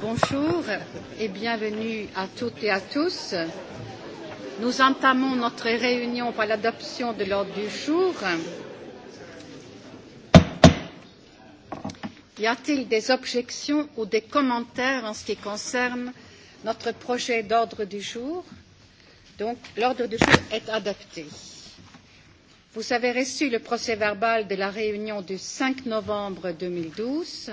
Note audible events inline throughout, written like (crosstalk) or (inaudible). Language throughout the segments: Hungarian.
Bonjour et bienvenue à toutes et à tous. Nous entamons notre réunion par l'adoption de l'ordre du jour. Y a-t-il des objections ou des commentaires en ce qui concerne notre projet d'ordre du jour Donc, l'ordre du jour est adopté. Vous avez reçu le procès verbal de la réunion du 5 novembre 2012.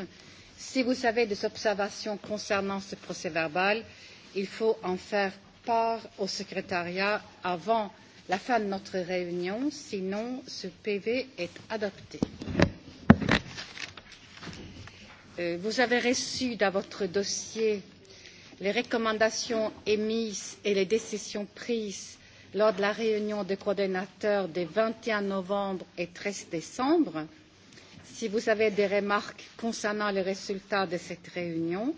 Si vous avez des observations concernant ce procès verbal, il faut en faire part au secrétariat avant la fin de notre réunion, sinon ce PV est adopté. Euh, vous avez reçu dans votre dossier les recommandations émises et les décisions prises lors de la réunion des coordonnateurs des 21 novembre et 13 décembre. Si vous avez des remarques concernant les résultats de cette réunion,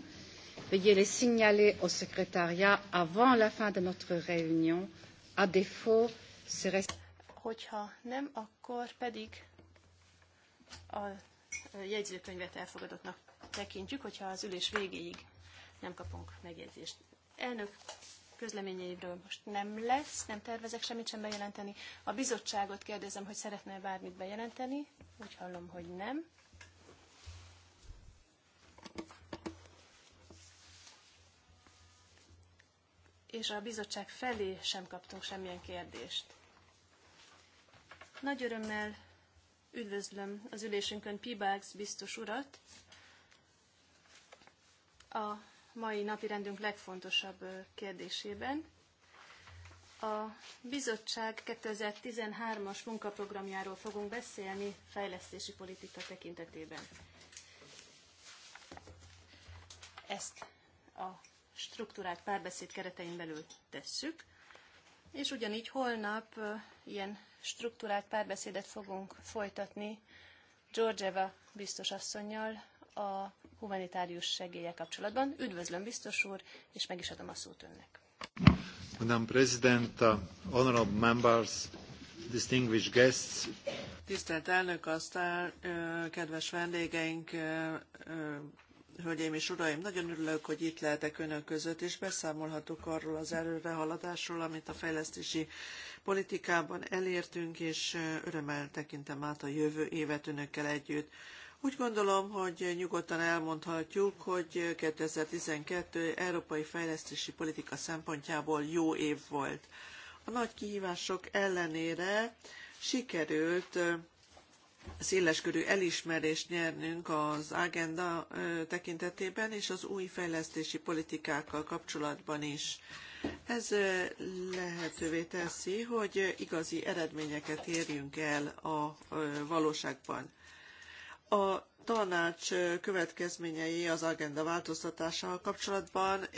veuillez les signaler au secrétariat avant la fin de notre réunion. À défaut, serait... Hogyha nem, akkor pedig a jegyzőkönyvet elfogadottnak tekintjük, hogyha az ülés végéig nem kapunk megjegyzést. Elnök közleményeiről most nem lesz, nem tervezek semmit sem bejelenteni. A bizottságot kérdezem, hogy szeretne -e bármit bejelenteni. Úgy hallom, hogy nem. És a bizottság felé sem kaptunk semmilyen kérdést. Nagy örömmel üdvözlöm az ülésünkön Pibax biztos urat, a mai napirendünk legfontosabb kérdésében. A bizottság 2013-as munkaprogramjáról fogunk beszélni fejlesztési politika tekintetében. Ezt a struktúrát párbeszéd keretein belül tesszük, és ugyanígy holnap ilyen struktúrált párbeszédet fogunk folytatni Georgeva biztos asszonynal, a humanitárius segélye kapcsolatban. Üdvözlöm, biztos úr, és meg is adom a szót önnek. Madam President, uh, honorable members, distinguished guests. Tisztelt elnök, aztán kedves vendégeink, Hölgyeim és Uraim, nagyon örülök, hogy itt lehetek Önök között, és beszámolhatok arról az előrehaladásról, amit a fejlesztési politikában elértünk, és örömmel tekintem át a jövő évet Önökkel együtt. Úgy gondolom, hogy nyugodtan elmondhatjuk, hogy 2012 európai fejlesztési politika szempontjából jó év volt. A nagy kihívások ellenére sikerült széleskörű elismerést nyernünk az agenda tekintetében és az új fejlesztési politikákkal kapcsolatban is. Ez lehetővé teszi, hogy igazi eredményeket érjünk el a valóságban. A tanács következményei az agenda változtatásával kapcsolatban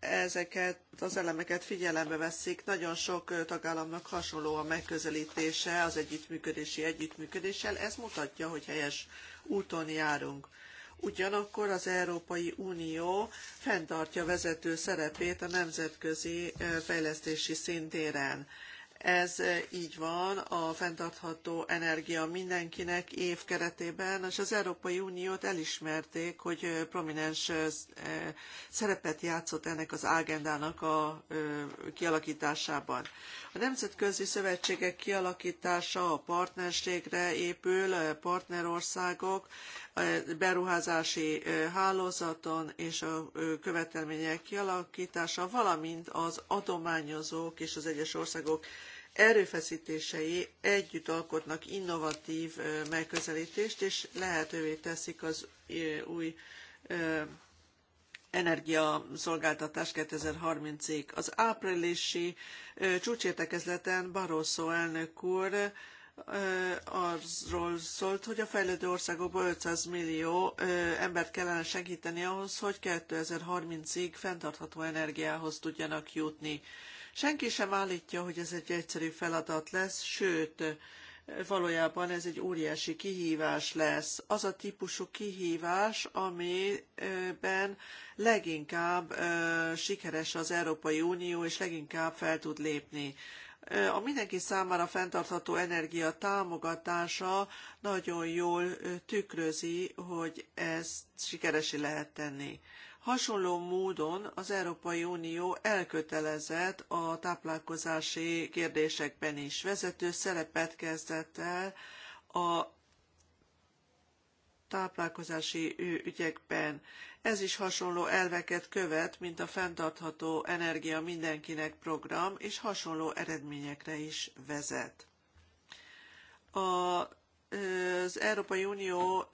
ezeket az elemeket figyelembe veszik. Nagyon sok tagállamnak hasonló a megközelítése az együttműködési együttműködéssel. Ez mutatja, hogy helyes úton járunk. Ugyanakkor az Európai Unió fenntartja vezető szerepét a nemzetközi fejlesztési szintéren. Ez így van a fenntartható energia mindenkinek év keretében, és az Európai Uniót elismerték, hogy prominens szerepet játszott ennek az ágendának a kialakításában. A Nemzetközi Szövetségek kialakítása a partnerségre épül, partnerországok, beruházási hálózaton és a követelmények kialakítása, valamint az adományozók és az egyes országok erőfeszítései együtt alkotnak innovatív megközelítést, és lehetővé teszik az új energiaszolgáltatás 2030-ig. Az áprilisi csúcsértekezleten Barroso elnök úr arról szólt, hogy a fejlődő országokban 500 millió embert kellene segíteni ahhoz, hogy 2030-ig fenntartható energiához tudjanak jutni. Senki sem állítja, hogy ez egy egyszerű feladat lesz, sőt, valójában ez egy óriási kihívás lesz. Az a típusú kihívás, amiben leginkább sikeres az Európai Unió, és leginkább fel tud lépni. A mindenki számára fenntartható energia támogatása nagyon jól tükrözi, hogy ezt sikeresi lehet tenni. Hasonló módon az Európai Unió elkötelezett a táplálkozási kérdésekben is. Vezető szerepet kezdett el a táplálkozási ügyekben. Ez is hasonló elveket követ, mint a fenntartható energia mindenkinek program, és hasonló eredményekre is vezet. A, az Európai Unió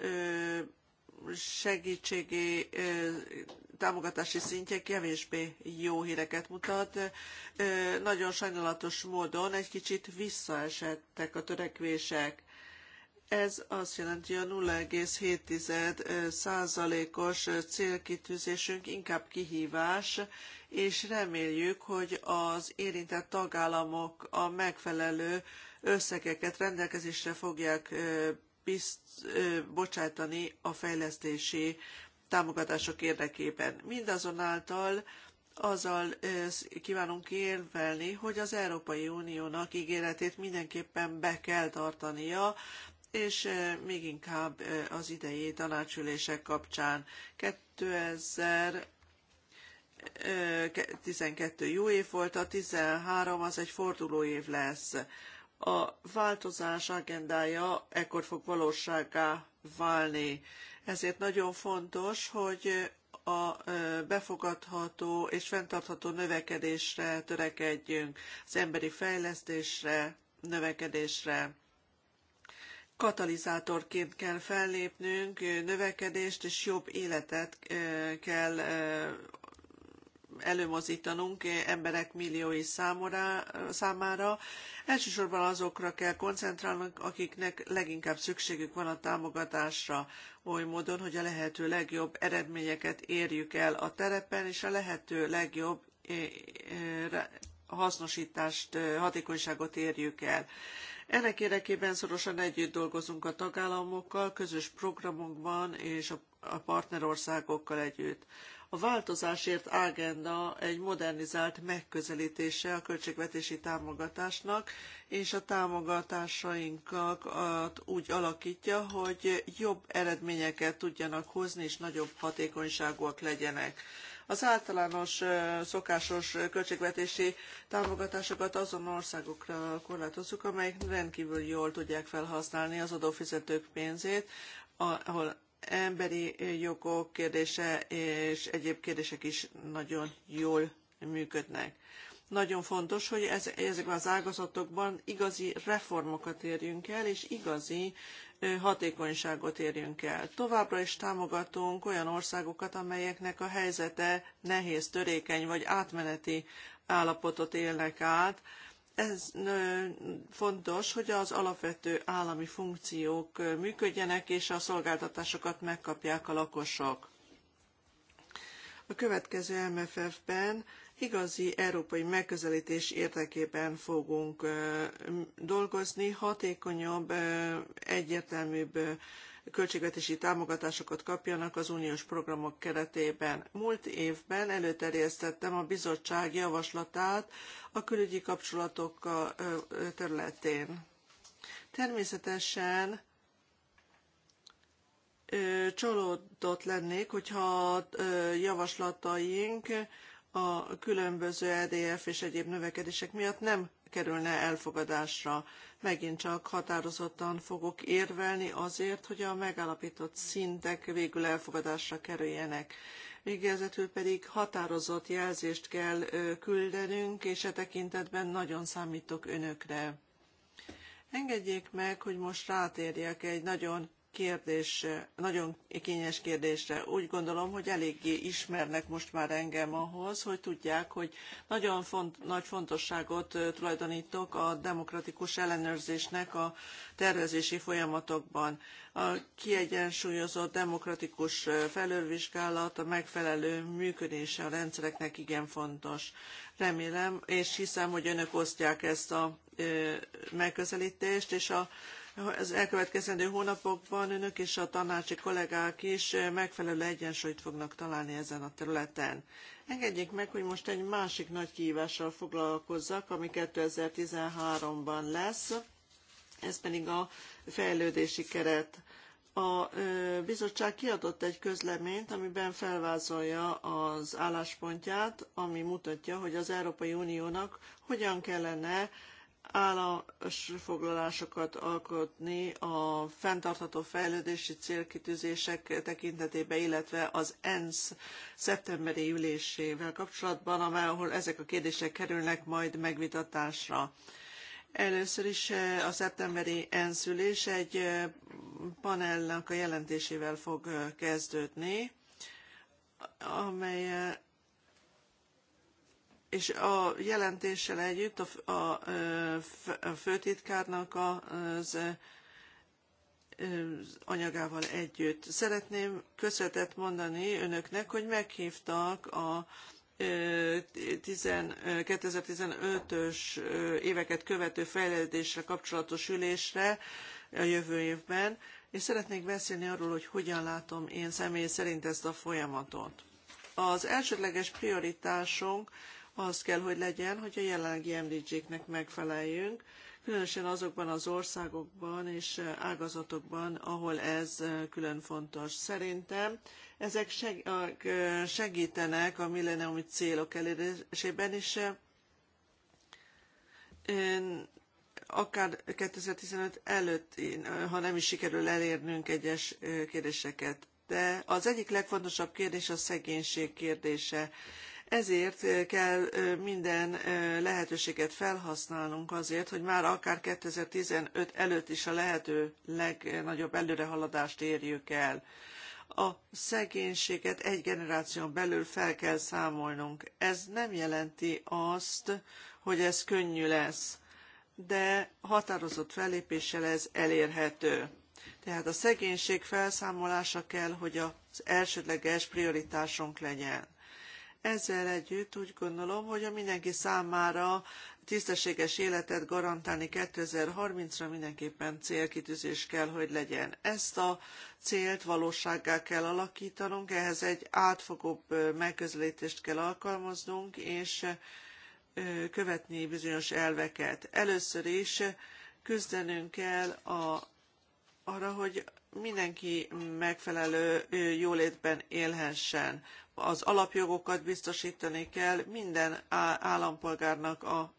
segítségé támogatási szintje kevésbé jó híreket mutat. Nagyon sajnálatos módon egy kicsit visszaesettek a törekvések. Ez azt jelenti, hogy a 0,7 százalékos célkitűzésünk inkább kihívás, és reméljük, hogy az érintett tagállamok a megfelelő összegeket rendelkezésre fogják bizt, bocsátani a fejlesztési támogatások érdekében. Mindazonáltal azzal kívánunk élvelni, hogy az Európai Uniónak ígéretét mindenképpen be kell tartania, és még inkább az idei tanácsülések kapcsán 2000 12 jó év volt, a 13 az egy forduló év lesz. A változás agendája ekkor fog valóságá válni. Ezért nagyon fontos, hogy a befogadható és fenntartható növekedésre törekedjünk, az emberi fejlesztésre, növekedésre. Katalizátorként kell fellépnünk, növekedést és jobb életet kell előmozítanunk emberek milliói számora, számára. Elsősorban azokra kell koncentrálnunk, akiknek leginkább szükségük van a támogatásra, oly módon, hogy a lehető legjobb eredményeket érjük el a terepen, és a lehető legjobb eh, eh, hasznosítást, eh, hatékonyságot érjük el. Ennek érdekében szorosan együtt dolgozunk a tagállamokkal, közös programokban és a partnerországokkal együtt. A változásért ágenda egy modernizált megközelítése a költségvetési támogatásnak, és a támogatásainkat uh, úgy alakítja, hogy jobb eredményeket tudjanak hozni, és nagyobb hatékonyságúak legyenek. Az általános uh, szokásos költségvetési támogatásokat azon országokra korlátozzuk, amelyek rendkívül jól tudják felhasználni az adófizetők pénzét, ahol emberi jogok kérdése és egyéb kérdések is nagyon jól működnek. Nagyon fontos, hogy ez, ezekben az ágazatokban igazi reformokat érjünk el, és igazi hatékonyságot érjünk el. Továbbra is támogatunk olyan országokat, amelyeknek a helyzete nehéz, törékeny vagy átmeneti állapotot élnek át, ez fontos, hogy az alapvető állami funkciók működjenek, és a szolgáltatásokat megkapják a lakosok. A következő MFF-ben igazi európai megközelítés érdekében fogunk dolgozni, hatékonyabb, egyértelműbb költségvetési támogatásokat kapjanak az uniós programok keretében. Múlt évben előterjesztettem a bizottság javaslatát a külügyi kapcsolatok területén. Természetesen csalódott lennék, hogyha a javaslataink a különböző EDF és egyéb növekedések miatt nem kerülne elfogadásra. Megint csak határozottan fogok érvelni azért, hogy a megállapított szintek végül elfogadásra kerüljenek. Végezetül pedig határozott jelzést kell küldenünk, és e tekintetben nagyon számítok önökre. Engedjék meg, hogy most rátérjek egy nagyon kérdés, nagyon kényes kérdésre. Úgy gondolom, hogy eléggé ismernek most már engem ahhoz, hogy tudják, hogy nagyon font, nagy fontosságot tulajdonítok a demokratikus ellenőrzésnek a tervezési folyamatokban. A kiegyensúlyozott demokratikus felülvizsgálat, a megfelelő működése a rendszereknek igen fontos. Remélem, és hiszem, hogy önök osztják ezt a megközelítést, és a az elkövetkezendő hónapokban önök és a tanácsi kollégák is eh, megfelelő egyensúlyt fognak találni ezen a területen. Engedjék meg, hogy most egy másik nagy kihívással foglalkozzak, ami 2013-ban lesz, ez pedig a fejlődési keret. A bizottság kiadott egy közleményt, amiben felvázolja az álláspontját, ami mutatja, hogy az Európai Uniónak hogyan kellene állásfoglalásokat alkotni a fenntartható fejlődési célkitűzések tekintetében, illetve az ENSZ szeptemberi ülésével kapcsolatban, ahol ezek a kérdések kerülnek majd megvitatásra. Először is eh, a szeptemberi ENSZ ülés egy eh, panelnak a jelentésével fog eh, kezdődni, amely és a jelentéssel együtt a, a, a főtitkárnak az, az anyagával együtt. Szeretném köszönetet mondani önöknek, hogy meghívtak a 2015-ös éveket követő fejlődésre kapcsolatos ülésre a jövő évben, és szeretnék beszélni arról, hogy hogyan látom én személy szerint ezt a folyamatot. Az elsődleges prioritásunk az kell, hogy legyen, hogy a jelenlegi MDG-knek megfeleljünk, különösen azokban az országokban és ágazatokban, ahol ez külön fontos. Szerintem ezek segítenek a milleniumi célok elérésében, Én akár 2015 előtt, ha nem is sikerül elérnünk egyes kérdéseket. De az egyik legfontosabb kérdés a szegénység kérdése. Ezért kell minden lehetőséget felhasználnunk azért, hogy már akár 2015 előtt is a lehető legnagyobb előrehaladást érjük el. A szegénységet egy generáción belül fel kell számolnunk. Ez nem jelenti azt, hogy ez könnyű lesz, de határozott fellépéssel ez elérhető. Tehát a szegénység felszámolása kell, hogy az elsődleges prioritásunk legyen. Ezzel együtt úgy gondolom, hogy a mindenki számára tisztességes életet garantálni 2030-ra mindenképpen célkitűzés kell, hogy legyen. Ezt a célt valósággá kell alakítanunk, ehhez egy átfogóbb megközelítést kell alkalmaznunk, és követni bizonyos elveket. Először is küzdenünk kell a, arra, hogy mindenki megfelelő jólétben élhessen. Az alapjogokat biztosítani kell minden állampolgárnak a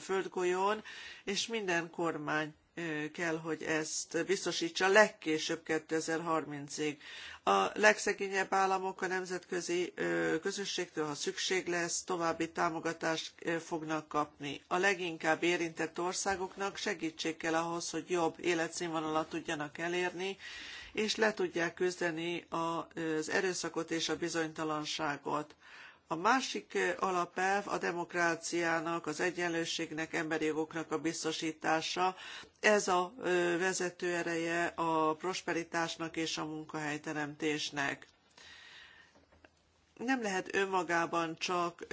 földgolyón, és minden kormány kell, hogy ezt biztosítsa legkésőbb 2030-ig. A legszegényebb államok a nemzetközi közösségtől, ha szükség lesz, további támogatást fognak kapni. A leginkább érintett országoknak segítség kell ahhoz, hogy jobb életszínvonalat tudjanak elérni, és le tudják küzdeni az erőszakot és a bizonytalanságot. A másik eh, alapelv a demokráciának, az egyenlőségnek, emberi jogoknak a biztosítása. Ez a vezető ereje a prosperitásnak és a munkahelyteremtésnek nem lehet önmagában csak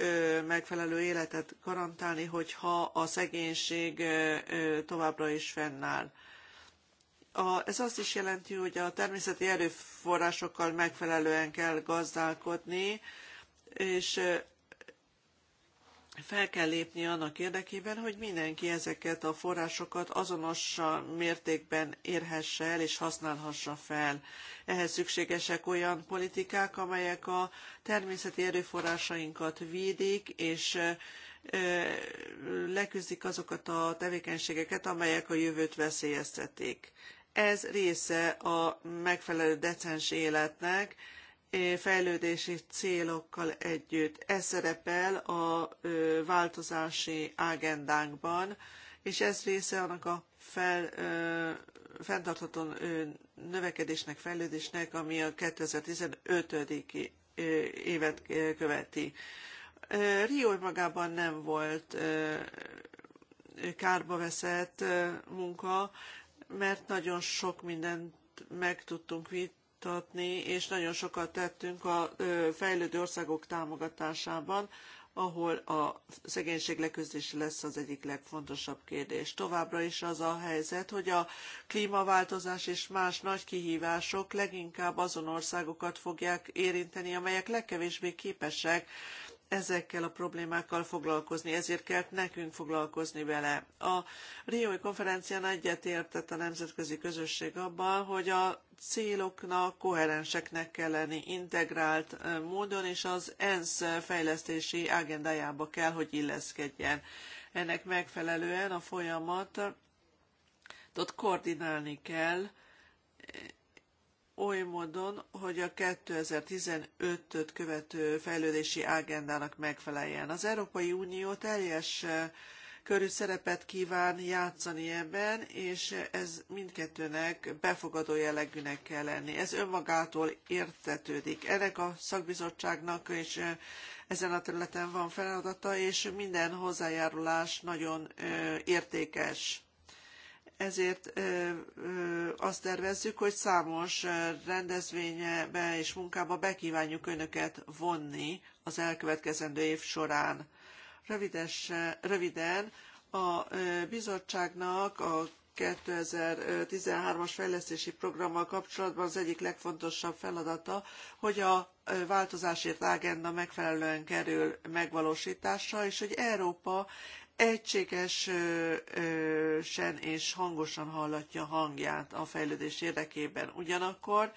megfelelő életet garantálni, hogyha a szegénység továbbra is fennáll. A, ez azt is jelenti, hogy a természeti erőforrásokkal megfelelően kell gazdálkodni, és fel kell lépni annak érdekében, hogy mindenki ezeket a forrásokat azonos mértékben érhesse el és használhassa fel. Ehhez szükségesek olyan politikák, amelyek a természeti erőforrásainkat védik, és leküzdik azokat a tevékenységeket, amelyek a jövőt veszélyeztetik. Ez része a megfelelő decens életnek, fejlődési célokkal együtt. Ez szerepel a változási ágendánkban, és ez része annak a fel, fenntartható növekedésnek, fejlődésnek, ami a 2015. évet követi. Rio magában nem volt kárba veszett munka, mert nagyon sok mindent meg tudtunk támogatni, és nagyon sokat tettünk a fejlődő országok támogatásában, ahol a szegénység leküzdése lesz az egyik legfontosabb kérdés. Továbbra is az a helyzet, hogy a klímaváltozás és más nagy kihívások leginkább azon országokat fogják érinteni, amelyek legkevésbé képesek ezekkel a problémákkal foglalkozni, ezért kell nekünk foglalkozni vele. A Riói konferencián egyetértett a nemzetközi közösség abban, hogy a céloknak koherenseknek kell lenni integrált módon, és az ENSZ fejlesztési agendájába kell, hogy illeszkedjen. Ennek megfelelően a folyamatot koordinálni kell, oly módon, hogy a 2015-öt követő fejlődési agendának megfeleljen. Az Európai Unió teljes eh, körű szerepet kíván játszani ebben, és ez mindkettőnek befogadó jellegűnek kell lenni. Ez önmagától értetődik. Ennek a szakbizottságnak és eh, ezen a területen van feladata, és minden hozzájárulás nagyon eh, értékes ezért azt tervezzük, hogy számos rendezvénybe és munkába bekívánjuk önöket vonni az elkövetkezendő év során. Rövides, röviden a bizottságnak a 2013-as fejlesztési programmal kapcsolatban az egyik legfontosabb feladata, hogy a változásért ágenda megfelelően kerül megvalósításra, és hogy Európa egységesen és hangosan hallatja hangját a fejlődés érdekében. Ugyanakkor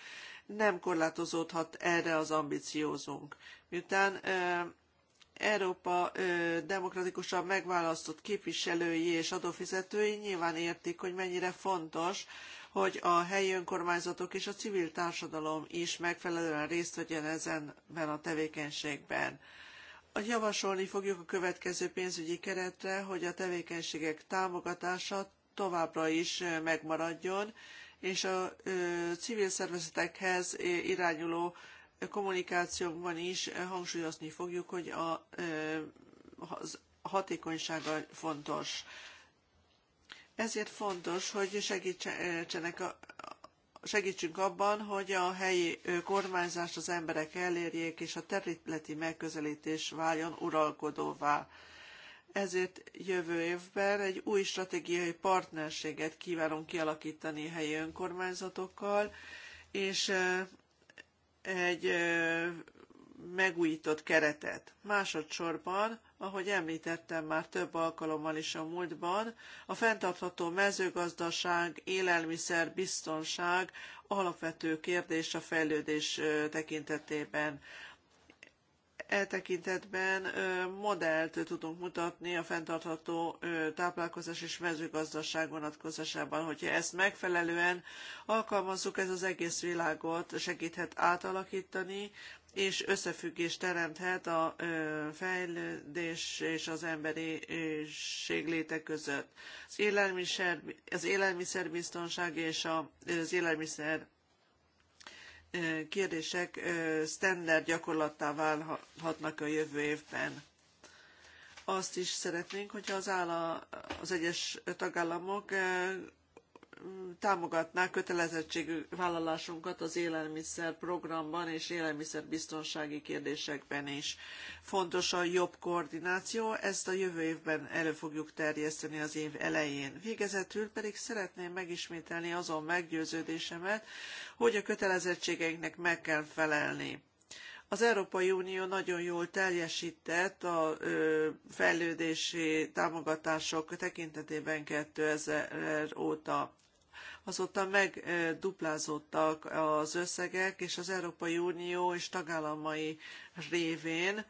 nem korlátozódhat erre az ambíciózunk. Miután Európa demokratikusan megválasztott képviselői és adófizetői nyilván értik, hogy mennyire fontos, hogy a helyi önkormányzatok és a civil társadalom is megfelelően részt vegyen ezenben a tevékenységben javasolni fogjuk a következő pénzügyi keretre, hogy a tevékenységek támogatása továbbra is megmaradjon, és a civil szervezetekhez irányuló kommunikációkban is hangsúlyozni fogjuk, hogy a, hatékonysága fontos. Ezért fontos, hogy segítsenek segítsünk abban, hogy a helyi kormányzást az emberek elérjék, és a területi megközelítés váljon uralkodóvá. Ezért jövő évben egy új stratégiai partnerséget kívánunk kialakítani helyi önkormányzatokkal, és egy megújított keretet. Másodszorban ahogy említettem már több alkalommal is a múltban, a fenntartható mezőgazdaság, élelmiszer, biztonság alapvető kérdés a fejlődés tekintetében. E tekintetben modellt tudunk mutatni a fenntartható táplálkozás és mezőgazdaság vonatkozásában. Hogyha ezt megfelelően alkalmazzuk, ez az egész világot segíthet átalakítani, és összefüggést teremthet a fejlődés és az emberiség léte között. Az, élelmiszer, az élelmiszerbiztonság és az élelmiszer kérdések standard gyakorlattá válhatnak a jövő évben. Azt is szeretnénk, hogyha az, áll az egyes tagállamok támogatná kötelezettségű vállalásunkat az élelmiszer programban és élelmiszerbiztonsági kérdésekben is. Fontos a jobb koordináció, ezt a jövő évben elő fogjuk terjeszteni az év elején. Végezetül pedig szeretném megismételni azon meggyőződésemet, hogy a kötelezettségeinknek meg kell felelni. Az Európai Unió nagyon jól teljesített a fejlődési támogatások tekintetében 2000 óta azóta megduplázódtak az összegek, és az Európai Unió és tagállamai révén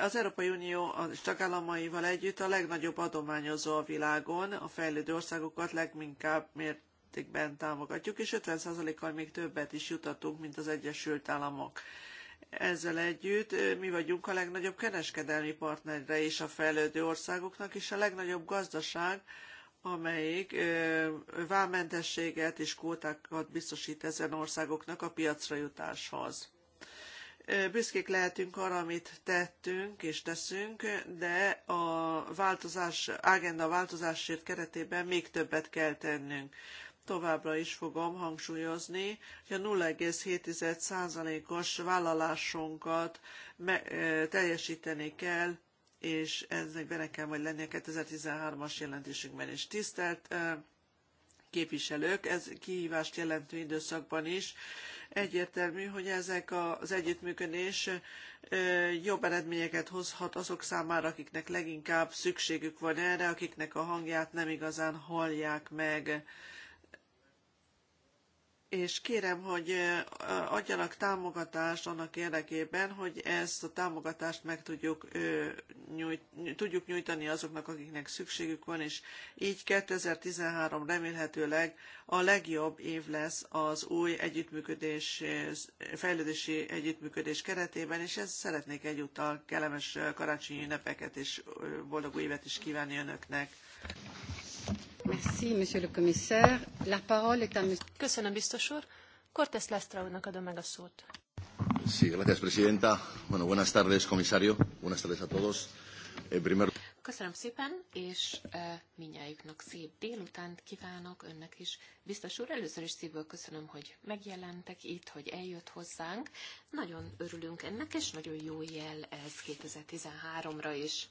az Európai Unió és tagállamaival együtt a legnagyobb adományozó a világon, a fejlődő országokat leginkább mértékben támogatjuk, és 50%-kal még többet is jutatunk, mint az Egyesült Államok. Ezzel együtt mi vagyunk a legnagyobb kereskedelmi partnere is a fejlődő országoknak, és a legnagyobb gazdaság, amelyik vámmentességet és kvótákat biztosít ezen országoknak a piacra jutáshoz. Büszkék lehetünk arra, amit tettünk és teszünk, de a változás, agenda változásért keretében még többet kell tennünk. Továbbra is fogom hangsúlyozni, hogy a 0,7%-os vállalásunkat me- teljesíteni kell és ennek benne kell majd lennie 2013-as jelentésünkben is. Tisztelt képviselők, ez kihívást jelentő időszakban is. Egyértelmű, hogy ezek az együttműködés jobb eredményeket hozhat azok számára, akiknek leginkább szükségük van erre, akiknek a hangját nem igazán hallják meg és kérem, hogy adjanak támogatást annak érdekében, hogy ezt a támogatást meg tudjuk, nyújt, tudjuk nyújtani azoknak, akiknek szükségük van, és így 2013 remélhetőleg a legjobb év lesz az új együttműködés, fejlődési együttműködés keretében, és ezt szeretnék egyúttal kellemes karácsonyi ünnepeket és boldog új évet is kívánni önöknek. Merci, monsieur le commissaire. La parole est à monsieur... Köszönöm, biztos úr. Cortés Lestraúnak adom meg a szót. Sí, gracias, presidenta. Bueno, buenas tardes, comisario. Buenas tardes a todos. Eh, primero... Köszönöm szépen, és e, minnyájuknak szép délutánt kívánok önnek is. Biztos úr, először is szívből köszönöm, hogy megjelentek itt, hogy eljött hozzánk. Nagyon örülünk ennek, és nagyon jó jel ez 2013-ra is.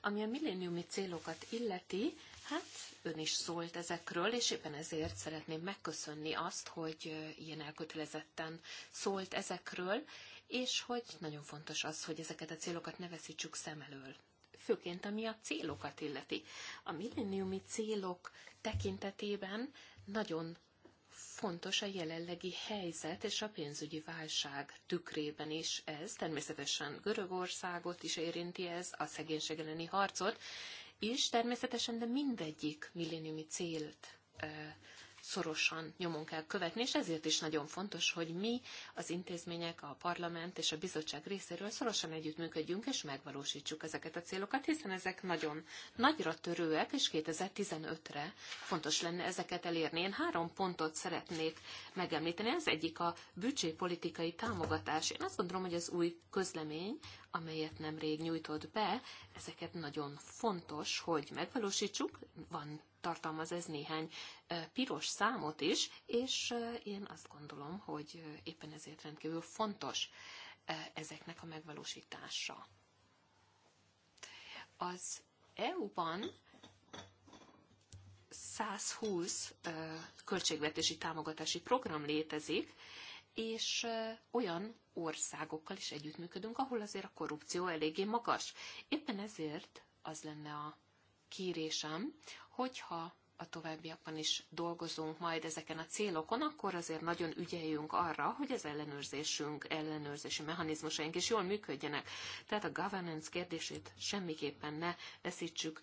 Ami a milléniumi célokat illeti, hát ön is szólt ezekről, és éppen ezért szeretném megköszönni azt, hogy ilyen elkötelezetten szólt ezekről, és hogy nagyon fontos az, hogy ezeket a célokat ne veszítsük szem elől főként ami a célokat illeti. A milleniumi célok tekintetében nagyon fontos a jelenlegi helyzet és a pénzügyi válság tükrében is ez. Természetesen Görögországot is érinti ez, a szegénység elleni harcot, és természetesen de mindegyik milleniumi célt eh, szorosan nyomon kell követni, és ezért is nagyon fontos, hogy mi az intézmények, a parlament és a bizottság részéről szorosan együttműködjünk és megvalósítsuk ezeket a célokat, hiszen ezek nagyon nagyra törőek, és 2015-re fontos lenne ezeket elérni. Én három pontot szeretnék megemlíteni. Az egyik a büdzsépolitikai támogatás. Én azt gondolom, hogy az új közlemény amelyet nemrég nyújtott be. Ezeket nagyon fontos, hogy megvalósítsuk. Van, tartalmaz ez néhány piros számot is, és én azt gondolom, hogy éppen ezért rendkívül fontos ezeknek a megvalósítása. Az EU-ban 120 költségvetési támogatási program létezik, és olyan országokkal is együttműködünk, ahol azért a korrupció eléggé magas. Éppen ezért az lenne a kérésem, hogyha a továbbiakban is dolgozunk majd ezeken a célokon, akkor azért nagyon ügyeljünk arra, hogy az ellenőrzésünk, ellenőrzési mechanizmusaink is jól működjenek. Tehát a governance kérdését semmiképpen ne veszítsük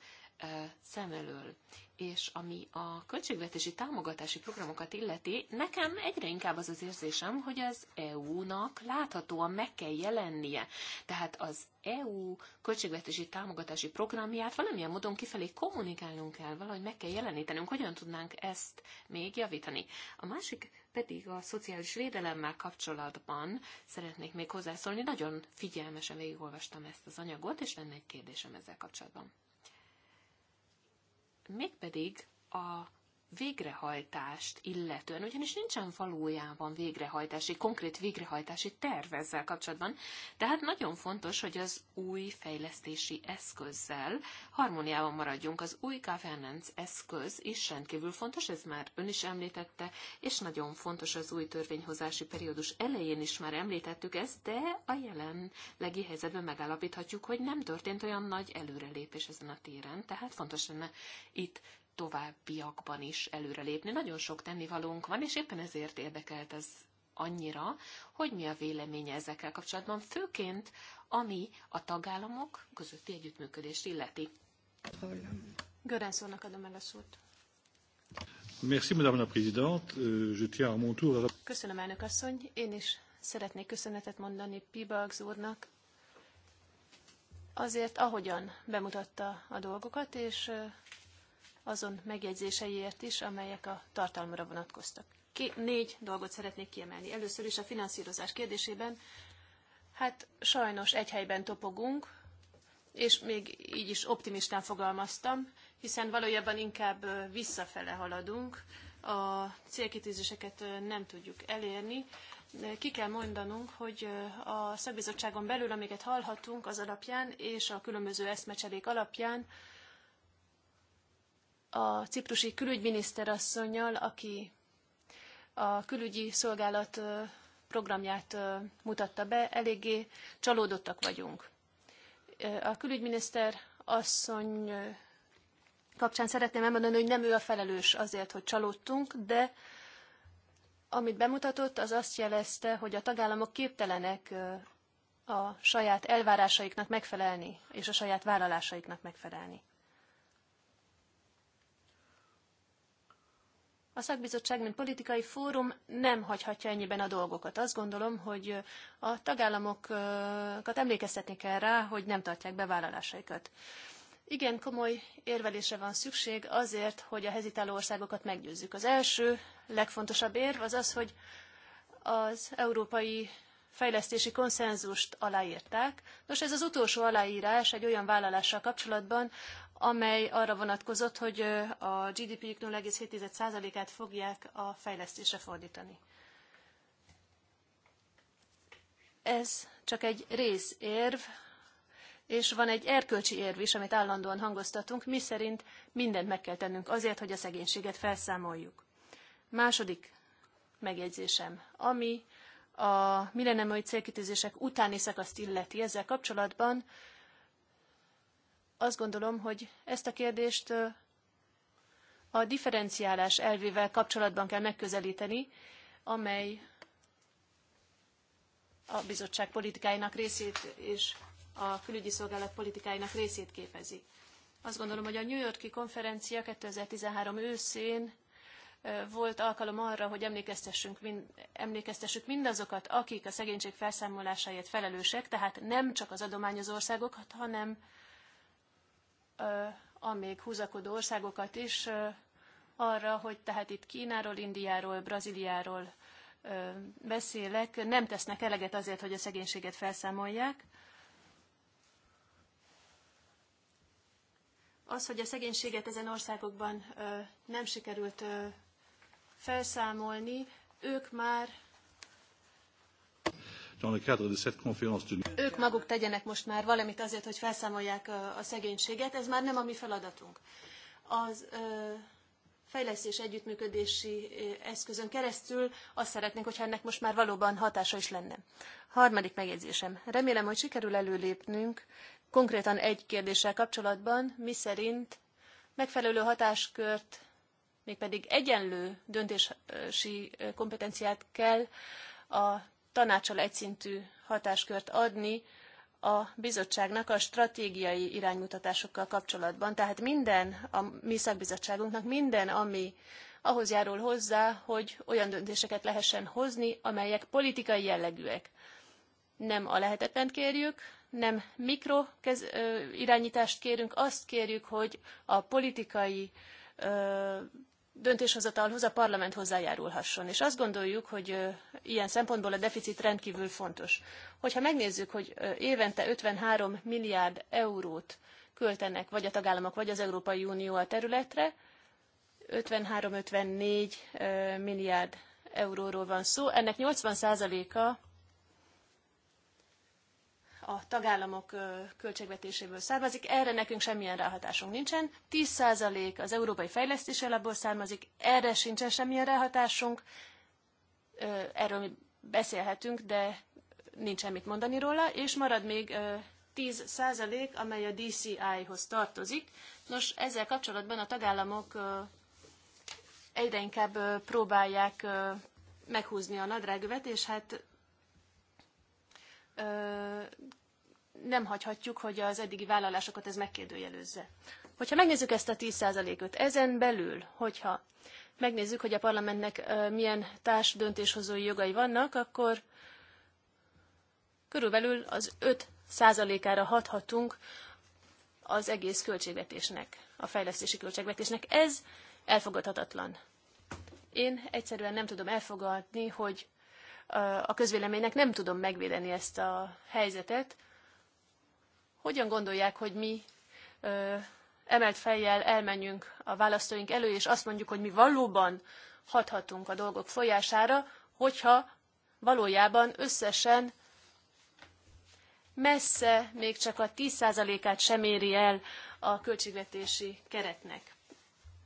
szem elől. És ami a költségvetési támogatási programokat illeti, nekem egyre inkább az az érzésem, hogy az EU-nak láthatóan meg kell jelennie. Tehát az EU költségvetési támogatási programját valamilyen módon kifelé kommunikálnunk kell, valahogy meg kell jelenítenünk, hogyan tudnánk ezt még javítani. A másik pedig a szociális védelemmel kapcsolatban szeretnék még hozzászólni. Nagyon figyelmesen végigolvastam ezt az anyagot, és lenne egy kérdésem ezzel kapcsolatban mégpedig a végrehajtást illetően, ugyanis nincsen valójában végrehajtási, konkrét végrehajtási terv ezzel kapcsolatban, tehát nagyon fontos, hogy az új fejlesztési eszközzel harmóniában maradjunk. Az új governance eszköz is rendkívül fontos, ez már ön is említette, és nagyon fontos az új törvényhozási periódus elején is már említettük ezt, de a jelenlegi helyzetben megállapíthatjuk, hogy nem történt olyan nagy előrelépés ezen a téren, tehát fontos lenne itt továbbiakban is előrelépni. Nagyon sok tennivalónk van, és éppen ezért érdekelt ez annyira, hogy mi a véleménye ezekkel kapcsolatban, főként ami a tagállamok közötti együttműködést illeti. Görenszónak adom el a szót. Merci, Madame la Présidente. Euh, je tiens à mon tour Köszönöm, elnök asszony. Én is szeretnék köszönetet mondani Pibags úrnak azért, ahogyan bemutatta a dolgokat, és azon megjegyzéseiért is, amelyek a tartalmra vonatkoztak. Ki, négy dolgot szeretnék kiemelni. Először is a finanszírozás kérdésében. Hát sajnos egy helyben topogunk, és még így is optimistán fogalmaztam, hiszen valójában inkább visszafele haladunk, a célkitűzéseket nem tudjuk elérni. Ki kell mondanunk, hogy a szakbizottságon belül, amiket hallhatunk az alapján, és a különböző eszmecserék alapján, a ciprusi külügyminiszterasszonynal, aki a külügyi szolgálat programját mutatta be, eléggé csalódottak vagyunk. A külügyminiszter asszony kapcsán szeretném elmondani, hogy nem ő a felelős azért, hogy csalódtunk, de amit bemutatott, az azt jelezte, hogy a tagállamok képtelenek a saját elvárásaiknak megfelelni, és a saját vállalásaiknak megfelelni. A szakbizottság, mint politikai fórum nem hagyhatja ennyiben a dolgokat. Azt gondolom, hogy a tagállamokat emlékeztetni kell rá, hogy nem tartják vállalásaikat. Igen, komoly érvelésre van szükség azért, hogy a hezitáló országokat meggyőzzük. Az első, legfontosabb érv az az, hogy az európai fejlesztési konszenzust aláírták. Nos, ez az utolsó aláírás egy olyan vállalással kapcsolatban, amely arra vonatkozott, hogy a GDP-jük 0,7%-át fogják a fejlesztésre fordítani. Ez csak egy részérv, és van egy erkölcsi érv is, amit állandóan hangoztatunk, mi szerint mindent meg kell tennünk azért, hogy a szegénységet felszámoljuk. Második megjegyzésem, ami a millenniumi célkitűzések utáni szakaszt illeti ezzel kapcsolatban, azt gondolom, hogy ezt a kérdést a differenciálás elvével kapcsolatban kell megközelíteni, amely a bizottság politikáinak részét és a külügyi szolgálat politikáinak részét képezi. Azt gondolom, hogy a New Yorki konferencia 2013 őszén volt alkalom arra, hogy emlékeztessünk, mind, emlékeztessük mindazokat, akik a szegénység felszámolásáért felelősek, tehát nem csak az adományozó országokat, hanem a még húzakodó országokat is arra, hogy tehát itt Kínáról, Indiáról, Brazíliáról beszélek, nem tesznek eleget azért, hogy a szegénységet felszámolják. Az, hogy a szegénységet ezen országokban nem sikerült felszámolni, ők már dans le cadre de cette conférence Ők maguk tegyenek most már valamit azért, hogy felszámolják a szegénységet, ez már nem a mi feladatunk. Az ö, fejlesztés együttműködési eszközön keresztül azt szeretnénk, hogyha ennek most már valóban hatása is lenne. Harmadik megjegyzésem. Remélem, hogy sikerül előlépnünk konkrétan egy kérdéssel kapcsolatban, mi szerint megfelelő hatáskört, mégpedig egyenlő döntési kompetenciát kell a tanácsal egyszintű hatáskört adni a bizottságnak a stratégiai iránymutatásokkal kapcsolatban. Tehát minden, a mi szakbizottságunknak minden, ami ahhoz járul hozzá, hogy olyan döntéseket lehessen hozni, amelyek politikai jellegűek. Nem a lehetetlent kérjük, nem mikro kez, ö, irányítást kérünk, azt kérjük, hogy a politikai ö, döntéshozatalhoz a parlament hozzájárulhasson. És azt gondoljuk, hogy ilyen szempontból a deficit rendkívül fontos. Hogyha megnézzük, hogy évente 53 milliárd eurót költenek vagy a tagállamok, vagy az Európai Unió a területre, 53-54 milliárd euróról van szó, ennek 80%-a a tagállamok költségvetéséből származik, erre nekünk semmilyen ráhatásunk nincsen. 10% az Európai Fejlesztési Alapból származik, erre sincsen semmilyen ráhatásunk, erről mi beszélhetünk, de nincs semmit mondani róla, és marad még 10%, amely a DCI-hoz tartozik. Nos, ezzel kapcsolatban a tagállamok egyre inkább próbálják meghúzni a nadrágövet, és hát nem hagyhatjuk, hogy az eddigi vállalásokat ez megkérdőjelezze. Hogyha megnézzük ezt a 10%-ot, ezen belül, hogyha megnézzük, hogy a parlamentnek milyen társ döntéshozói jogai vannak, akkor körülbelül az 5%-ára hathatunk az egész költségvetésnek, a fejlesztési költségvetésnek. Ez elfogadhatatlan. Én egyszerűen nem tudom elfogadni, hogy a közvéleménynek nem tudom megvédeni ezt a helyzetet. Hogyan gondolják, hogy mi emelt fejjel elmenjünk a választóink elő, és azt mondjuk, hogy mi valóban hathatunk a dolgok folyására, hogyha valójában összesen messze még csak a 10%-át sem éri el a költségvetési keretnek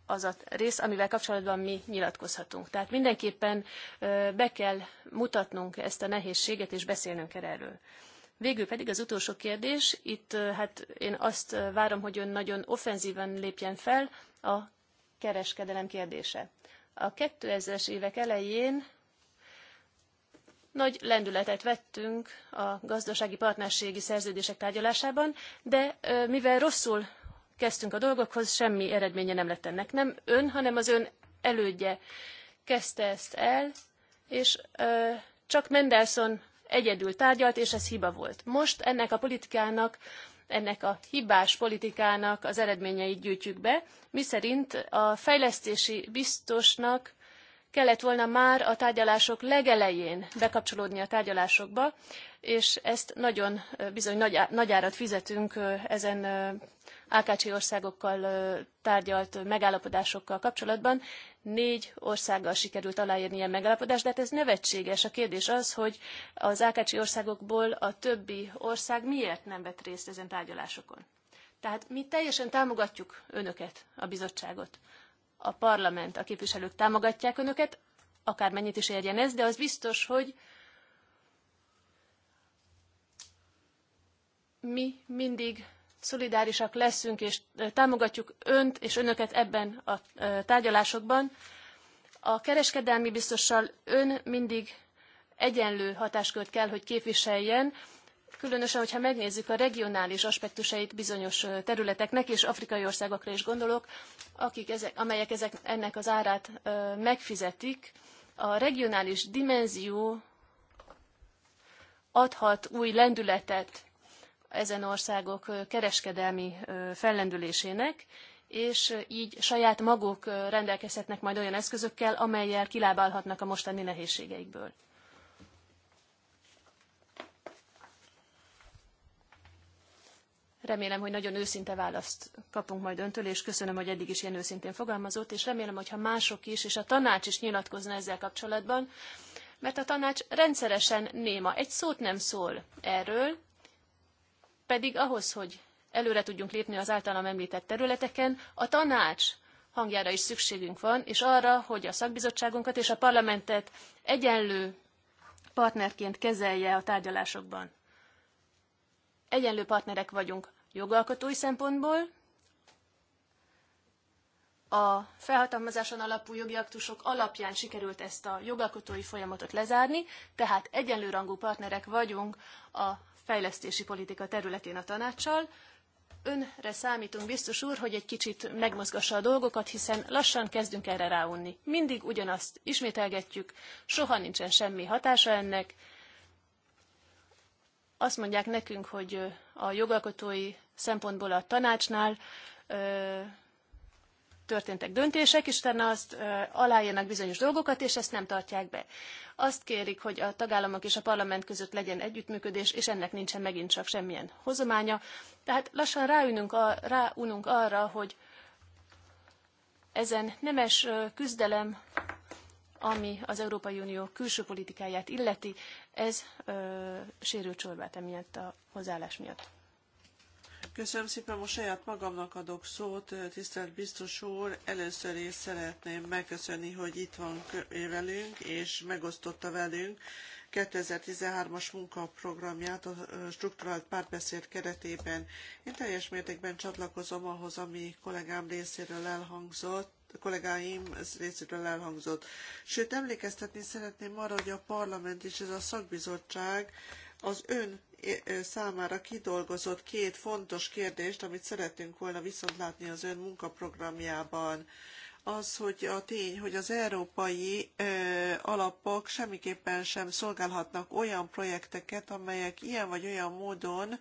az a rész, amivel kapcsolatban mi nyilatkozhatunk. Tehát mindenképpen be kell mutatnunk ezt a nehézséget, és beszélnünk erről. Végül pedig az utolsó kérdés, itt hát én azt várom, hogy ön nagyon offenzíven lépjen fel a kereskedelem kérdése. A 2000-es évek elején nagy lendületet vettünk a gazdasági partnerségi szerződések tárgyalásában, de mivel rosszul kezdtünk a dolgokhoz, semmi eredménye nem lett ennek. Nem ön, hanem az ön elődje kezdte ezt el, és ö, csak Mendelssohn egyedül tárgyalt, és ez hiba volt. Most ennek a politikának, ennek a hibás politikának az eredményeit gyűjtjük be, miszerint a fejlesztési biztosnak kellett volna már a tárgyalások legelején bekapcsolódni a tárgyalásokba, és ezt nagyon bizony nagy, nagy árat fizetünk ezen AKC országokkal tárgyalt megállapodásokkal kapcsolatban. Négy országgal sikerült aláírni ilyen megállapodást, de hát ez nevetséges. A kérdés az, hogy az AKC országokból a többi ország miért nem vett részt ezen tárgyalásokon. Tehát mi teljesen támogatjuk önöket, a bizottságot a parlament, a képviselők támogatják önöket, akármennyit is érjen ez, de az biztos, hogy mi mindig szolidárisak leszünk, és támogatjuk önt és önöket ebben a tárgyalásokban. A kereskedelmi biztossal ön mindig egyenlő hatáskört kell, hogy képviseljen, különösen, hogyha megnézzük a regionális aspektusait bizonyos területeknek, és afrikai országokra is gondolok, akik ezek, amelyek ezek, ennek az árát megfizetik, a regionális dimenzió adhat új lendületet ezen országok kereskedelmi fellendülésének, és így saját maguk rendelkezhetnek majd olyan eszközökkel, amelyel kilábálhatnak a mostani nehézségeikből. Remélem, hogy nagyon őszinte választ kapunk majd öntől, és köszönöm, hogy eddig is ilyen őszintén fogalmazott, és remélem, hogyha mások is, és a tanács is nyilatkozna ezzel kapcsolatban, mert a tanács rendszeresen néma, egy szót nem szól erről, pedig ahhoz, hogy előre tudjunk lépni az általam említett területeken, a tanács hangjára is szükségünk van, és arra, hogy a szakbizottságunkat és a parlamentet egyenlő partnerként kezelje a tárgyalásokban egyenlő partnerek vagyunk jogalkotói szempontból, a felhatalmazáson alapú jogi aktusok alapján sikerült ezt a jogalkotói folyamatot lezárni, tehát egyenlőrangú partnerek vagyunk a fejlesztési politika területén a tanácssal. Önre számítunk, biztos úr, hogy egy kicsit megmozgassa a dolgokat, hiszen lassan kezdünk erre ráunni. Mindig ugyanazt ismételgetjük, soha nincsen semmi hatása ennek, azt mondják nekünk, hogy a jogalkotói szempontból a tanácsnál történtek döntések, és utána azt aláírnak bizonyos dolgokat, és ezt nem tartják be. Azt kérik, hogy a tagállamok és a parlament között legyen együttműködés, és ennek nincsen megint csak semmilyen hozománya. Tehát lassan a, ráununk arra, hogy ezen nemes küzdelem ami az Európai Unió külső politikáját illeti, ez ö, sérült csorbát emiatt a hozzáállás miatt. Köszönöm szépen, most saját magamnak adok szót, tisztelt biztos úr. Először is szeretném megköszönni, hogy itt van velünk, és megosztotta velünk 2013-as munkaprogramját a strukturált párbeszéd keretében. Én teljes mértékben csatlakozom ahhoz, ami kollégám részéről elhangzott, a kollégáim ez részükről elhangzott. Sőt, emlékeztetni szeretném arra, hogy a parlament és ez a szakbizottság az ön számára kidolgozott két fontos kérdést, amit szeretünk volna viszont látni az ön munkaprogramjában. Az, hogy a tény, hogy az európai ö, alapok semmiképpen sem szolgálhatnak olyan projekteket, amelyek ilyen vagy olyan módon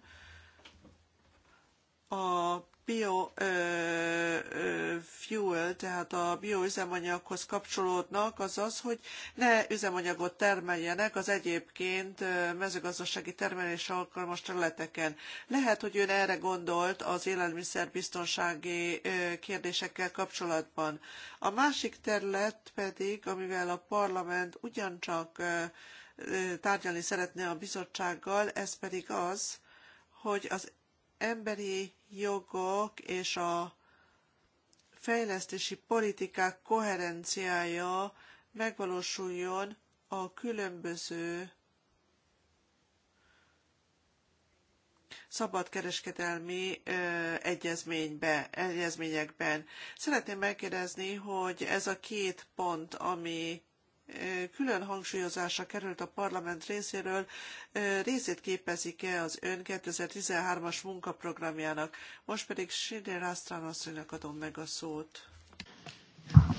a biofuel, tehát a bioüzemanyaghoz kapcsolódnak, az az, hogy ne üzemanyagot termeljenek az egyébként mezőgazdasági termelés alkalmas területeken. Lehet, hogy ön erre gondolt az élelmiszerbiztonsági kérdésekkel kapcsolatban. A másik terület pedig, amivel a parlament ugyancsak tárgyalni szeretne a bizottsággal, ez pedig az, hogy az emberi jogok és a fejlesztési politikák koherenciája megvalósuljon a különböző szabadkereskedelmi egyezménybe, egyezményekben. Szeretném megkérdezni, hogy ez a két pont, ami külön hangsúlyozásra került a parlament részéről, részét képezik-e az ön 2013-as munkaprogramjának. Most pedig Sidney Rásztrán asszonynak adom meg a szót.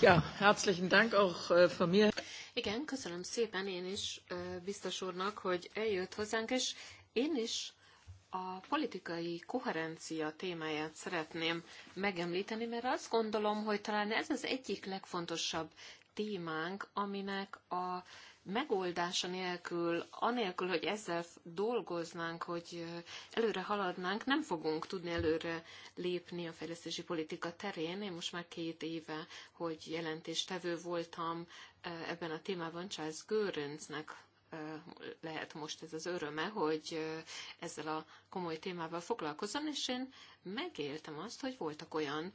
Ja, herzlichen Dank auch äh, von mir. Igen, köszönöm szépen én is biztos úrnak, hogy eljött hozzánk, és én is a politikai koherencia témáját szeretném megemlíteni, mert azt gondolom, hogy talán ez az egyik legfontosabb témánk, aminek a megoldása nélkül, anélkül, hogy ezzel dolgoznánk, hogy előre haladnánk, nem fogunk tudni előre lépni a fejlesztési politika terén. Én most már két éve, hogy jelentéstevő voltam ebben a témában Charles Görönznek lehet most ez az öröme, hogy ezzel a komoly témával foglalkozom, és én megéltem azt, hogy voltak olyan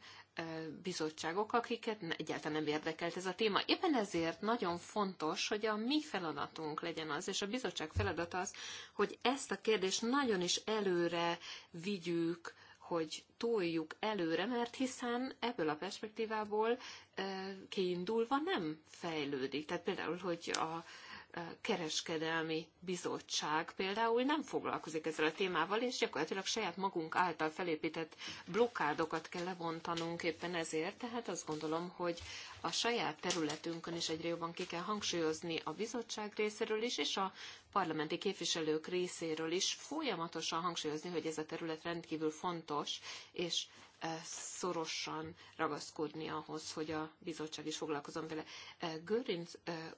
bizottságok, akiket egyáltalán nem érdekelt ez a téma. Éppen ezért nagyon fontos, hogy a mi feladatunk legyen az, és a bizottság feladata az, hogy ezt a kérdést nagyon is előre vigyük, hogy toljuk előre, mert hiszen ebből a perspektívából e, kiindulva nem fejlődik. Tehát például, hogy a kereskedelmi bizottság például nem foglalkozik ezzel a témával, és gyakorlatilag saját magunk által felépített blokkádokat kell levontanunk éppen ezért, tehát azt gondolom, hogy a saját területünkön is egyre jobban ki kell hangsúlyozni a bizottság részéről is, és a parlamenti képviselők részéről is folyamatosan hangsúlyozni, hogy ez a terület rendkívül fontos, és szorosan ragaszkodni ahhoz, hogy a bizottság is foglalkozom vele. Görinc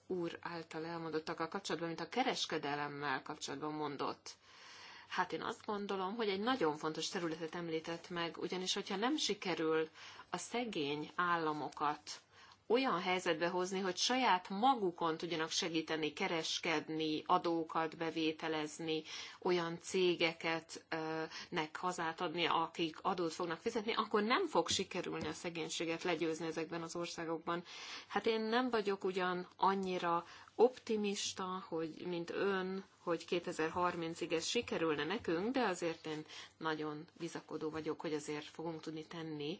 úr által elmondottak a kapcsolatban, mint a kereskedelemmel kapcsolatban mondott, Hát én azt gondolom, hogy egy nagyon fontos területet említett meg, ugyanis hogyha nem sikerül a szegény államokat olyan helyzetbe hozni, hogy saját magukon tudjanak segíteni, kereskedni, adókat bevételezni, olyan cégeket nek hazát adni, akik adót fognak fizetni, akkor nem fog sikerülni a szegénységet legyőzni ezekben az országokban. Hát én nem vagyok ugyan annyira optimista, hogy, mint ön, hogy 2030-ig ez sikerülne nekünk, de azért én nagyon bizakodó vagyok, hogy azért fogunk tudni tenni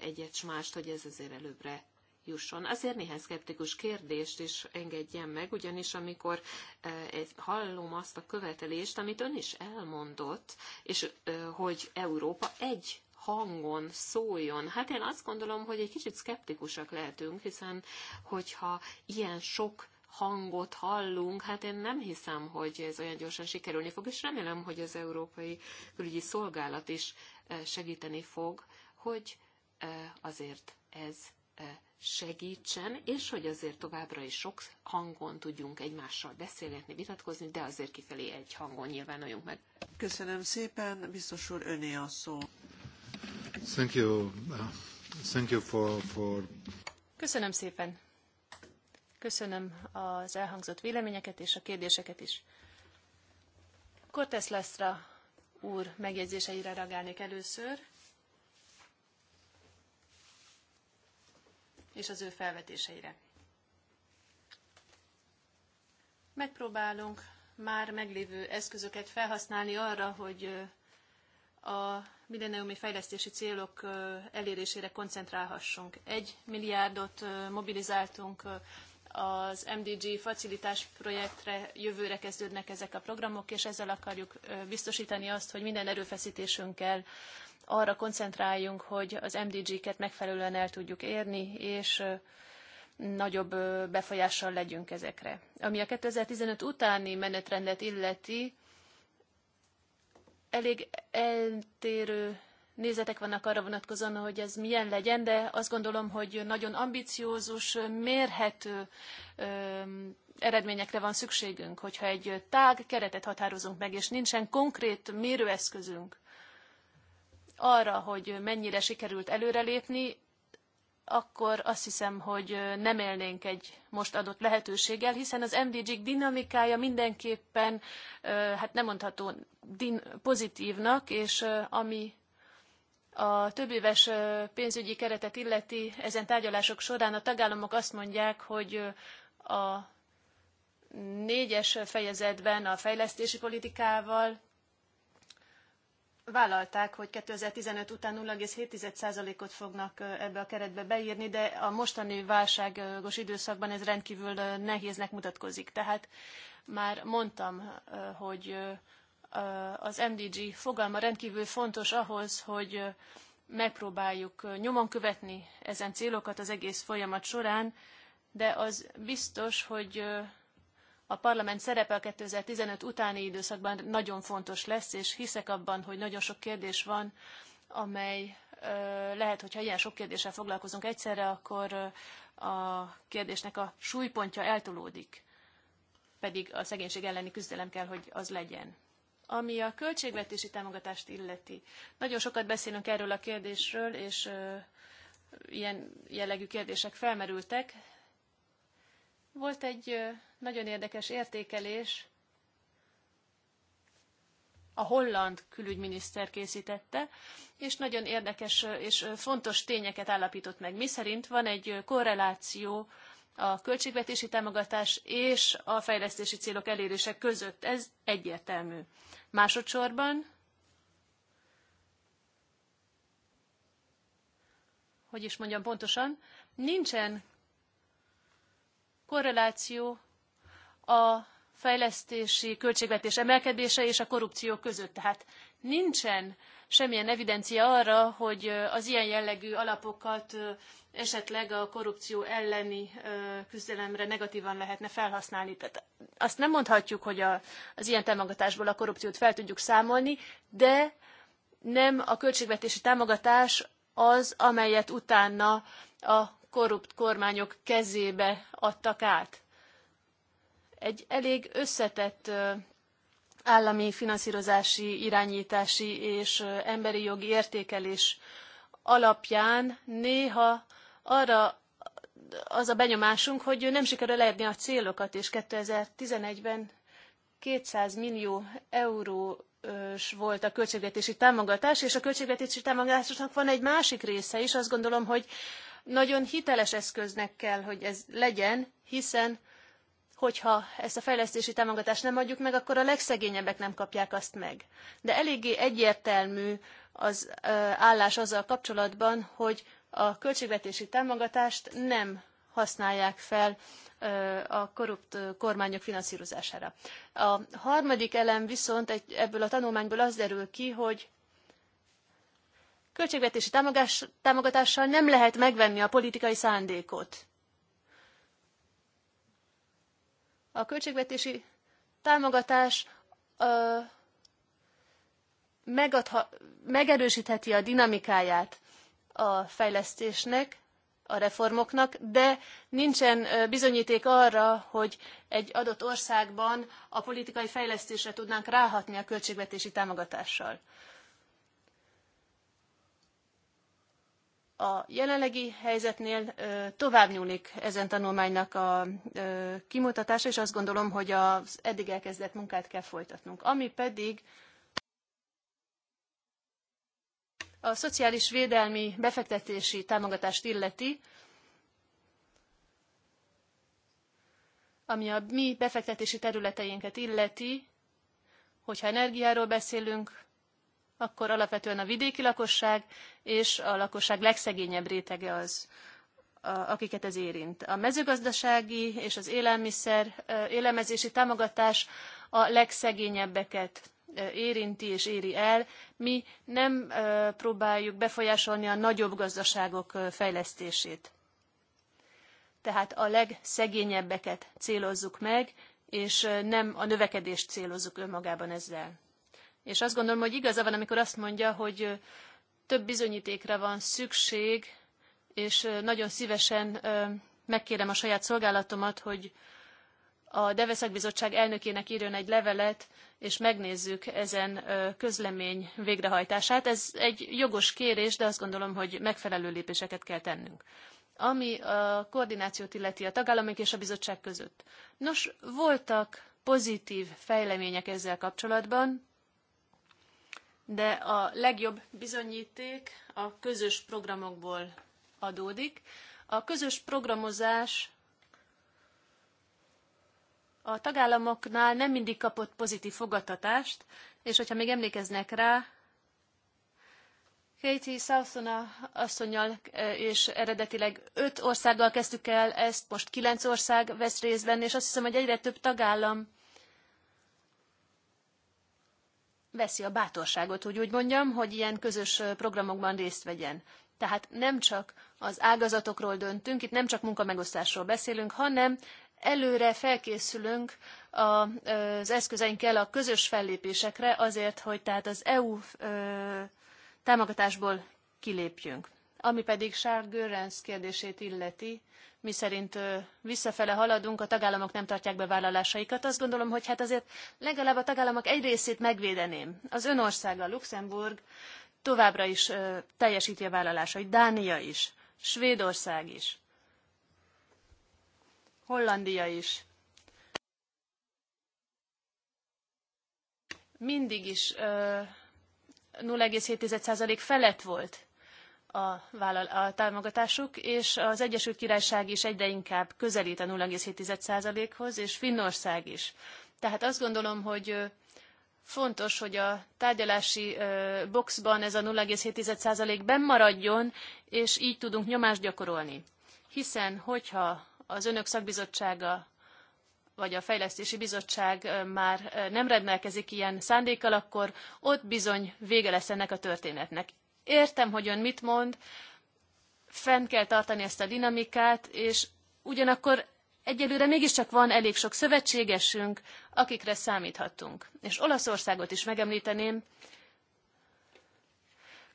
egyet mást, hogy ez azért előbbre jusson. Azért néhány szkeptikus kérdést is engedjen meg, ugyanis amikor eh, hallom azt a követelést, amit ön is elmondott, és eh, hogy Európa egy hangon szóljon. Hát én azt gondolom, hogy egy kicsit szkeptikusak lehetünk, hiszen hogyha ilyen sok hangot hallunk, hát én nem hiszem, hogy ez olyan gyorsan sikerülni fog, és remélem, hogy az Európai Külügyi Szolgálat is eh, segíteni fog, hogy azért ez E, segítsen, és hogy azért továbbra is sok hangon tudjunk egymással beszélgetni, vitatkozni, de azért kifelé egy hangon nyilvánuljunk meg. Köszönöm szépen, biztos úr, öné a szó. Thank you. Uh, thank you for, for... Köszönöm szépen. Köszönöm az elhangzott véleményeket és a kérdéseket is. Cortes Lestra úr megjegyzéseire reagálnék először és az ő felvetéseire. Megpróbálunk már meglévő eszközöket felhasználni arra, hogy a milleniumi fejlesztési célok elérésére koncentrálhassunk. Egy milliárdot mobilizáltunk az MDG facilitás projektre jövőre kezdődnek ezek a programok, és ezzel akarjuk biztosítani azt, hogy minden erőfeszítésünkkel arra koncentráljunk, hogy az MDG-ket megfelelően el tudjuk érni, és nagyobb befolyással legyünk ezekre. Ami a 2015 utáni menetrendet illeti, elég eltérő nézetek vannak arra vonatkozóan, hogy ez milyen legyen, de azt gondolom, hogy nagyon ambiciózus, mérhető ö, eredményekre van szükségünk, hogyha egy tág keretet határozunk meg, és nincsen konkrét mérőeszközünk arra, hogy mennyire sikerült előrelépni, akkor azt hiszem, hogy nem élnénk egy most adott lehetőséggel, hiszen az MDG-k dinamikája mindenképpen, hát nem mondható din- pozitívnak, és ami a többéves pénzügyi keretet illeti, ezen tárgyalások során a tagállamok azt mondják, hogy a négyes fejezetben a fejlesztési politikával vállalták, hogy 2015 után 0,7%-ot fognak ebbe a keretbe beírni, de a mostani válságos időszakban ez rendkívül nehéznek mutatkozik. Tehát már mondtam, hogy az MDG fogalma rendkívül fontos ahhoz, hogy megpróbáljuk nyomon követni ezen célokat az egész folyamat során, de az biztos, hogy a parlament szerepe a 2015 utáni időszakban nagyon fontos lesz, és hiszek abban, hogy nagyon sok kérdés van, amely lehet, hogyha ilyen sok kérdéssel foglalkozunk egyszerre, akkor a kérdésnek a súlypontja eltolódik, pedig a szegénység elleni küzdelem kell, hogy az legyen. Ami a költségvetési támogatást illeti. Nagyon sokat beszélünk erről a kérdésről, és ilyen jellegű kérdések felmerültek. Volt egy nagyon érdekes értékelés, a holland külügyminiszter készítette, és nagyon érdekes és fontos tényeket állapított meg. Mi szerint van egy korreláció a költségvetési támogatás és a fejlesztési célok elérése között. Ez egyértelmű. Másodszorban, hogy is mondjam pontosan, nincsen korreláció a fejlesztési költségvetés emelkedése és a korrupció között. Tehát nincsen semmilyen evidencia arra, hogy az ilyen jellegű alapokat esetleg a korrupció elleni küzdelemre negatívan lehetne felhasználni. Tehát azt nem mondhatjuk, hogy a, az ilyen támogatásból a korrupciót fel tudjuk számolni, de nem a költségvetési támogatás az, amelyet utána a korrupt kormányok kezébe adtak át. Egy elég összetett állami finanszírozási, irányítási és emberi jogi értékelés alapján néha arra az a benyomásunk, hogy nem sikerül elérni a célokat, és 2011-ben 200 millió eurós volt a költségvetési támogatás, és a költségvetési támogatásnak van egy másik része is. Azt gondolom, hogy nagyon hiteles eszköznek kell, hogy ez legyen, hiszen hogyha ezt a fejlesztési támogatást nem adjuk meg, akkor a legszegényebbek nem kapják azt meg. De eléggé egyértelmű az állás azzal kapcsolatban, hogy a költségvetési támogatást nem használják fel a korrupt kormányok finanszírozására. A harmadik elem viszont egy, ebből a tanulmányból az derül ki, hogy költségvetési támogás, támogatással nem lehet megvenni a politikai szándékot. A költségvetési támogatás ö, megadha, megerősítheti a dinamikáját a fejlesztésnek, a reformoknak, de nincsen bizonyíték arra, hogy egy adott országban a politikai fejlesztésre tudnánk ráhatni a költségvetési támogatással. A jelenlegi helyzetnél tovább nyúlik ezen tanulmánynak a kimutatása, és azt gondolom, hogy az eddig elkezdett munkát kell folytatnunk. Ami pedig a szociális védelmi befektetési támogatást illeti, ami a mi befektetési területeinket illeti, hogyha energiáról beszélünk, akkor alapvetően a vidéki lakosság és a lakosság legszegényebb rétege az, akiket ez érint. A mezőgazdasági és az élelmiszer, élelmezési támogatás a legszegényebbeket érinti és éri el. Mi nem próbáljuk befolyásolni a nagyobb gazdaságok fejlesztését. Tehát a legszegényebbeket célozzuk meg, és nem a növekedést célozzuk önmagában ezzel. És azt gondolom, hogy igaza van, amikor azt mondja, hogy több bizonyítékra van szükség, és nagyon szívesen megkérem a saját szolgálatomat, hogy a Deveszek Bizottság elnökének írjon egy levelet, és megnézzük ezen közlemény végrehajtását. Ez egy jogos kérés, de azt gondolom, hogy megfelelő lépéseket kell tennünk. Ami a koordinációt illeti a tagállamok és a bizottság között. Nos, voltak pozitív fejlemények ezzel kapcsolatban, de a legjobb bizonyíték a közös programokból adódik. A közös programozás a tagállamoknál nem mindig kapott pozitív fogadtatást, és hogyha még emlékeznek rá, Katie Southon asszonyal e, és eredetileg öt országgal kezdtük el, ezt most kilenc ország vesz részben, és azt hiszem, hogy egyre több tagállam veszi a bátorságot, hogy úgy mondjam, hogy ilyen közös e, programokban részt vegyen. Tehát nem csak az ágazatokról döntünk, itt nem csak munkamegosztásról beszélünk, hanem előre felkészülünk az eszközeinkkel a közös fellépésekre azért, hogy tehát az EU támogatásból kilépjünk. Ami pedig Charles Görens kérdését illeti, mi szerint visszafele haladunk, a tagállamok nem tartják be vállalásaikat. Azt gondolom, hogy hát azért legalább a tagállamok egy részét megvédeném. Az ön országa, Luxemburg továbbra is teljesíti a vállalásait, Dánia is, Svédország is. Hollandia is. Mindig is 0,7% felett volt a, vállal, a támogatásuk, és az Egyesült Királyság is egyre inkább közelít a 0,7%-hoz, és Finnország is. Tehát azt gondolom, hogy fontos, hogy a tárgyalási boxban ez a 0,7% benn maradjon, és így tudunk nyomást gyakorolni. Hiszen, hogyha az önök szakbizottsága vagy a fejlesztési bizottság már nem rendelkezik ilyen szándékkal, akkor ott bizony vége lesz ennek a történetnek. Értem, hogy ön mit mond, fenn kell tartani ezt a dinamikát, és ugyanakkor egyelőre mégiscsak van elég sok szövetségesünk, akikre számíthatunk. És Olaszországot is megemlíteném,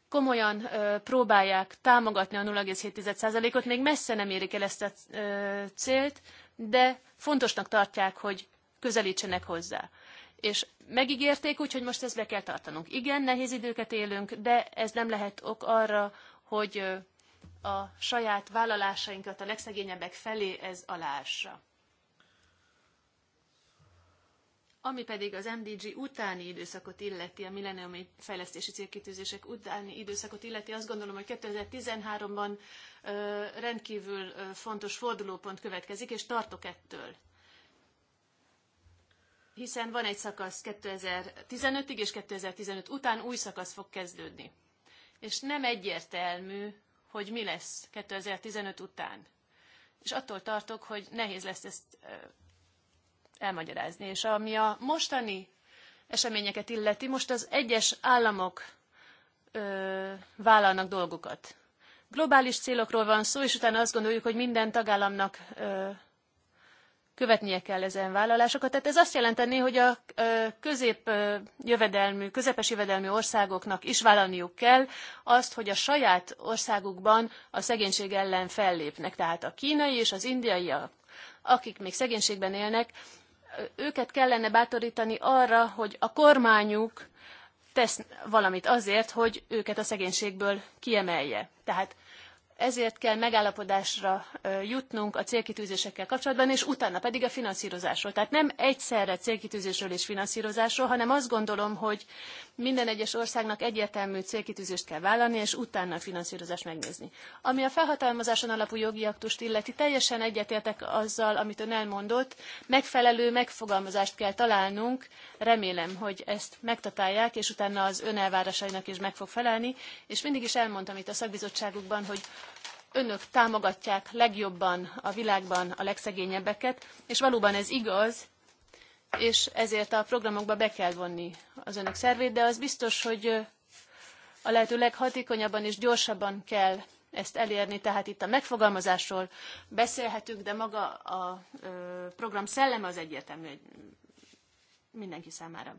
komolyan ö, próbálják támogatni a 0,7%-ot, még messze nem érik el ezt a ö, célt, de fontosnak tartják, hogy közelítsenek hozzá. És megígérték úgy, hogy most ezt be kell tartanunk. Igen, nehéz időket élünk, de ez nem lehet ok arra, hogy a saját vállalásainkat a legszegényebbek felé ez alássa. Ami pedig az MDG utáni időszakot illeti, a milleniumi fejlesztési célkitűzések utáni időszakot illeti, azt gondolom, hogy 2013-ban rendkívül fontos fordulópont következik, és tartok ettől. Hiszen van egy szakasz 2015-ig, és 2015 után új szakasz fog kezdődni. És nem egyértelmű, hogy mi lesz 2015 után. És attól tartok, hogy nehéz lesz ezt elmagyarázni. És ami a mostani eseményeket illeti, most az egyes államok ö, vállalnak dolgokat. Globális célokról van szó, és utána azt gondoljuk, hogy minden tagállamnak ö, követnie kell ezen vállalásokat. Tehát ez azt jelenteni, hogy a közép jövedelmű, közepes jövedelmű országoknak is vállalniuk kell azt, hogy a saját országukban a szegénység ellen fellépnek. Tehát a kínai és az indiaiak, akik még szegénységben élnek, őket kellene bátorítani arra, hogy a kormányuk tesz valamit azért, hogy őket a szegénységből kiemelje. Tehát ezért kell megállapodásra jutnunk a célkitűzésekkel kapcsolatban, és utána pedig a finanszírozásról. Tehát nem egyszerre célkitűzésről és finanszírozásról, hanem azt gondolom, hogy minden egyes országnak egyértelmű célkitűzést kell vállalni, és utána a finanszírozást megnézni. Ami a felhatalmazáson alapú jogi aktust illeti, teljesen egyetértek azzal, amit ön elmondott, megfelelő megfogalmazást kell találnunk, remélem, hogy ezt megtatálják, és utána az ön elvárásainak is meg fog felelni, és mindig is elmondtam itt a szakbizottságukban, hogy önök támogatják legjobban a világban a legszegényebbeket, és valóban ez igaz, és ezért a programokba be kell vonni az önök szervét, de az biztos, hogy a lehető leghatékonyabban és gyorsabban kell ezt elérni, tehát itt a megfogalmazásról beszélhetünk, de maga a program szelleme az egyértelmű mindenki számára.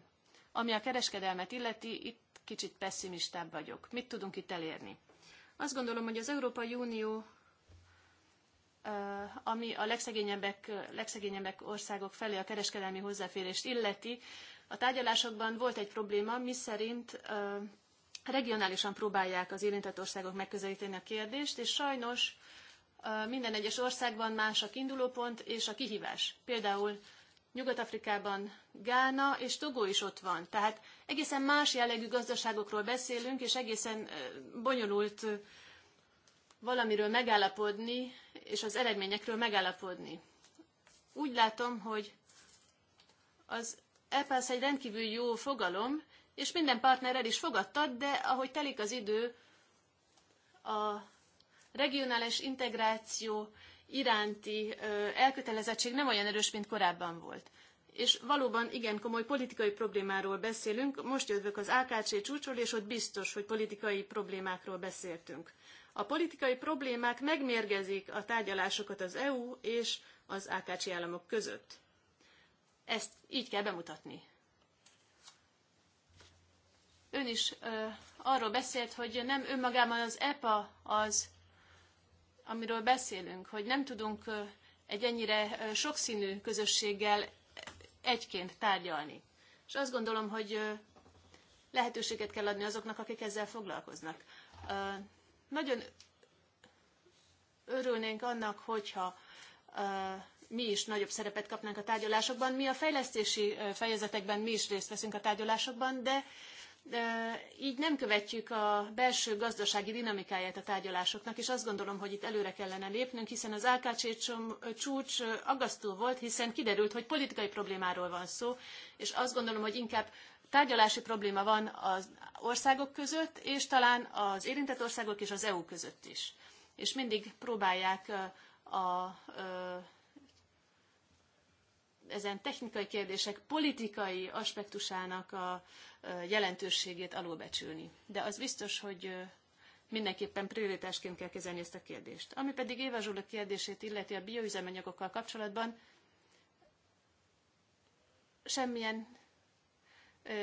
Ami a kereskedelmet illeti, itt kicsit pessimistább vagyok. Mit tudunk itt elérni? Azt gondolom, hogy az Európai Unió ami a legszegényebbek, legszegényebbek országok felé a kereskedelmi hozzáférést illeti. A tárgyalásokban volt egy probléma, miszerint regionálisan próbálják az érintett országok megközelíteni a kérdést, és sajnos minden egyes országban más a kiindulópont és a kihívás. Például Nyugat-Afrikában Gána és Togó is ott van. Tehát egészen más jellegű gazdaságokról beszélünk, és egészen bonyolult valamiről megállapodni, és az eredményekről megállapodni. Úgy látom, hogy az EPASZ egy rendkívül jó fogalom, és minden partner el is fogadta, de ahogy telik az idő, a regionális integráció iránti elkötelezettség nem olyan erős, mint korábban volt. És valóban igen komoly politikai problémáról beszélünk. Most jövök az AKC csúcsról, és ott biztos, hogy politikai problémákról beszéltünk. A politikai problémák megmérgezik a tárgyalásokat az EU és az AKC államok között. Ezt így kell bemutatni. Ön is ö, arról beszélt, hogy nem önmagában az EPA az, amiről beszélünk, hogy nem tudunk ö, egy ennyire ö, sokszínű közösséggel egyként tárgyalni. És azt gondolom, hogy ö, lehetőséget kell adni azoknak, akik ezzel foglalkoznak. Ö, nagyon örülnénk annak, hogyha mi is nagyobb szerepet kapnánk a tárgyalásokban. Mi a fejlesztési fejezetekben mi is részt veszünk a tárgyalásokban, de így nem követjük a belső gazdasági dinamikáját a tárgyalásoknak, és azt gondolom, hogy itt előre kellene lépnünk, hiszen az AKC csúcs aggasztó volt, hiszen kiderült, hogy politikai problémáról van szó, és azt gondolom, hogy inkább tárgyalási probléma van az országok között, és talán az érintett országok és az EU között is. És mindig próbálják a, a ezen technikai kérdések politikai aspektusának a jelentőségét alulbecsülni. De az biztos, hogy mindenképpen prioritásként kell kezelni ezt a kérdést. Ami pedig Éva Zsula kérdését illeti a bioüzemanyagokkal kapcsolatban, semmilyen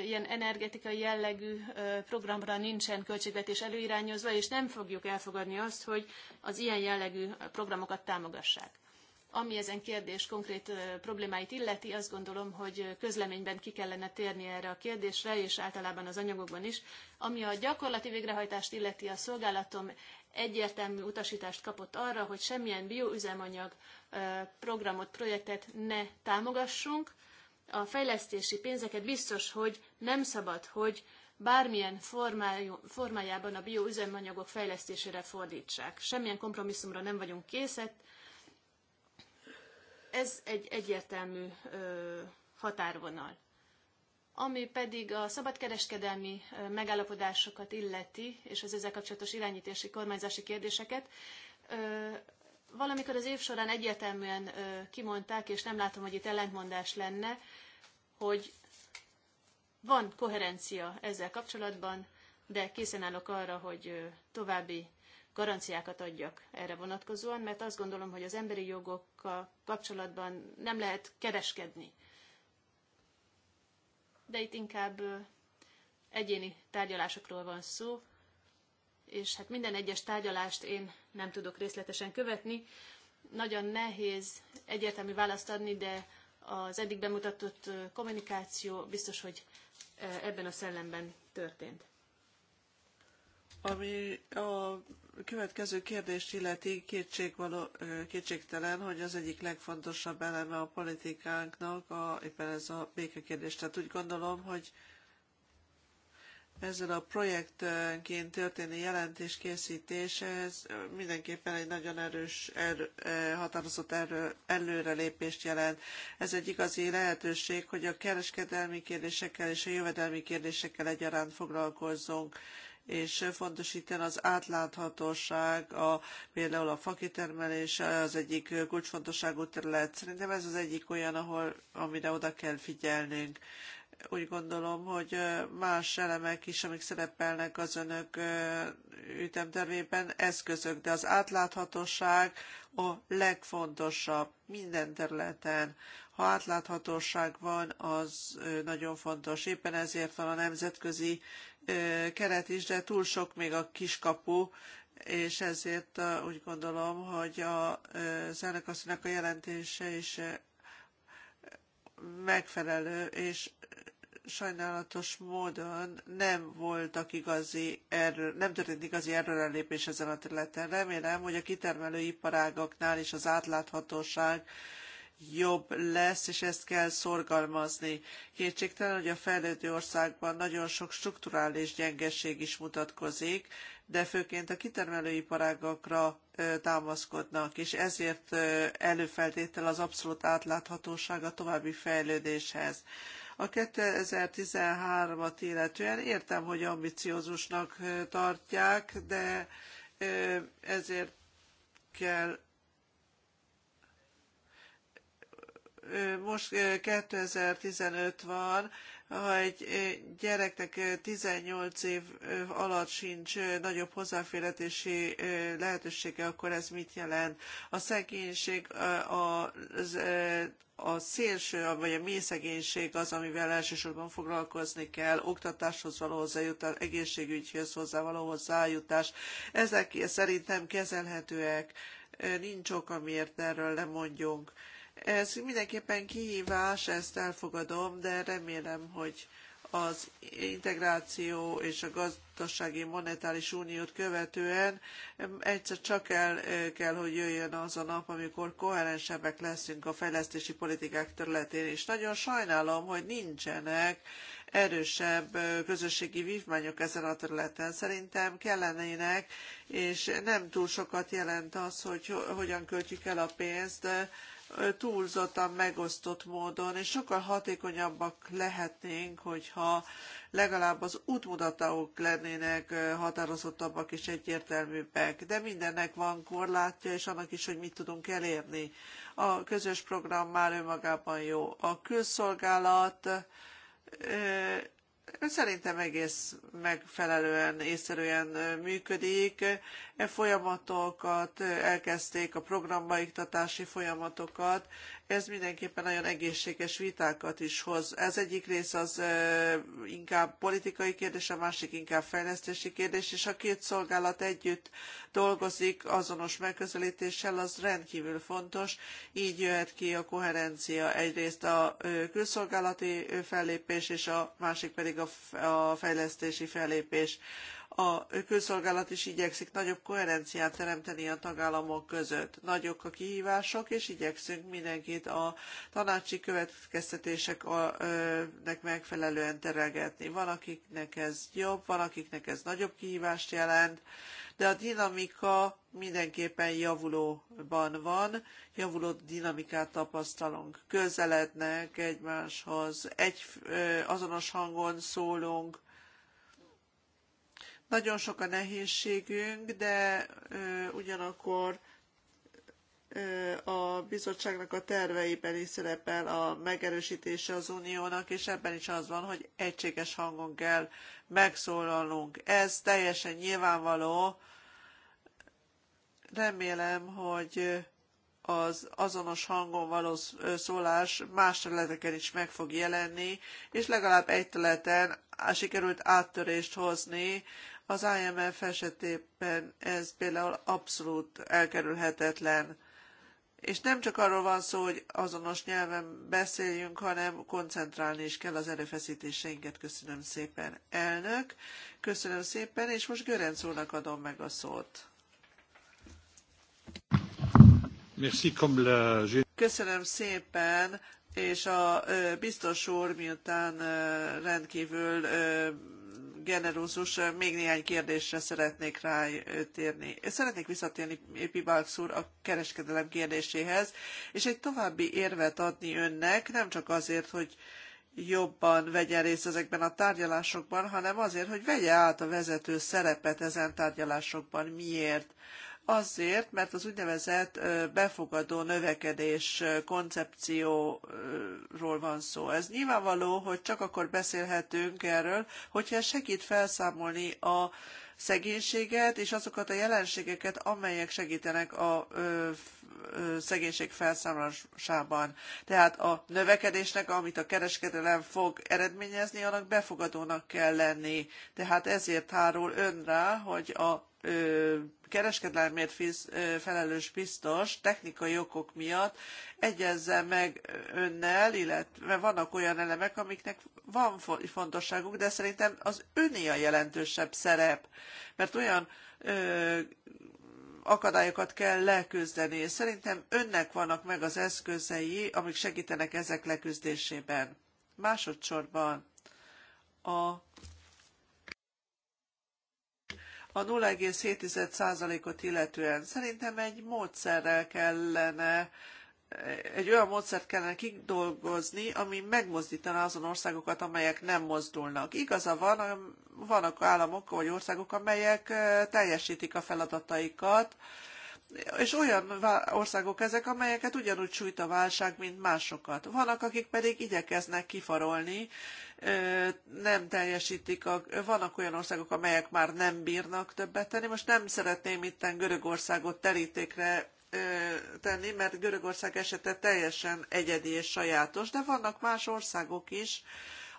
ilyen energetikai jellegű programra nincsen költségvetés előirányozva, és nem fogjuk elfogadni azt, hogy az ilyen jellegű programokat támogassák. Ami ezen kérdés konkrét problémáit illeti, azt gondolom, hogy közleményben ki kellene térni erre a kérdésre, és általában az anyagokban is. Ami a gyakorlati végrehajtást illeti, a szolgálatom egyértelmű utasítást kapott arra, hogy semmilyen bioüzemanyag programot, projektet ne támogassunk, a fejlesztési pénzeket biztos, hogy nem szabad, hogy bármilyen formájában a bioüzemanyagok fejlesztésére fordítsák. Semmilyen kompromisszumra nem vagyunk készek. Ez egy egyértelmű ö, határvonal. Ami pedig a szabadkereskedelmi megállapodásokat illeti, és az ezzel kapcsolatos irányítési, kormányzási kérdéseket, ö, valamikor az év során egyértelműen kimondták, és nem látom, hogy itt ellentmondás lenne, hogy van koherencia ezzel kapcsolatban, de készen állok arra, hogy további garanciákat adjak erre vonatkozóan, mert azt gondolom, hogy az emberi jogokkal kapcsolatban nem lehet kereskedni. De itt inkább egyéni tárgyalásokról van szó, és hát minden egyes tárgyalást én nem tudok részletesen követni. Nagyon nehéz egyértelmű választ adni, de az eddig bemutatott kommunikáció biztos, hogy ebben a szellemben történt. Ami a következő kérdést illeti kétségvaló, kétségtelen, hogy az egyik legfontosabb eleme a politikánknak a, éppen ez a békekérdés. Tehát úgy gondolom, hogy ezzel a projektként történő jelentés mindenképpen egy nagyon erős, erő, eh, határozott erő, előrelépést jelent. Ez egy igazi lehetőség, hogy a kereskedelmi kérdésekkel és a jövedelmi kérdésekkel egyaránt foglalkozzunk és fontos itt az átláthatóság, a, például a fakitermelés az egyik kulcsfontosságú terület. Szerintem ez az egyik olyan, ahol, amire oda kell figyelnünk úgy gondolom, hogy más elemek is, amik szerepelnek az önök ütemtervében, eszközök, de az átláthatóság a legfontosabb minden területen. Ha átláthatóság van, az nagyon fontos. Éppen ezért van a nemzetközi keret is, de túl sok még a kiskapu, és ezért úgy gondolom, hogy a elnökasszonynak a jelentése is megfelelő, és sajnálatos módon nem voltak igazi, erről, nem történt igazi erőrelépés ezen a területen. Remélem, hogy a kitermelő iparágoknál is az átláthatóság jobb lesz, és ezt kell szorgalmazni. Kétségtelen, hogy a fejlődő országban nagyon sok strukturális gyengeség is mutatkozik, de főként a kitermelőiparágakra támaszkodnak, és ezért előfeltétel az abszolút átláthatóság a további fejlődéshez. A 2013-at illetően értem, hogy ambiciózusnak tartják, de ezért kell most 2015 van, ha egy gyereknek 18 év alatt sincs nagyobb hozzáférhetési lehetősége, akkor ez mit jelent? A szegénység, a, a szélső, vagy a mély szegénység az, amivel elsősorban foglalkozni kell, oktatáshoz való hozzájutás, egészségügyhöz hozzá való hozzájutás. Ezek szerintem kezelhetőek. Nincs ok, amiért erről lemondjunk. mondjunk ez mindenképpen kihívás, ezt elfogadom, de remélem, hogy az integráció és a gazdasági monetáris uniót követően egyszer csak el kell, hogy jöjjön az a nap, amikor koherensebbek leszünk a fejlesztési politikák területén, és nagyon sajnálom, hogy nincsenek erősebb közösségi vívmányok ezen a területen. Szerintem kellenének, és nem túl sokat jelent az, hogy hogyan költjük el a pénzt, túlzottan megosztott módon, és sokkal hatékonyabbak lehetnénk, hogyha legalább az útmutatók lennének határozottabbak és egyértelműbbek. De mindennek van korlátja, és annak is, hogy mit tudunk elérni. A közös program már önmagában jó. A külszolgálat Szerintem egész megfelelően, észszerűen működik. E folyamatokat elkezdték, a programbaiktatási folyamatokat, ez mindenképpen nagyon egészséges vitákat is hoz. Ez egyik rész az inkább politikai kérdés, a másik inkább fejlesztési kérdés, és a két szolgálat együtt dolgozik azonos megközelítéssel, az rendkívül fontos. Így jöhet ki a koherencia egyrészt a külszolgálati fellépés, és a másik pedig a fejlesztési fellépés a közszolgálat is igyekszik nagyobb koherenciát teremteni a tagállamok között. Nagyok a kihívások, és igyekszünk mindenkit a tanácsi következtetéseknek megfelelően terelgetni. Van, akiknek ez jobb, van, akiknek ez nagyobb kihívást jelent, de a dinamika mindenképpen javulóban van, javuló dinamikát tapasztalunk. Közelednek egymáshoz, egy, azonos hangon szólunk, nagyon sok a nehézségünk, de ö, ugyanakkor ö, a bizottságnak a terveiben is szerepel a megerősítése az uniónak, és ebben is az van, hogy egységes hangon kell megszólalnunk. Ez teljesen nyilvánvaló. Remélem, hogy az azonos hangon való szólás más területeken is meg fog jelenni, és legalább egy területen sikerült áttörést hozni az IMF esetében ez például abszolút elkerülhetetlen. És nem csak arról van szó, hogy azonos nyelven beszéljünk, hanem koncentrálni is kell az erőfeszítéseinket. Köszönöm szépen, elnök. Köszönöm szépen, és most Görenc úrnak adom meg a szót. Köszönöm szépen, és a biztos úr miután rendkívül generózus, még néhány kérdésre szeretnék rátérni. Szeretnék visszatérni Pibalx úr a kereskedelem kérdéséhez, és egy további érvet adni önnek, nem csak azért, hogy jobban vegyen részt ezekben a tárgyalásokban, hanem azért, hogy vegye át a vezető szerepet ezen tárgyalásokban. Miért? Azért, mert az úgynevezett befogadó növekedés koncepcióról van szó. Ez nyilvánvaló, hogy csak akkor beszélhetünk erről, hogyha segít felszámolni a szegénységet és azokat a jelenségeket, amelyek segítenek a ö, ö, szegénység felszámolásában. Tehát a növekedésnek, amit a kereskedelem fog eredményezni, annak befogadónak kell lenni. Tehát ezért hárul ön rá, hogy a kereskedelmért felelős biztos technikai okok miatt egyezzen meg önnel, illetve vannak olyan elemek, amiknek van fontosságuk, de szerintem az öné a jelentősebb szerep, mert olyan ö, akadályokat kell leküzdeni. Szerintem önnek vannak meg az eszközei, amik segítenek ezek leküzdésében. Másodszorban a a 0,7%-ot illetően szerintem egy módszerrel kellene egy olyan módszert kellene kidolgozni, ami megmozdítaná azon országokat, amelyek nem mozdulnak. Igaza van, vannak államok vagy országok, amelyek teljesítik a feladataikat, és olyan országok ezek, amelyeket ugyanúgy sújt a válság, mint másokat. Vannak, akik pedig igyekeznek kifarolni, nem teljesítik, a, vannak olyan országok, amelyek már nem bírnak többet tenni. Most nem szeretném itten Görögországot terítékre tenni, mert Görögország esete teljesen egyedi és sajátos, de vannak más országok is,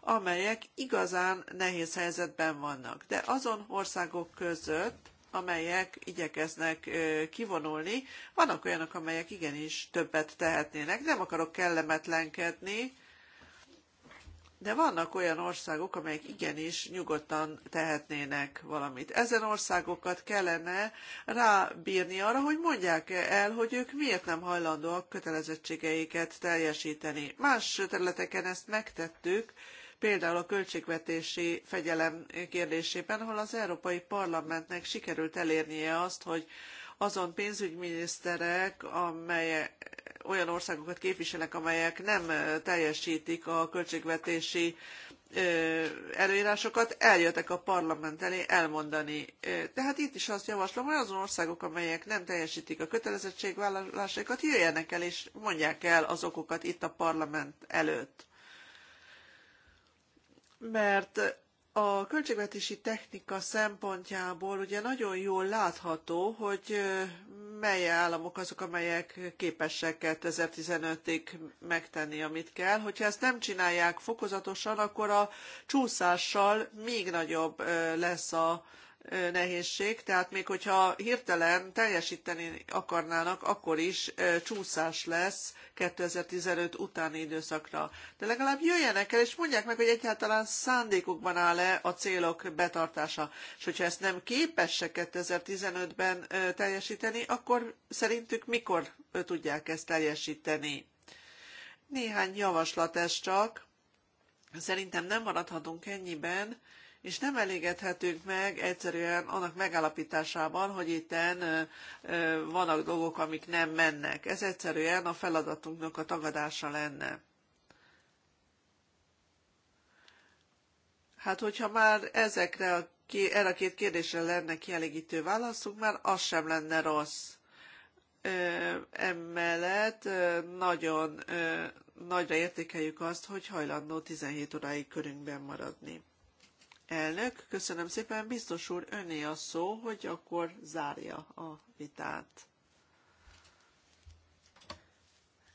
amelyek igazán nehéz helyzetben vannak. De azon országok között, amelyek igyekeznek kivonulni, vannak olyanok, amelyek igenis többet tehetnének. Nem akarok kellemetlenkedni, de vannak olyan országok, amelyek igenis nyugodtan tehetnének valamit. Ezen országokat kellene rábírni arra, hogy mondják el, hogy ők miért nem hajlandóak kötelezettségeiket teljesíteni. Más területeken ezt megtettük, például a költségvetési fegyelem kérdésében, ahol az Európai Parlamentnek sikerült elérnie azt, hogy azon pénzügyminiszterek, amelyek olyan országokat képviselek, amelyek nem teljesítik a költségvetési előírásokat, eljöttek a parlament elé elmondani. Tehát itt is azt javaslom, hogy azon országok, amelyek nem teljesítik a kötelezettségvállalásaikat, jöjjenek el és mondják el az okokat itt a parlament előtt. Mert a költségvetési technika szempontjából ugye nagyon jól látható, hogy mely államok azok, amelyek képesek 2015-ig megtenni, amit kell. Hogyha ezt nem csinálják fokozatosan, akkor a csúszással még nagyobb lesz a nehézség, tehát még hogyha hirtelen teljesíteni akarnának, akkor is csúszás lesz 2015 utáni időszakra. De legalább jöjjenek el, és mondják meg, hogy egyáltalán szándékukban áll-e a célok betartása. És hogyha ezt nem képesek 2015-ben teljesíteni, akkor szerintük mikor tudják ezt teljesíteni? Néhány javaslat ez csak. Szerintem nem maradhatunk ennyiben és nem elégedhetünk meg egyszerűen annak megállapításában, hogy itten vannak dolgok, amik nem mennek. Ez egyszerűen a feladatunknak a tagadása lenne. Hát, hogyha már ezekre a, erre a két kérdésre lenne kielégítő válaszunk, már az sem lenne rossz. Emellett nagyon nagyra értékeljük azt, hogy hajlandó 17 óráig körünkben maradni. Elnök, köszönöm szépen. Biztos úr, öné a szó, hogy akkor zárja a vitát.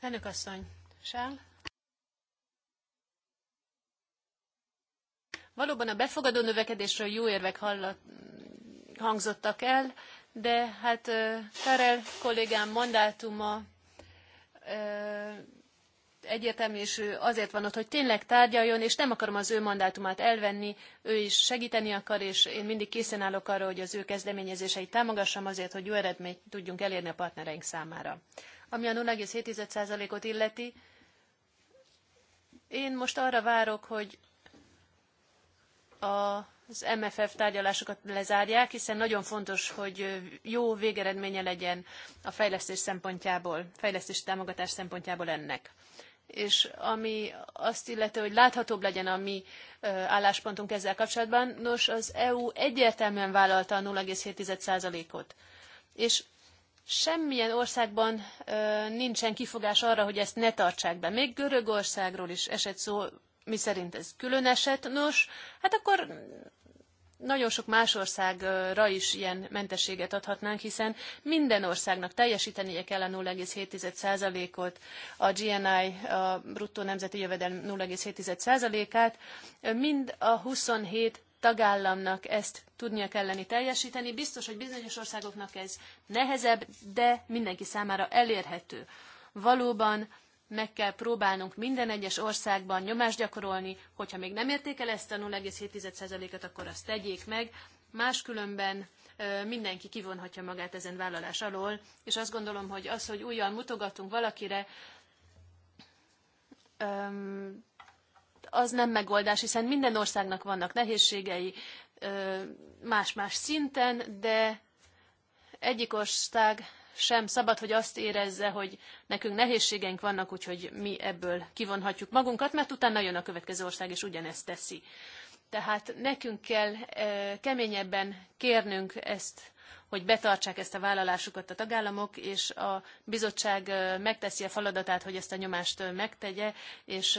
Elnök asszony, Sál? Valóban a befogadó növekedésről jó érvek hallat, hangzottak el, de hát Karel kollégám mandátuma egyértelmű, és ő azért van ott, hogy tényleg tárgyaljon, és nem akarom az ő mandátumát elvenni, ő is segíteni akar, és én mindig készen állok arra, hogy az ő kezdeményezéseit támogassam azért, hogy jó eredményt tudjunk elérni a partnereink számára. Ami a 0,7%-ot illeti, én most arra várok, hogy az MFF tárgyalásokat lezárják, hiszen nagyon fontos, hogy jó végeredménye legyen a fejlesztés szempontjából, fejlesztés támogatás szempontjából ennek és ami azt illeti, hogy láthatóbb legyen a mi álláspontunk ezzel kapcsolatban, nos, az EU egyértelműen vállalta a 0,7%-ot. És semmilyen országban ö, nincsen kifogás arra, hogy ezt ne tartsák be. Még Görögországról is esett szó, mi szerint ez külön eset. Nos, hát akkor nagyon sok más országra is ilyen mentességet adhatnánk, hiszen minden országnak teljesítenie kell a 0,7%-ot, a GNI, a bruttó nemzeti jövedelem 0,7%-át, mind a 27 tagállamnak ezt tudnia kelleni teljesíteni. Biztos, hogy bizonyos országoknak ez nehezebb, de mindenki számára elérhető. Valóban meg kell próbálnunk minden egyes országban nyomást gyakorolni, hogyha még nem érték el ezt a 0,7%-et, akkor azt tegyék meg, máskülönben mindenki kivonhatja magát ezen vállalás alól, és azt gondolom, hogy az, hogy újjal mutogatunk valakire, az nem megoldás, hiszen minden országnak vannak nehézségei más-más szinten, de egyik ország sem szabad, hogy azt érezze, hogy nekünk nehézségeink vannak, úgyhogy mi ebből kivonhatjuk magunkat, mert utána jön a következő ország, és ugyanezt teszi. Tehát nekünk kell eh, keményebben kérnünk ezt, hogy betartsák ezt a vállalásukat a tagállamok, és a bizottság eh, megteszi a feladatát, hogy ezt a nyomást eh, megtegye, és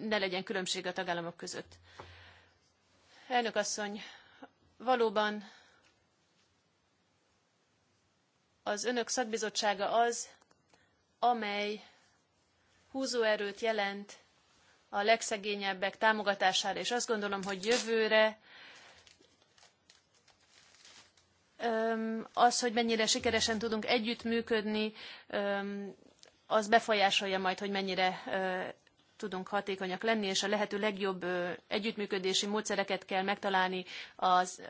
ne legyen különbség a tagállamok között. Elnök asszony, valóban az önök szakbizottsága az, amely húzóerőt jelent a legszegényebbek támogatására, és azt gondolom, hogy jövőre az, hogy mennyire sikeresen tudunk együttműködni, az befolyásolja majd, hogy mennyire tudunk hatékonyak lenni, és a lehető legjobb együttműködési módszereket kell megtalálni az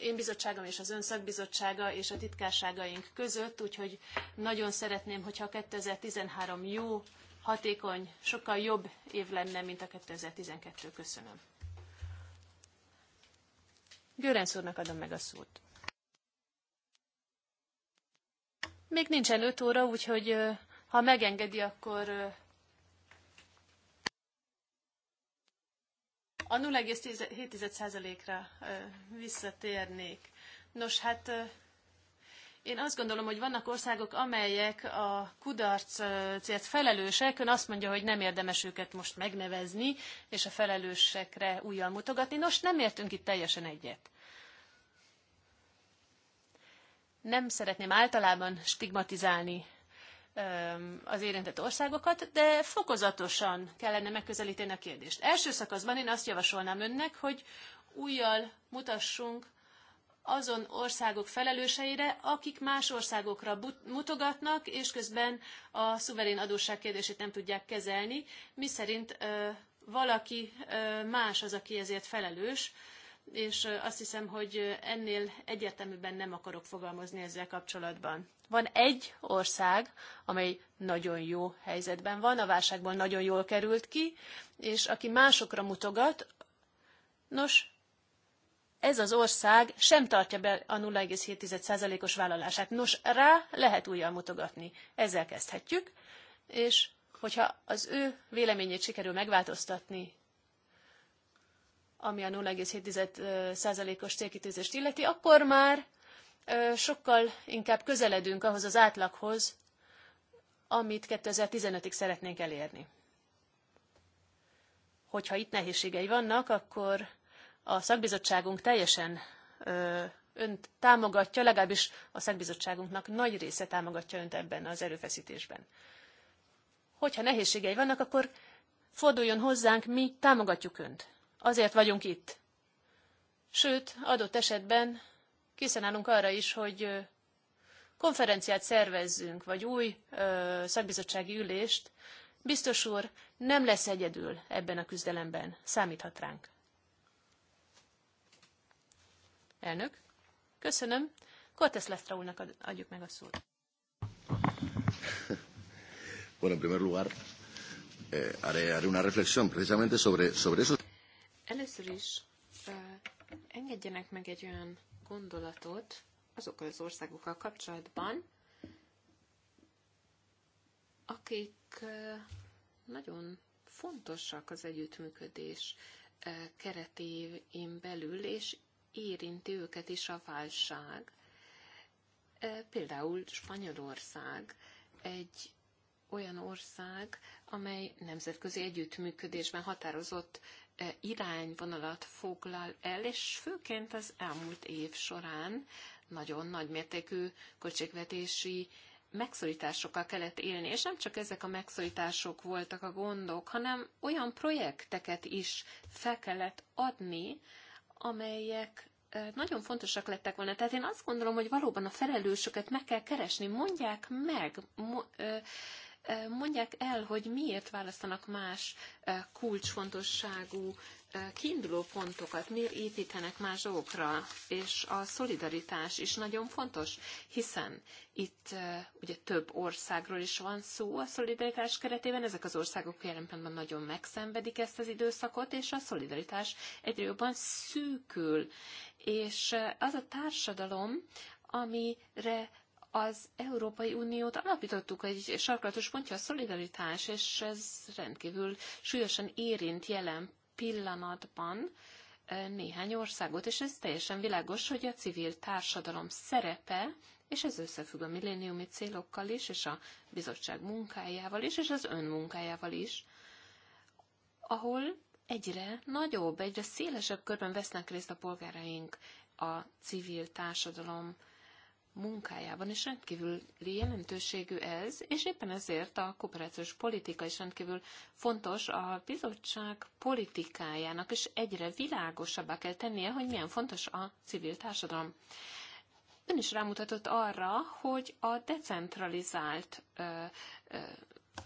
én bizottságom és az ön szakbizottsága és a titkárságaink között, úgyhogy nagyon szeretném, hogyha 2013 jó, hatékony, sokkal jobb év lenne, mint a 2012. Köszönöm. Görenc úrnak adom meg a szót. Még nincsen 5 óra, úgyhogy ha megengedi, akkor A 0,7%-ra visszatérnék. Nos, hát én azt gondolom, hogy vannak országok, amelyek a célt felelősek. Ön azt mondja, hogy nem érdemes őket most megnevezni, és a felelősekre újjal mutogatni. Nos, nem értünk itt teljesen egyet. Nem szeretném általában stigmatizálni az érintett országokat, de fokozatosan kellene megközelíteni a kérdést. Első szakaszban én azt javasolnám önnek, hogy újjal mutassunk azon országok felelőseire, akik más országokra mutogatnak, és közben a szuverén adósság kérdését nem tudják kezelni, miszerint ö, valaki ö, más az, aki ezért felelős, és azt hiszem, hogy ennél egyértelműbben nem akarok fogalmazni ezzel kapcsolatban. Van egy ország, amely nagyon jó helyzetben van, a válságból nagyon jól került ki, és aki másokra mutogat, nos, ez az ország sem tartja be a 0,7%-os vállalását. Nos, rá lehet újjal mutogatni. Ezzel kezdhetjük, és hogyha az ő véleményét sikerül megváltoztatni ami a 0,7%-os célkitűzést illeti, akkor már sokkal inkább közeledünk ahhoz az átlaghoz, amit 2015-ig szeretnénk elérni. Hogyha itt nehézségei vannak, akkor a szakbizottságunk teljesen önt támogatja, legalábbis a szakbizottságunknak nagy része támogatja önt ebben az erőfeszítésben. Hogyha nehézségei vannak, akkor forduljon hozzánk, mi támogatjuk önt. Azért vagyunk itt. Sőt, adott esetben készen állunk arra is, hogy konferenciát szervezzünk, vagy új ö, szakbizottsági ülést. Biztos úr, nem lesz egyedül ebben a küzdelemben. Számíthat ránk. Elnök, köszönöm. Cortes Lestra úrnak adjuk meg a szót. Bueno, en primer lugar, eh, haré, haré una reflexión precisamente sobre, sobre eso. Először is engedjenek meg egy olyan gondolatot azokkal az országokkal kapcsolatban, akik nagyon fontosak az együttműködés keretén belül, és érinti őket is a válság. Például Spanyolország egy olyan ország, amely nemzetközi együttműködésben határozott E, irányvonalat foglal el, és főként az elmúlt év során nagyon nagymértékű költségvetési megszorításokkal kellett élni, és nem csak ezek a megszorítások voltak a gondok, hanem olyan projekteket is fel kellett adni, amelyek e, nagyon fontosak lettek volna. Tehát én azt gondolom, hogy valóban a felelősöket meg kell keresni, mondják meg, e, mondják el, hogy miért választanak más kulcsfontosságú kiinduló pontokat, miért építenek más dolgokra, és a szolidaritás is nagyon fontos, hiszen itt ugye több országról is van szó a szolidaritás keretében, ezek az országok jelen pillanatban nagyon megszenvedik ezt az időszakot, és a szolidaritás egyre jobban szűkül, és az a társadalom, amire az Európai Uniót alapítottuk, egy sarkalatos pontja a szolidaritás, és ez rendkívül súlyosan érint jelen pillanatban néhány országot, és ez teljesen világos, hogy a civil társadalom szerepe, és ez összefügg a milléniumi célokkal is, és a bizottság munkájával is, és az önmunkájával is, ahol egyre nagyobb, egyre szélesebb körben vesznek részt a polgáraink a civil társadalom munkájában, és rendkívüli jelentőségű ez, és éppen ezért a kooperációs politika is rendkívül fontos a bizottság politikájának, és egyre világosabbá kell tennie, hogy milyen fontos a civil társadalom. Ön is rámutatott arra, hogy a decentralizált ö, ö,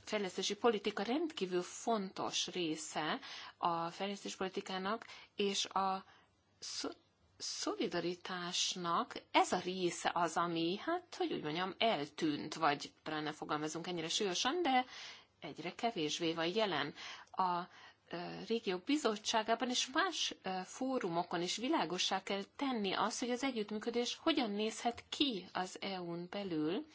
fejlesztési politika rendkívül fontos része a fejlesztés politikának, és a szolidaritásnak ez a része az, ami, hát, hogy úgy mondjam, eltűnt, vagy talán ne fogalmazunk ennyire súlyosan, de egyre kevésbé van jelen. A régiók bizottságában és más fórumokon is világossá kell tenni azt, hogy az együttműködés hogyan nézhet ki az EU-n belül,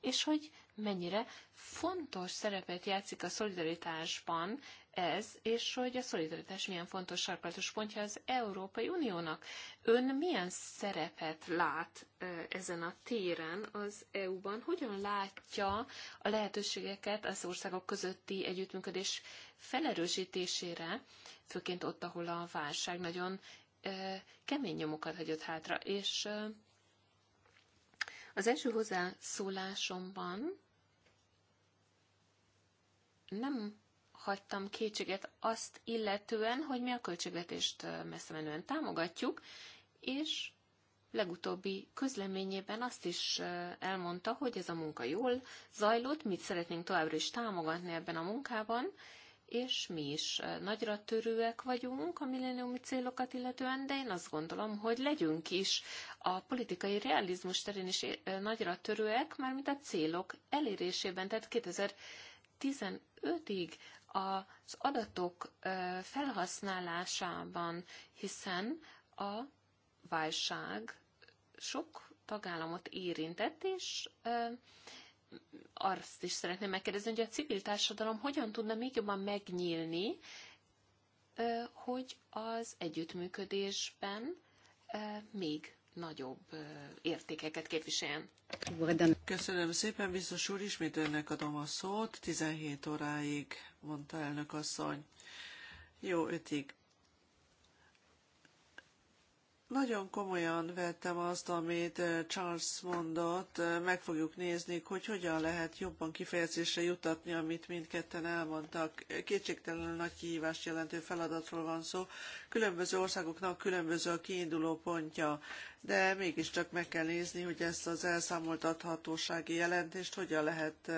és hogy mennyire fontos szerepet játszik a szolidaritásban ez, és hogy a szolidaritás milyen fontos sarkalatos pontja az Európai Uniónak. Ön milyen szerepet lát ezen a téren az EU-ban? Hogyan látja a lehetőségeket az országok közötti együttműködés felerősítésére, főként ott, ahol a válság nagyon kemény nyomokat hagyott hátra, és az első hozzászólásomban nem hagytam kétséget azt illetően, hogy mi a költségvetést messze menően támogatjuk, és legutóbbi közleményében azt is elmondta, hogy ez a munka jól zajlott, mit szeretnénk továbbra is támogatni ebben a munkában, és mi is nagyra törőek vagyunk a milleniumi célokat illetően, de én azt gondolom, hogy legyünk is a politikai realizmus terén is nagyra törőek, mármint a célok elérésében, tehát 2000 15-ig az adatok felhasználásában, hiszen a válság sok tagállamot érintett, és azt is szeretném megkérdezni, hogy a civil társadalom hogyan tudna még jobban megnyílni, hogy az együttműködésben még nagyobb értékeket képviseljen. Köszönöm szépen, biztos úr, ismét önnek adom a szót. 17 óráig, mondta elnök asszony. Jó ötig. Nagyon komolyan vettem azt, amit Charles mondott, meg fogjuk nézni, hogy hogyan lehet jobban kifejezésre jutatni, amit mindketten elmondtak. Kétségtelenül nagy kihívást jelentő feladatról van szó. Különböző országoknak különböző a kiinduló pontja, de mégiscsak meg kell nézni, hogy ezt az elszámoltathatósági jelentést hogyan lehet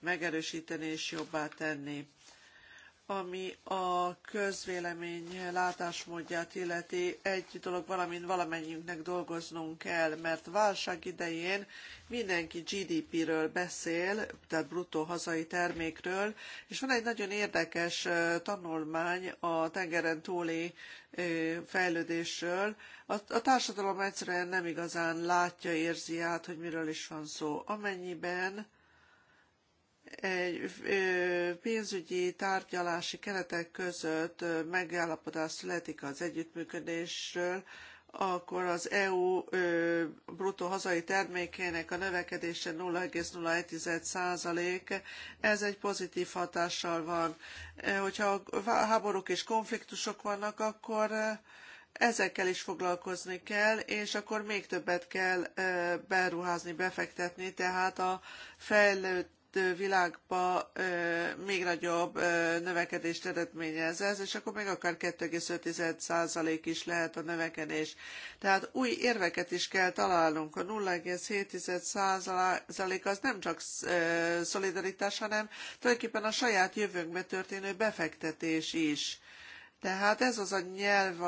megerősíteni és jobbá tenni ami a közvélemény látásmódját illeti, egy dolog valamint valamennyiünknek dolgoznunk kell, mert válság idején mindenki GDP-ről beszél, tehát bruttó hazai termékről, és van egy nagyon érdekes tanulmány a tengeren túli fejlődésről. A, a társadalom egyszerűen nem igazán látja, érzi át, hogy miről is van szó. Amennyiben egy pénzügyi tárgyalási keretek között megállapodás születik az együttműködésről, akkor az EU bruttó hazai termékének a növekedése 0,01%, ez egy pozitív hatással van. Hogyha háborúk és konfliktusok vannak, akkor ezekkel is foglalkozni kell, és akkor még többet kell beruházni, befektetni, tehát a fejlőd, világba még nagyobb növekedést eredményez ez, és akkor még akár 2,5% is lehet a növekedés. Tehát új érveket is kell találnunk. A 0,7% az nem csak szolidaritás, hanem tulajdonképpen a saját jövőnkbe történő befektetés is. Tehát ez az a nyelv,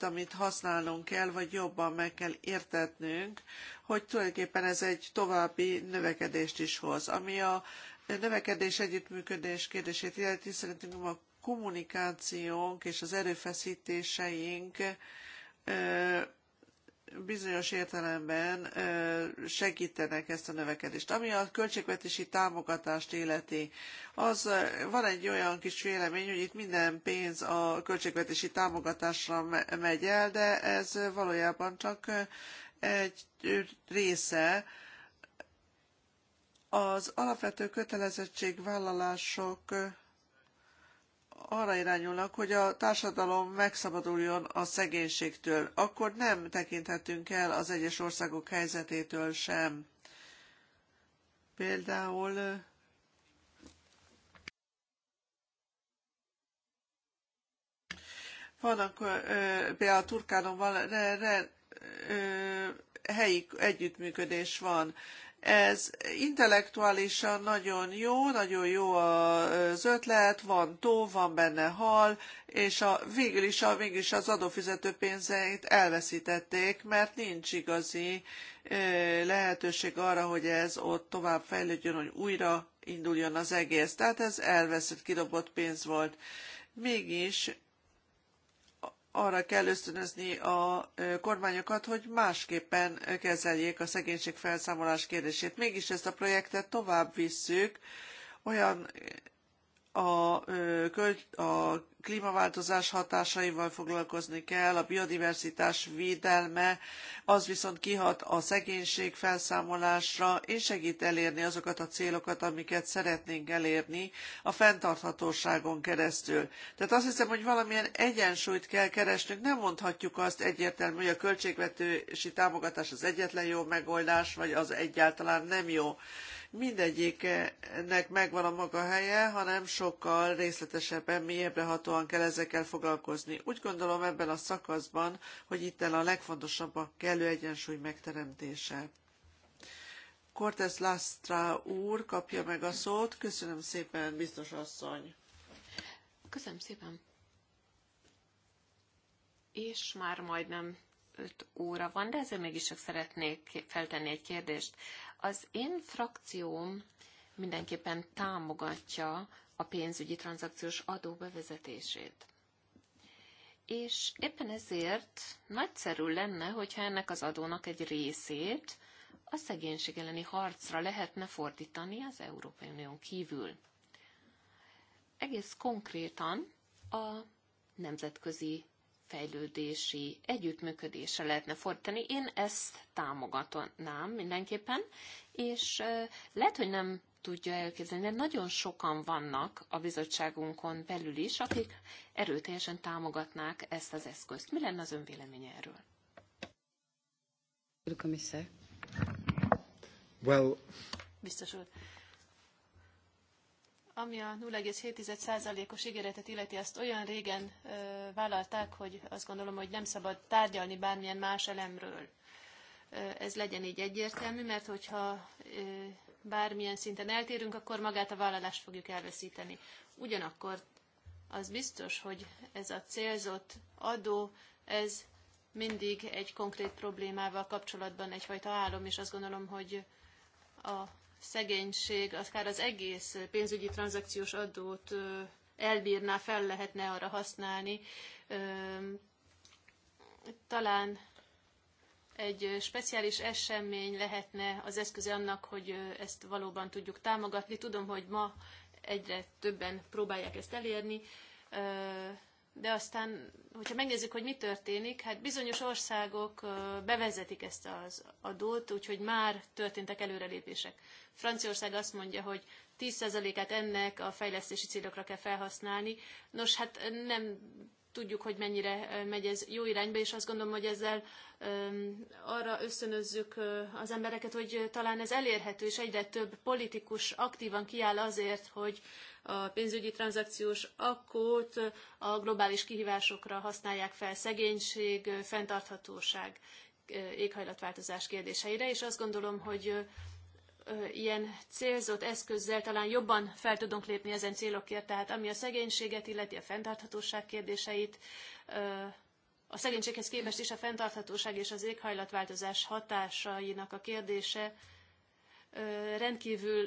amit használnunk kell, vagy jobban meg kell értetnünk, hogy tulajdonképpen ez egy további növekedést is hoz. Ami a növekedés együttműködés kérdését illeti, szerintünk a kommunikációnk és az erőfeszítéseink bizonyos értelemben segítenek ezt a növekedést. Ami a költségvetési támogatást életi, az van egy olyan kis vélemény, hogy itt minden pénz a költségvetési támogatásra megy el, de ez valójában csak egy része az alapvető kötelezettségvállalások arra irányulnak, hogy a társadalom megszabaduljon a szegénységtől, akkor nem tekinthetünk el az egyes országok helyzetétől sem. Például vannak például a Turkánon van helyi együttműködés van. Ez intellektuálisan nagyon jó, nagyon jó az ötlet, van tó, van benne hal, és a, végül is a, végül is az adófizető pénzeit elveszítették, mert nincs igazi ö, lehetőség arra, hogy ez ott tovább fejlődjön, hogy újra induljon az egész. Tehát ez elveszett, kidobott pénz volt. Mégis arra kell ösztönözni a kormányokat, hogy másképpen kezeljék a szegénység felszámolás kérdését. Mégis ezt a projektet tovább visszük olyan a, a klímaváltozás hatásaival foglalkozni kell, a biodiverzitás védelme, az viszont kihat a szegénység felszámolásra, és segít elérni azokat a célokat, amiket szeretnénk elérni a fenntarthatóságon keresztül. Tehát azt hiszem, hogy valamilyen egyensúlyt kell keresnünk, nem mondhatjuk azt egyértelmű, hogy a költségvetési támogatás az egyetlen jó megoldás, vagy az egyáltalán nem jó mindegyiknek megvan a maga helye, hanem sokkal részletesebben, mélyebbre hatóan kell ezekkel foglalkozni. Úgy gondolom ebben a szakaszban, hogy itt a legfontosabb a kellő egyensúly megteremtése. Cortez Lastra úr kapja meg a szót. Köszönöm szépen, biztos asszony. Köszönöm szépen. És már majdnem 5 óra van, de ezzel mégis csak szeretnék feltenni egy kérdést. Az én frakcióm mindenképpen támogatja a pénzügyi tranzakciós adó bevezetését. És éppen ezért nagyszerű lenne, hogyha ennek az adónak egy részét a szegénység elleni harcra lehetne fordítani az Európai Unión kívül. Egész konkrétan a nemzetközi fejlődési együttműködésre lehetne fordítani. Én ezt támogatnám mindenképpen, és lehet, hogy nem tudja elképzelni, de nagyon sokan vannak a bizottságunkon belül is, akik erőteljesen támogatnák ezt az eszközt. Mi lenne az ön véleménye erről? Well, Biztos úr, ami a 0,7%-os ígéretet illeti, azt olyan régen ö, vállalták, hogy azt gondolom, hogy nem szabad tárgyalni bármilyen más elemről. Ö, ez legyen így egyértelmű, mert hogyha ö, bármilyen szinten eltérünk, akkor magát a vállalást fogjuk elveszíteni. Ugyanakkor az biztos, hogy ez a célzott adó, ez mindig egy konkrét problémával kapcsolatban egyfajta álom, és azt gondolom, hogy a szegénység, akár az egész pénzügyi tranzakciós adót elbírná, fel lehetne arra használni. Talán egy speciális esemény lehetne az eszköze annak, hogy ezt valóban tudjuk támogatni. Tudom, hogy ma egyre többen próbálják ezt elérni de aztán, hogyha megnézzük, hogy mi történik, hát bizonyos országok bevezetik ezt az adót, úgyhogy már történtek előrelépések. Franciaország azt mondja, hogy 10%-át ennek a fejlesztési célokra kell felhasználni. Nos, hát nem tudjuk, hogy mennyire megy ez jó irányba, és azt gondolom, hogy ezzel arra ösztönözzük az embereket, hogy talán ez elérhető, és egyre több politikus aktívan kiáll azért, hogy a pénzügyi tranzakciós akkót a globális kihívásokra használják fel szegénység, fenntarthatóság, éghajlatváltozás kérdéseire, és azt gondolom, hogy ilyen célzott eszközzel talán jobban fel tudunk lépni ezen célokért, tehát ami a szegénységet illeti, a fenntarthatóság kérdéseit, a szegénységhez képest is a fenntarthatóság és az éghajlatváltozás hatásainak a kérdése rendkívül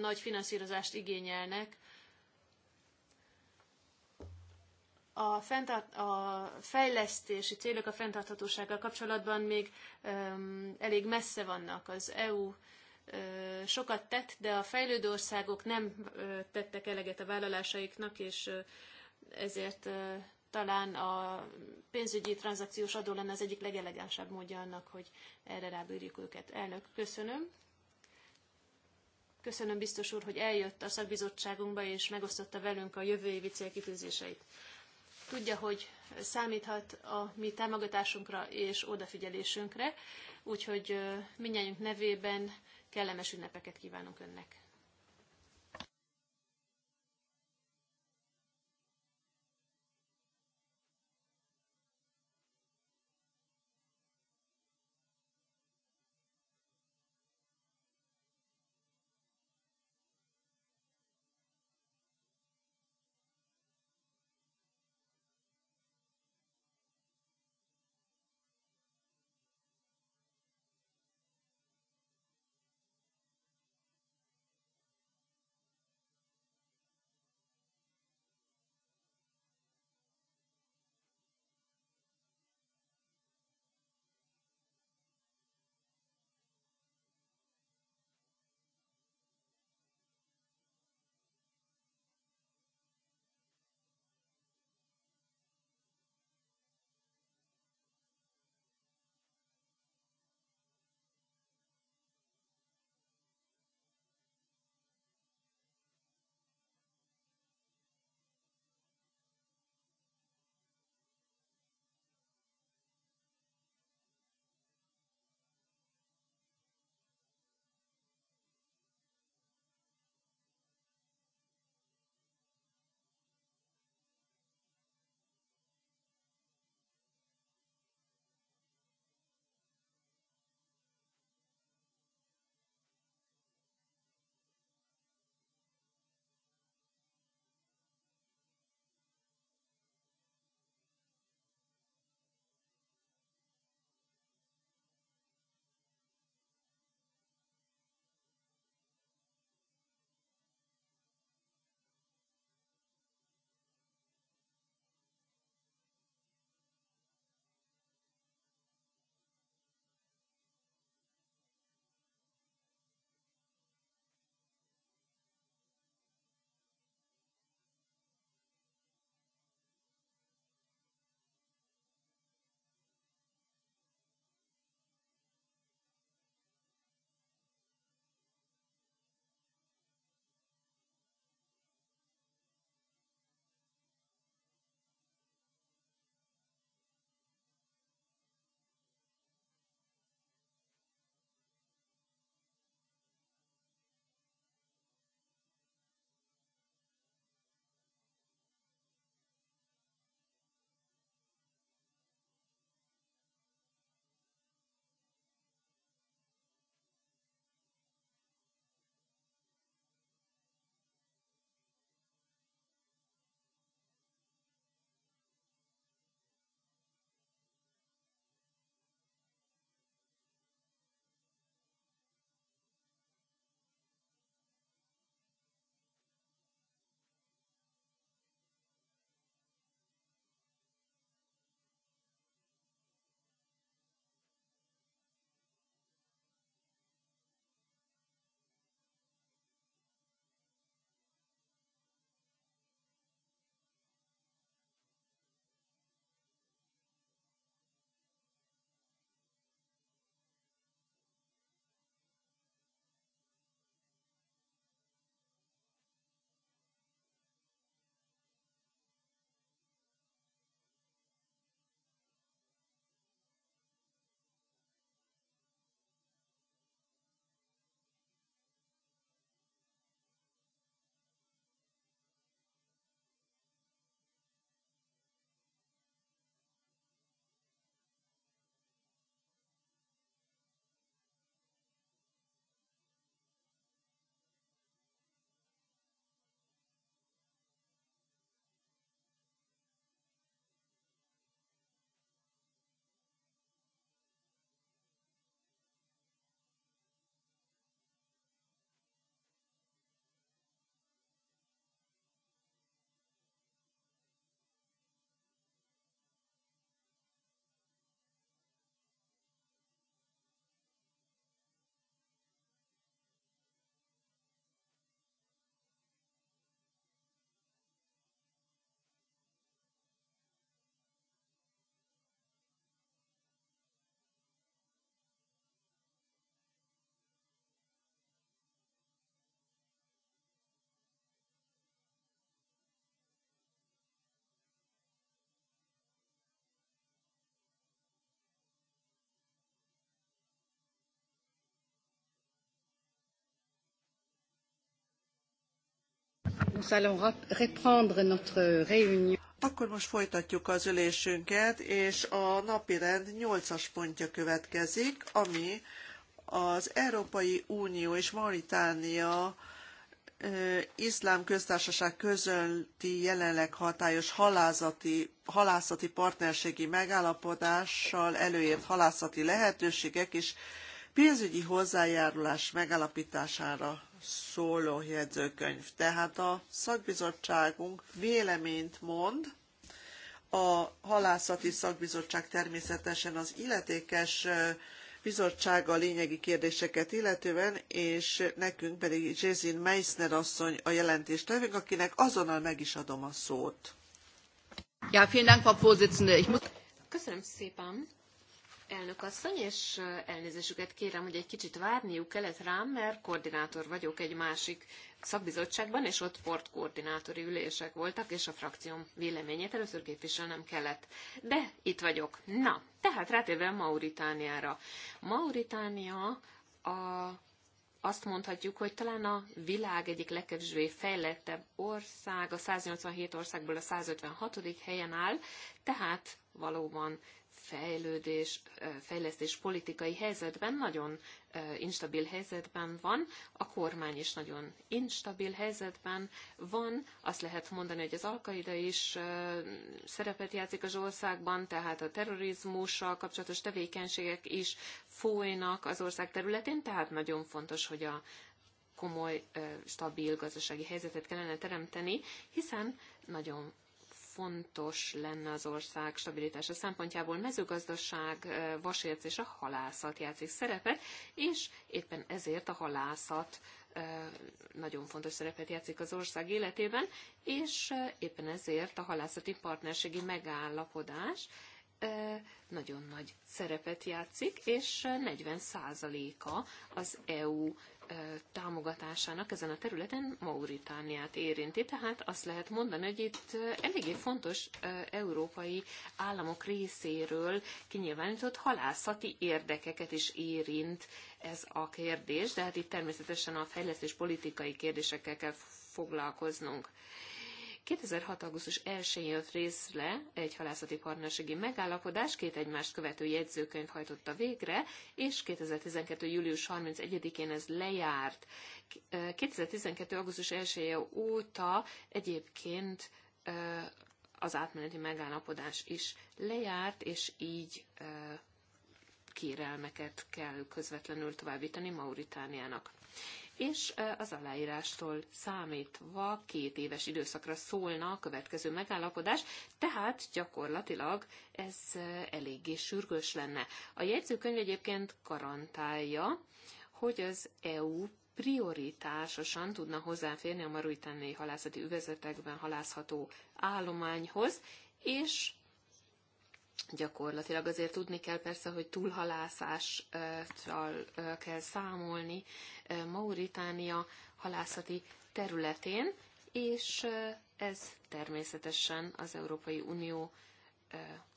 nagy finanszírozást igényelnek, a, fenntart, a fejlesztési célok a fenntarthatósággal kapcsolatban még um, elég messze vannak. Az EU sokat tett, de a fejlődő országok nem tettek eleget a vállalásaiknak, és ezért talán a pénzügyi tranzakciós adó lenne az egyik legelegánsabb módja annak, hogy erre rábírjuk őket. Elnök, köszönöm. Köszönöm biztos úr, hogy eljött a szakbizottságunkba és megosztotta velünk a jövő évi célkitűzéseit tudja, hogy számíthat a mi támogatásunkra és odafigyelésünkre, úgyhogy mindjárt nevében kellemes ünnepeket kívánunk önnek. Nous allons reprendre notre réunion. Akkor most folytatjuk az ülésünket, és a napirend 8-as pontja következik, ami az Európai Unió és Mauritánia iszlám köztársaság közölti jelenleg hatályos halászati, halászati partnerségi megállapodással előírt halászati lehetőségek és pénzügyi hozzájárulás megállapítására szóló jegyzőkönyv. Tehát a szakbizottságunk véleményt mond, a halászati szakbizottság természetesen az illetékes bizottsága lényegi kérdéseket illetően, és nekünk pedig Jézin Meissner asszony a jelentést. tevünk, akinek azonnal meg is adom a szót. Ja, vielen Dank, Frau Vorsitzende. Ich muss... Köszönöm szépen elnök asszony, és elnézésüket kérem, hogy egy kicsit várniuk kellett rám, mert koordinátor vagyok egy másik szakbizottságban, és ott portkoordinátori ülések voltak, és a frakcióm véleményét először képviselnem kellett. De itt vagyok. Na, tehát rátérve Mauritániára. Mauritánia a azt mondhatjuk, hogy talán a világ egyik legkevésbé fejlettebb ország, a 187 országból a 156. helyen áll, tehát valóban fejlődés, fejlesztés politikai helyzetben, nagyon instabil helyzetben van, a kormány is nagyon instabil helyzetben van, azt lehet mondani, hogy az alkaida is szerepet játszik az országban, tehát a terrorizmussal kapcsolatos tevékenységek is folynak az ország területén, tehát nagyon fontos, hogy a komoly, stabil gazdasági helyzetet kellene teremteni, hiszen nagyon fontos lenne az ország stabilitása szempontjából. Mezőgazdaság, vasérc és a halászat játszik szerepet, és éppen ezért a halászat nagyon fontos szerepet játszik az ország életében, és éppen ezért a halászati partnerségi megállapodás nagyon nagy szerepet játszik, és 40%-a az EU támogatásának ezen a területen Mauritániát érinti, tehát azt lehet mondani, hogy itt eléggé fontos európai államok részéről kinyilvánított halászati érdekeket is érint ez a kérdés, de hát itt természetesen a fejlesztés politikai kérdésekkel kell foglalkoznunk. 2006. augusztus 1-én jött részre egy halászati partnerségi megállapodás, két egymást követő jegyzőkönyv hajtotta végre, és 2012. július 31-én ez lejárt. 2012. augusztus 1 -e óta egyébként az átmeneti megállapodás is lejárt, és így kérelmeket kell közvetlenül továbbítani Mauritániának és az aláírástól számítva két éves időszakra szólna a következő megállapodás, tehát gyakorlatilag ez eléggé sürgős lenne. A jegyzőkönyv egyébként garantálja, hogy az EU prioritásosan tudna hozzáférni a maruitániai halászati üvezetekben halászható állományhoz, és gyakorlatilag azért tudni kell persze, hogy túlhalászással kell számolni Mauritánia halászati területén, és ez természetesen az Európai Unió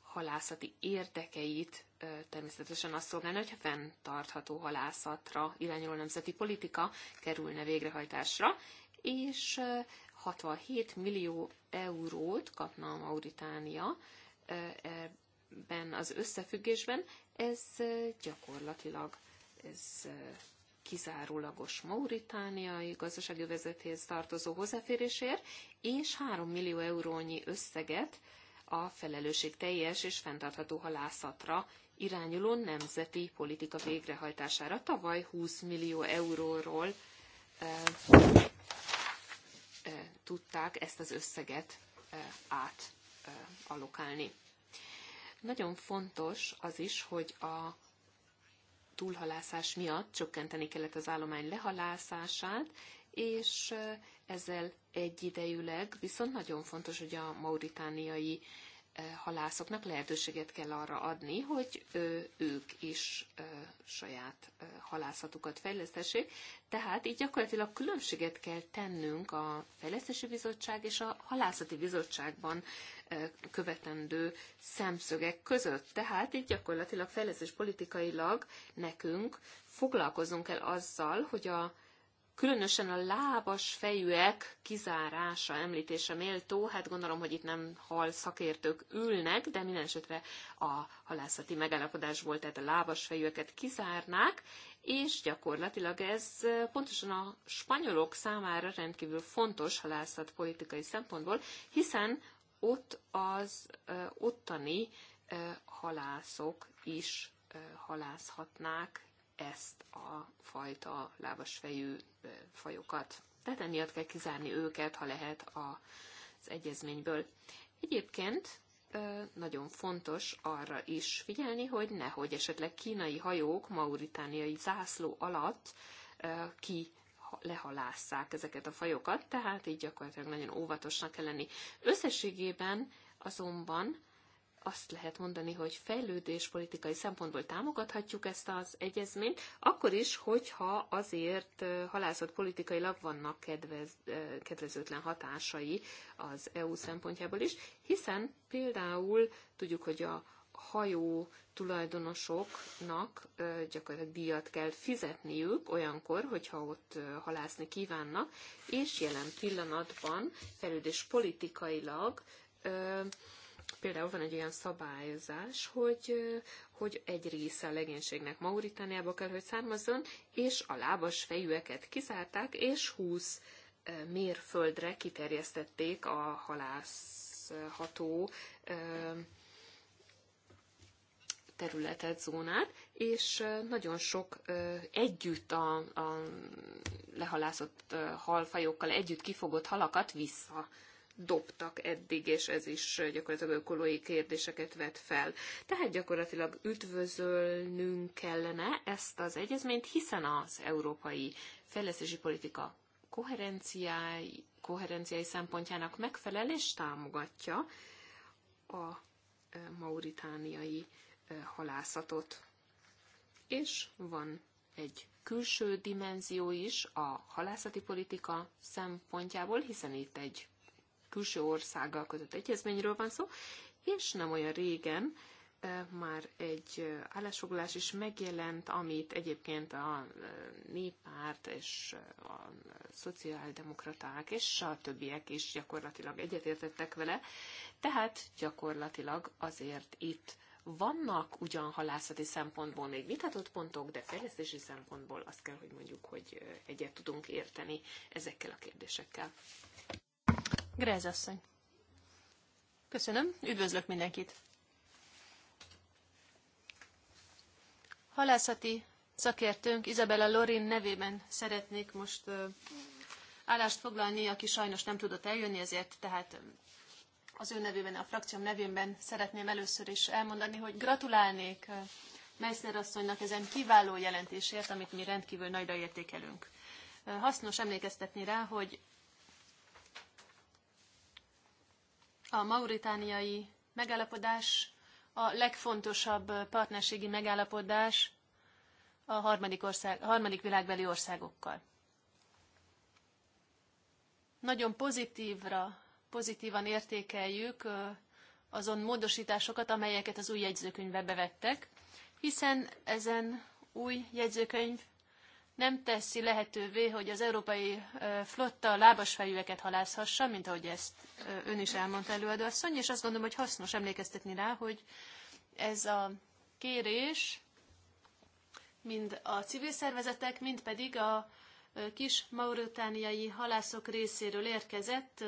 halászati érdekeit természetesen azt szolgálna, hogyha fenntartható halászatra irányuló nemzeti politika kerülne végrehajtásra, és 67 millió eurót kapna a Mauritánia e- ebben az összefüggésben, ez gyakorlatilag ez kizárólagos mauritániai gazdasági vezetéhez tartozó hozzáférésért, és 3 millió eurónyi összeget a felelősség teljes és fenntartható halászatra irányuló nemzeti politika végrehajtására. Tavaly 20 millió euróról e, e, tudták ezt az összeget e, átalokálni. Nagyon fontos az is, hogy a túlhalászás miatt csökkenteni kellett az állomány lehalászását, és eh, ezzel egyidejűleg viszont nagyon fontos, hogy a mauritániai halászoknak lehetőséget kell arra adni, hogy ők is saját halászatukat fejlesztessék. Tehát így gyakorlatilag különbséget kell tennünk a Fejlesztési Bizottság és a Halászati Bizottságban követendő szemszögek között. Tehát így gyakorlatilag fejlesztés politikailag nekünk foglalkozunk el azzal, hogy a különösen a lábas fejűek kizárása említése méltó, hát gondolom, hogy itt nem hal szakértők ülnek, de minden esetre a halászati megállapodás volt, tehát a lábas fejűeket kizárnák, és gyakorlatilag ez pontosan a spanyolok számára rendkívül fontos politikai szempontból, hiszen ott az ottani halászok is halászhatnák ezt a fajta lábasfejű fajokat. Tehát emiatt kell kizárni őket, ha lehet, a, az egyezményből. Egyébként nagyon fontos arra is figyelni, hogy nehogy esetleg kínai hajók mauritániai zászló alatt ki lehalásszák ezeket a fajokat, tehát így gyakorlatilag nagyon óvatosnak kell lenni. Összességében azonban azt lehet mondani, hogy politikai szempontból támogathatjuk ezt az egyezményt, akkor is, hogyha azért halászott politikailag vannak kedvez, kedvezőtlen hatásai az EU szempontjából is, hiszen például tudjuk, hogy a hajó tulajdonosoknak gyakorlatilag díjat kell fizetniük olyankor, hogyha ott halászni kívánnak, és jelen pillanatban fejlődés politikailag például van egy olyan szabályozás, hogy, hogy egy része a legénységnek Mauritániába kell, hogy származzon, és a lábas fejűeket kizárták, és 20 mérföldre kiterjesztették a halászható területet, zónát, és nagyon sok együtt a, a lehalászott halfajokkal együtt kifogott halakat vissza dobtak eddig, és ez is gyakorlatilag ökológiai kérdéseket vet fel. Tehát gyakorlatilag üdvözölnünk kellene ezt az egyezményt, hiszen az európai fejlesztési politika koherenciái, koherenciái szempontjának megfelel és támogatja a e, mauritániai e, halászatot. És van egy külső dimenzió is a halászati politika szempontjából, hiszen itt egy külső országgal között egyezményről van szó, és nem olyan régen már egy állásfoglalás is megjelent, amit egyébként a néppárt és a szociáldemokraták és a többiek is gyakorlatilag egyetértettek vele. Tehát gyakorlatilag azért itt vannak ugyan halászati szempontból még vitatott pontok, de fejlesztési szempontból azt kell, hogy mondjuk, hogy egyet tudunk érteni ezekkel a kérdésekkel. Grez asszony. Köszönöm, üdvözlök mindenkit. Halászati szakértőnk Izabella Lorin nevében szeretnék most állást foglalni, aki sajnos nem tudott eljönni, ezért tehát az ő nevében, a frakcióm nevében szeretném először is elmondani, hogy gratulálnék Meissner asszonynak ezen kiváló jelentésért, amit mi rendkívül nagyra értékelünk. Hasznos emlékeztetni rá, hogy A mauritániai megállapodás a legfontosabb partnerségi megállapodás a harmadik, ország, a harmadik világbeli országokkal. Nagyon pozitívra, pozitívan értékeljük azon módosításokat, amelyeket az új jegyzőkönyvbe bevettek, hiszen ezen új jegyzőkönyv nem teszi lehetővé, hogy az európai flotta lábasfejűeket halászhassa, mint ahogy ezt ön is elmondta előadóasszony, és azt gondolom, hogy hasznos emlékeztetni rá, hogy ez a kérés mind a civil szervezetek, mind pedig a kis mauritániai halászok részéről érkezett,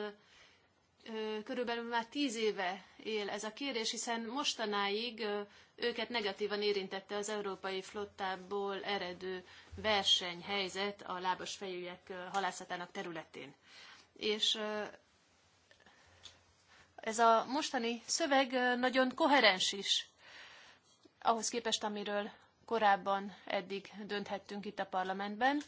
körülbelül már tíz éve él ez a kérdés, hiszen mostanáig őket negatívan érintette az európai flottából eredő versenyhelyzet a lábas fejűek halászatának területén. És ez a mostani szöveg nagyon koherens is, ahhoz képest, amiről korábban eddig dönthettünk itt a parlamentben.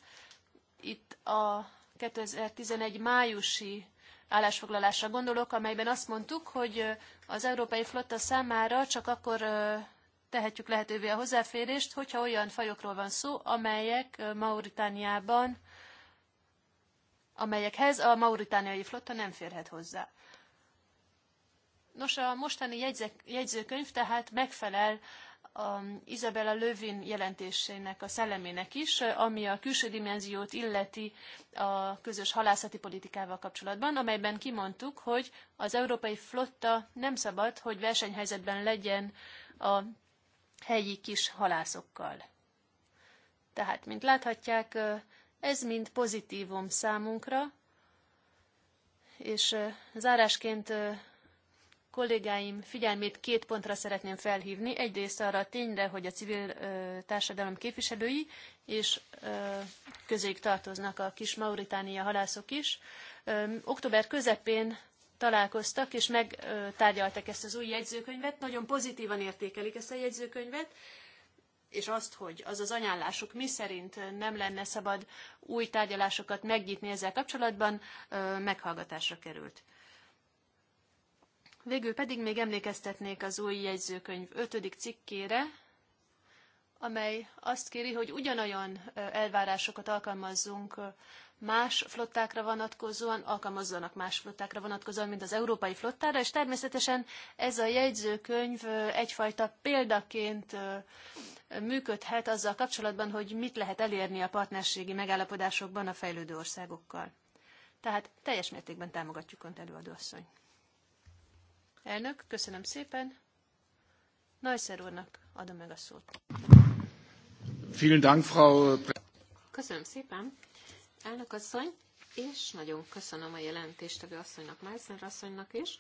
Itt a 2011 májusi állásfoglalásra gondolok, amelyben azt mondtuk, hogy az európai flotta számára csak akkor tehetjük lehetővé a hozzáférést, hogyha olyan fajokról van szó, amelyek Mauritániában, amelyekhez a mauritániai flotta nem férhet hozzá. Nos, a mostani jegyzek, jegyzőkönyv tehát megfelel Isabella Lövin jelentésének a szellemének is, ami a külső dimenziót illeti a közös halászati politikával kapcsolatban, amelyben kimondtuk, hogy az európai flotta nem szabad, hogy versenyhelyzetben legyen a helyi kis halászokkal. Tehát, mint láthatják, ez mind pozitívum számunkra, és zárásként kollégáim figyelmét két pontra szeretném felhívni. Egyrészt arra a tényre, hogy a civil társadalom képviselői és közéjük tartoznak a kis Mauritánia halászok is. Október közepén találkoztak, és megtárgyaltak ezt az új jegyzőkönyvet. Nagyon pozitívan értékelik ezt a jegyzőkönyvet, és azt, hogy az az ajánlásuk mi szerint nem lenne szabad új tárgyalásokat megnyitni ezzel kapcsolatban, meghallgatásra került. Végül pedig még emlékeztetnék az új jegyzőkönyv 5. cikkére, amely azt kéri, hogy ugyanolyan elvárásokat alkalmazzunk más flottákra vonatkozóan, alkalmazzanak más flottákra vonatkozóan, mint az európai flottára, és természetesen ez a jegyzőkönyv egyfajta példaként működhet azzal kapcsolatban, hogy mit lehet elérni a partnerségi megállapodásokban a fejlődő országokkal. Tehát teljes mértékben támogatjuk Önt előadóasszony. Elnök, köszönöm szépen. Neusser úrnak adom meg a szót. Köszönöm szépen, elnök asszony, és nagyon köszönöm a jelentéstevő asszonynak, Meissner asszonynak is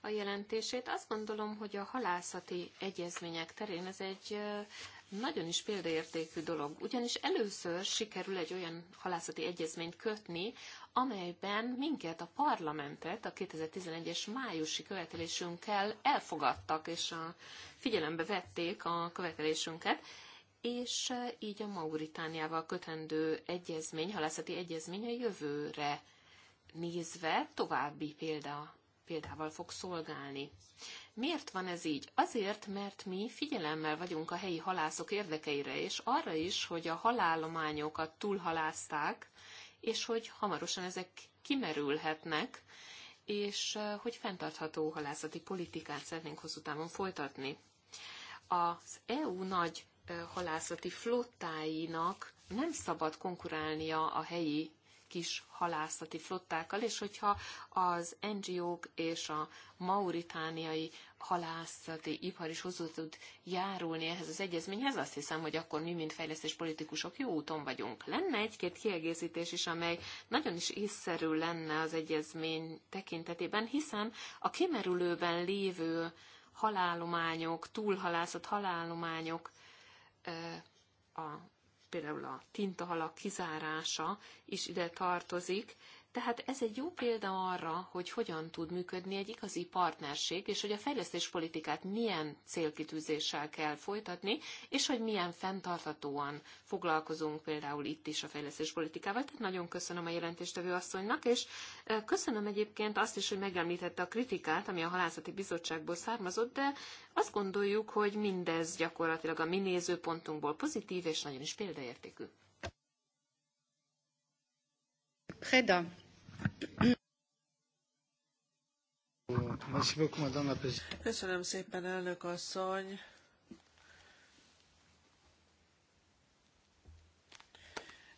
a jelentését. Azt gondolom, hogy a halászati egyezmények terén ez egy nagyon is példaértékű dolog, ugyanis először sikerül egy olyan halászati egyezményt kötni, amelyben minket, a parlamentet a 2011-es májusi követelésünkkel elfogadtak, és a figyelembe vették a követelésünket, és e, így a Mauritániával kötendő egyezmény, halászati egyezmény a jövőre nézve további példa példával fog szolgálni. Miért van ez így? Azért, mert mi figyelemmel vagyunk a helyi halászok érdekeire, és arra is, hogy a halállományokat túlhalázták, és hogy hamarosan ezek kimerülhetnek, és hogy fenntartható halászati politikát szeretnénk hosszú távon folytatni. Az EU nagy halászati flottáinak nem szabad konkurálnia a helyi kis halászati flottákkal, és hogyha az NGO-k és a mauritániai halászati ipar is hozzá tud járulni ehhez az egyezményhez, azt hiszem, hogy akkor mi, mint fejlesztés politikusok jó úton vagyunk. Lenne egy-két kiegészítés is, amely nagyon is észszerű lenne az egyezmény tekintetében, hiszen a kimerülőben lévő halálományok, túlhalászott halálományok a például a tintahalak kizárása is ide tartozik, tehát ez egy jó példa arra, hogy hogyan tud működni egy igazi partnerség, és hogy a fejlesztéspolitikát milyen célkitűzéssel kell folytatni, és hogy milyen fenntartatóan foglalkozunk például itt is a fejlesztéspolitikával. Tehát nagyon köszönöm a jelentéstevő asszonynak, és köszönöm egyébként azt is, hogy megemlítette a kritikát, ami a halászati bizottságból származott, de azt gondoljuk, hogy mindez gyakorlatilag a mi nézőpontunkból pozitív és nagyon is példaértékű. Preda. Köszönöm szépen, elnök asszony.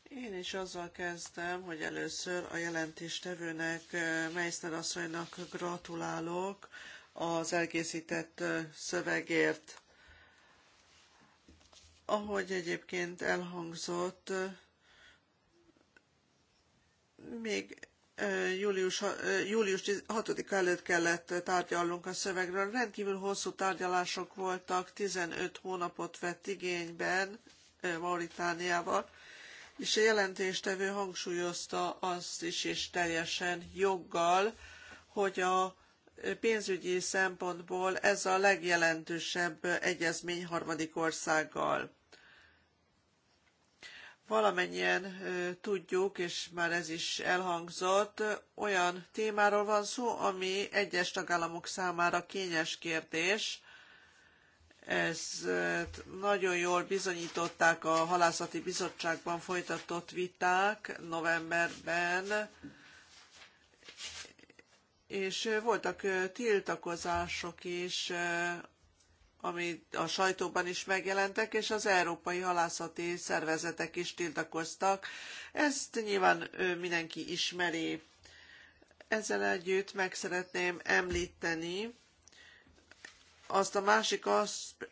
Én is azzal kezdtem, hogy először a jelentéstevőnek, eh, Meister asszonynak gratulálok az elkészített eh, szövegért. Ahogy egyébként elhangzott, eh, még július, július 6-a előtt kellett tárgyalnunk a szövegről. Rendkívül hosszú tárgyalások voltak, 15 hónapot vett igényben Mauritániával, és a jelentéstevő hangsúlyozta azt is, és teljesen joggal, hogy a pénzügyi szempontból ez a legjelentősebb egyezmény harmadik országgal. Valamennyien tudjuk, és már ez is elhangzott, olyan témáról van szó, ami egyes tagállamok számára kényes kérdés. Ez nagyon jól bizonyították a halászati bizottságban folytatott viták novemberben, és voltak tiltakozások is ami a sajtóban is megjelentek, és az európai halászati szervezetek is tiltakoztak. Ezt nyilván mindenki ismeri. Ezzel együtt meg szeretném említeni azt a másik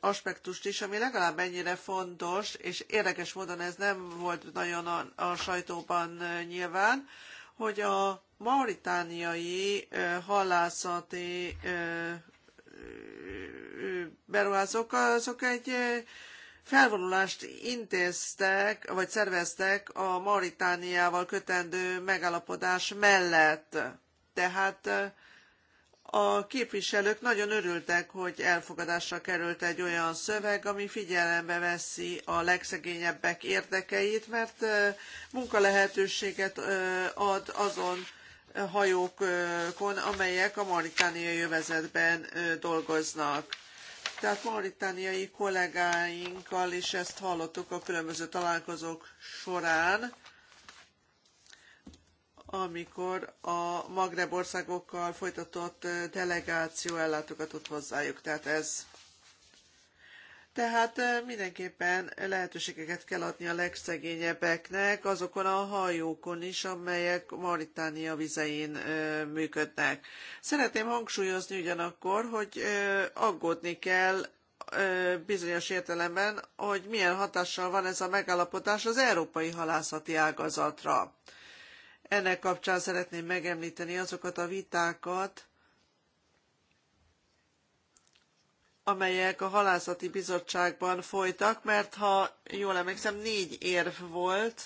aspektust is, ami legalább ennyire fontos, és érdekes módon ez nem volt nagyon a, a sajtóban nyilván, hogy a mauritániai halászati beruházók, azok egy felvonulást intéztek, vagy szerveztek a Mauritániával kötendő megállapodás mellett. Tehát a képviselők nagyon örültek, hogy elfogadásra került egy olyan szöveg, ami figyelembe veszi a legszegényebbek érdekeit, mert munkalehetőséget ad azon hajókon, amelyek a mauritániai övezetben dolgoznak. Tehát mauritániai kollégáinkkal is ezt hallottuk a különböző találkozók során, amikor a Magreb országokkal folytatott delegáció ellátogatott hozzájuk. Tehát ez tehát mindenképpen lehetőségeket kell adni a legszegényebbeknek azokon a hajókon is, amelyek Maritánia vizein működnek. Szeretném hangsúlyozni ugyanakkor, hogy aggódni kell bizonyos értelemben, hogy milyen hatással van ez a megállapodás az európai halászati ágazatra. Ennek kapcsán szeretném megemlíteni azokat a vitákat, amelyek a halászati bizottságban folytak, mert ha jól emlékszem, négy érv volt,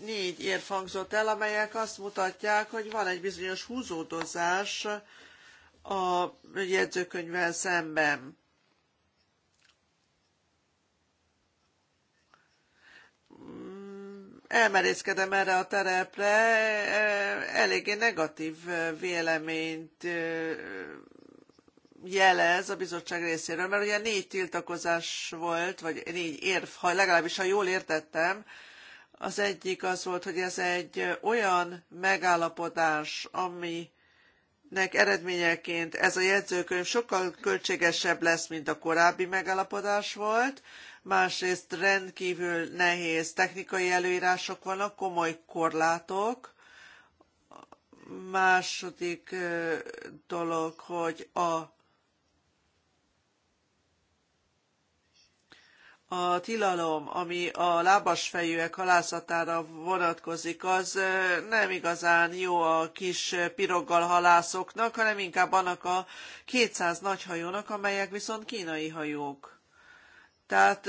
négy érv hangzott el, amelyek azt mutatják, hogy van egy bizonyos húzódozás a jegyzőkönyvvel szemben. elmerészkedem erre a terepre, eléggé negatív véleményt jelez a bizottság részéről, mert ugye négy tiltakozás volt, vagy négy érv, ha legalábbis ha jól értettem, az egyik az volt, hogy ez egy olyan megállapodás, ami nek eredményeként ez a jegyzőkönyv sokkal költségesebb lesz, mint a korábbi megállapodás volt. Másrészt rendkívül nehéz technikai előírások vannak, komoly korlátok. Második dolog, hogy a a tilalom, ami a lábasfejűek halászatára vonatkozik, az nem igazán jó a kis piroggal halászoknak, hanem inkább annak a 200 nagy hajónak, amelyek viszont kínai hajók. Tehát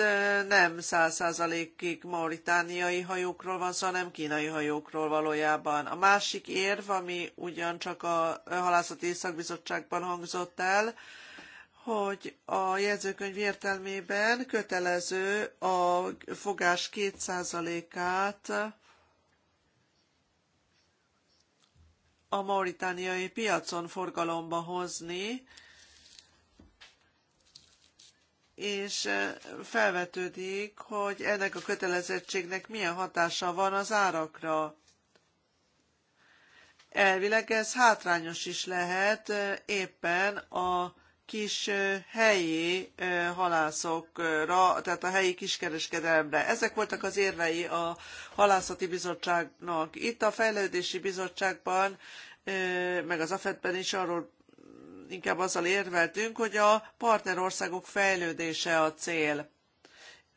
nem száz százalékig mauritániai hajókról van szó, hanem kínai hajókról valójában. A másik érv, ami ugyancsak a halászati szakbizottságban hangzott el, hogy a jegyzőkönyv értelmében kötelező a fogás 2%-át a mauritániai piacon forgalomba hozni, és felvetődik, hogy ennek a kötelezettségnek milyen hatása van az árakra. Elvileg ez hátrányos is lehet éppen a kis helyi halászokra, tehát a helyi kiskereskedelemre. Ezek voltak az érvei a halászati bizottságnak. Itt a fejlődési bizottságban, meg az AFED-ben is arról inkább azzal érveltünk, hogy a partnerországok fejlődése a cél.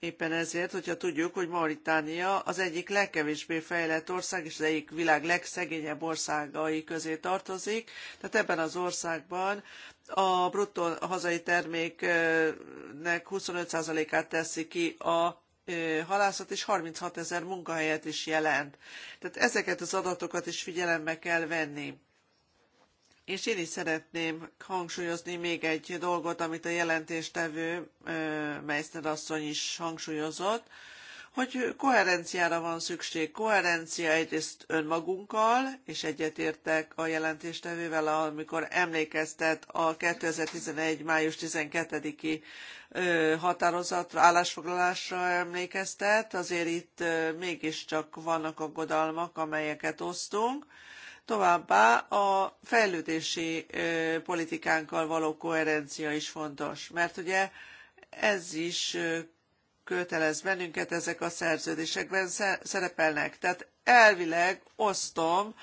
Éppen ezért, hogyha tudjuk, hogy Mauritánia az egyik legkevésbé fejlett ország, és az egyik világ legszegényebb országai közé tartozik, tehát ebben az országban a bruttó hazai terméknek 25%-át teszi ki a halászat, és 36 ezer munkahelyet is jelent. Tehát ezeket az adatokat is figyelembe kell venni. És én is szeretném hangsúlyozni még egy dolgot, amit a jelentéstevő Meissner asszony is hangsúlyozott, hogy koherenciára van szükség. Koherencia egyrészt önmagunkkal, és egyetértek a jelentéstevővel, amikor emlékeztet a 2011. május 12-i határozatra, állásfoglalásra emlékeztet, azért itt mégiscsak vannak aggodalmak, amelyeket osztunk Továbbá a fejlődési politikánkkal való koherencia is fontos, mert ugye ez is kötelez bennünket, ezek a szerződésekben szerepelnek. Tehát elvileg osztom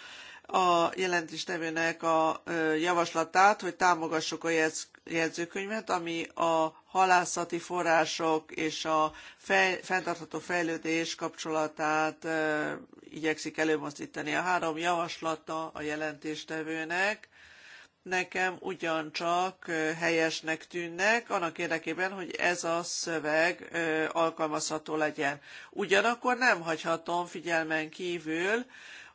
a jelentéstevőnek a javaslatát, hogy támogassuk a JESZ jegyzőkönyvet, ami a halászati források és a fej, fenntartható fejlődés kapcsolatát e, igyekszik előmozdítani. A három javaslata a jelentéstevőnek nekem ugyancsak helyesnek tűnnek, annak érdekében, hogy ez a szöveg alkalmazható legyen. Ugyanakkor nem hagyhatom figyelmen kívül,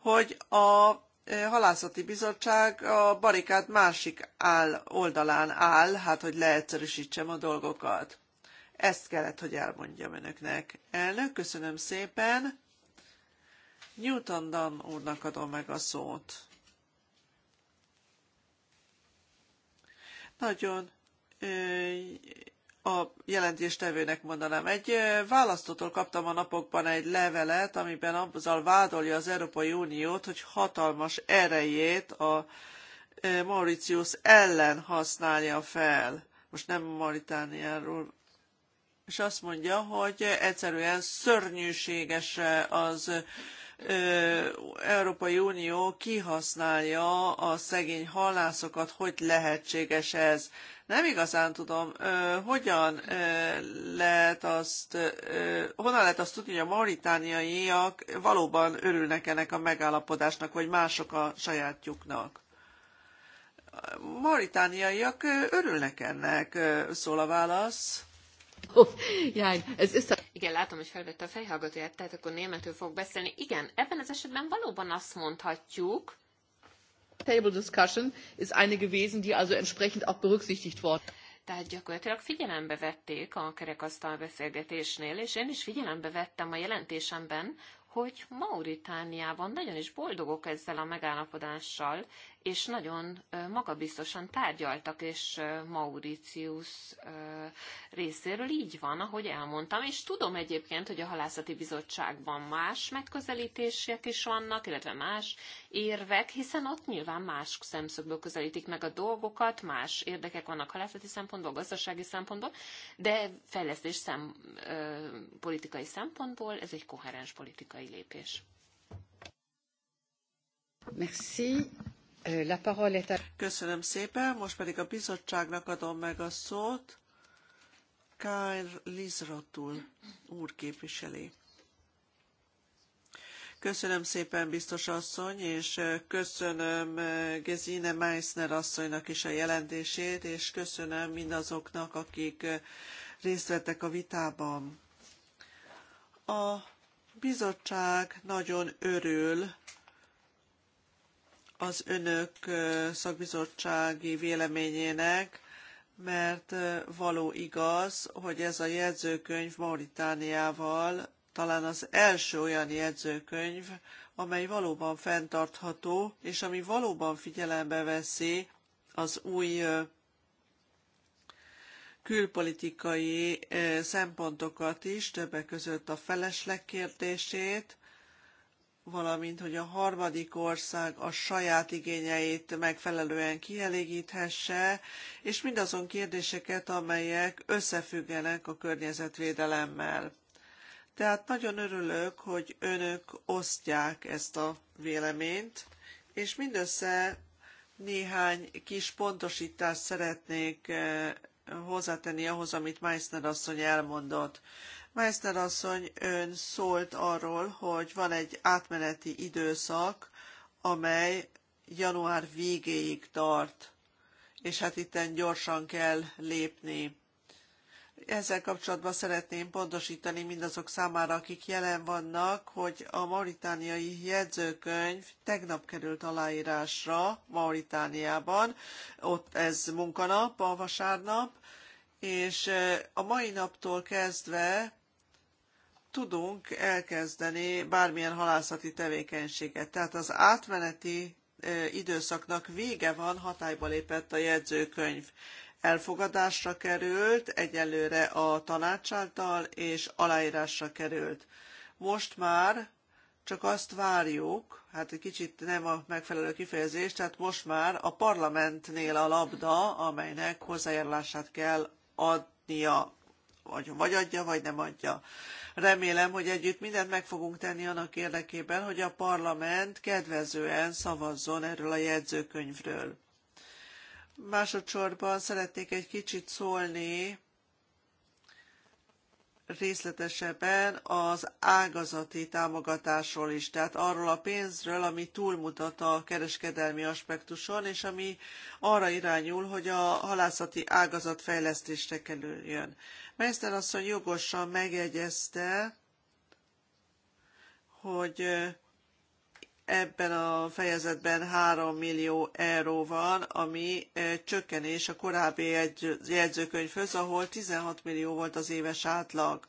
hogy a halászati bizottság a barikát másik áll, oldalán áll, hát hogy leegyszerűsítsem a dolgokat. Ezt kellett, hogy elmondjam önöknek. Elnök, köszönöm szépen. Newton Dan úrnak adom meg a szót. Nagyon a jelentéstevőnek mondanám. Egy választótól kaptam a napokban egy levelet, amiben azzal vádolja az Európai Uniót, hogy hatalmas erejét a Mauritius ellen használja fel. Most nem Mauritániáról és azt mondja, hogy egyszerűen szörnyűséges az Európai Unió kihasználja a szegény halászokat, hogy lehetséges ez. Nem igazán tudom, hogyan lehet azt, honnan lehet azt tudni, hogy a mauritániaiak valóban örülnek ennek a megállapodásnak, vagy mások a sajátjuknak. A mauritániaiak örülnek ennek, szól a válasz. Oh, (laughs) jaj, ez össze... Igen, látom, hogy felvette a fejhallgatóját, tehát akkor németül fog beszélni. Igen, ebben az esetben valóban azt mondhatjuk, Table Discussion ist eine gewesen, die also entsprechend auch berücksichtigt worden. Tehát gyakorlatilag figyelembe vették a kerekasztal beszélgetésnél, és én is figyelembe vettem a jelentésemben, hogy Mauritániában nagyon is boldogok ezzel a megállapodással, és nagyon magabiztosan tárgyaltak, és Mauritius részéről így van, ahogy elmondtam, és tudom egyébként, hogy a halászati bizottságban más megközelítések is vannak, illetve más érvek, hiszen ott nyilván más szemszögből közelítik meg a dolgokat, más érdekek vannak halászati szempontból, gazdasági szempontból, de fejlesztés szem, politikai szempontból ez egy koherens politikai lépés. Merci. Euh, köszönöm szépen, most pedig a bizottságnak adom meg a szót. Kár Lizrotul úr képviseli. Köszönöm szépen, biztos asszony, és köszönöm Gezine Meissner asszonynak is a jelentését, és köszönöm mindazoknak, akik részt vettek a vitában. A bizottság nagyon örül az önök szakbizottsági véleményének, mert való igaz, hogy ez a jegyzőkönyv Mauritániával talán az első olyan jegyzőkönyv, amely valóban fenntartható, és ami valóban figyelembe veszi az új külpolitikai szempontokat is, többek között a felesleg kérdését, valamint hogy a harmadik ország a saját igényeit megfelelően kielégíthesse, és mindazon kérdéseket, amelyek összefüggenek a környezetvédelemmel. Tehát nagyon örülök, hogy önök osztják ezt a véleményt, és mindössze néhány kis pontosítást szeretnék eh, hozzátenni ahhoz, amit Meissner asszony elmondott. Meister asszony ön szólt arról, hogy van egy átmeneti időszak, amely január végéig tart, és hát itten gyorsan kell lépni. Ezzel kapcsolatban szeretném pontosítani mindazok számára, akik jelen vannak, hogy a mauritániai jegyzőkönyv tegnap került aláírásra Mauritániában, ott ez munkanap, a vasárnap, és a mai naptól kezdve tudunk elkezdeni bármilyen halászati tevékenységet. Tehát az átmeneti időszaknak vége van, hatályba lépett a jegyzőkönyv. Elfogadásra került, egyelőre a tanács által, és aláírásra került. Most már csak azt várjuk, hát egy kicsit nem a megfelelő kifejezés, tehát most már a parlamentnél a labda, amelynek hozzájárulását kell adnia vagy, vagy adja, vagy nem adja. Remélem, hogy együtt mindent meg fogunk tenni annak érdekében, hogy a parlament kedvezően szavazzon erről a jegyzőkönyvről. Másodszorban szeretnék egy kicsit szólni részletesebben az ágazati támogatásról is, tehát arról a pénzről, ami túlmutat a kereskedelmi aspektuson, és ami arra irányul, hogy a halászati ágazat fejlesztésre kerüljön. Meister asszony jogosan megjegyezte, hogy Ebben a fejezetben 3 millió euró van, ami eh, csökkenés a korábbi jegyzőkönyvhöz, ahol 16 millió volt az éves átlag.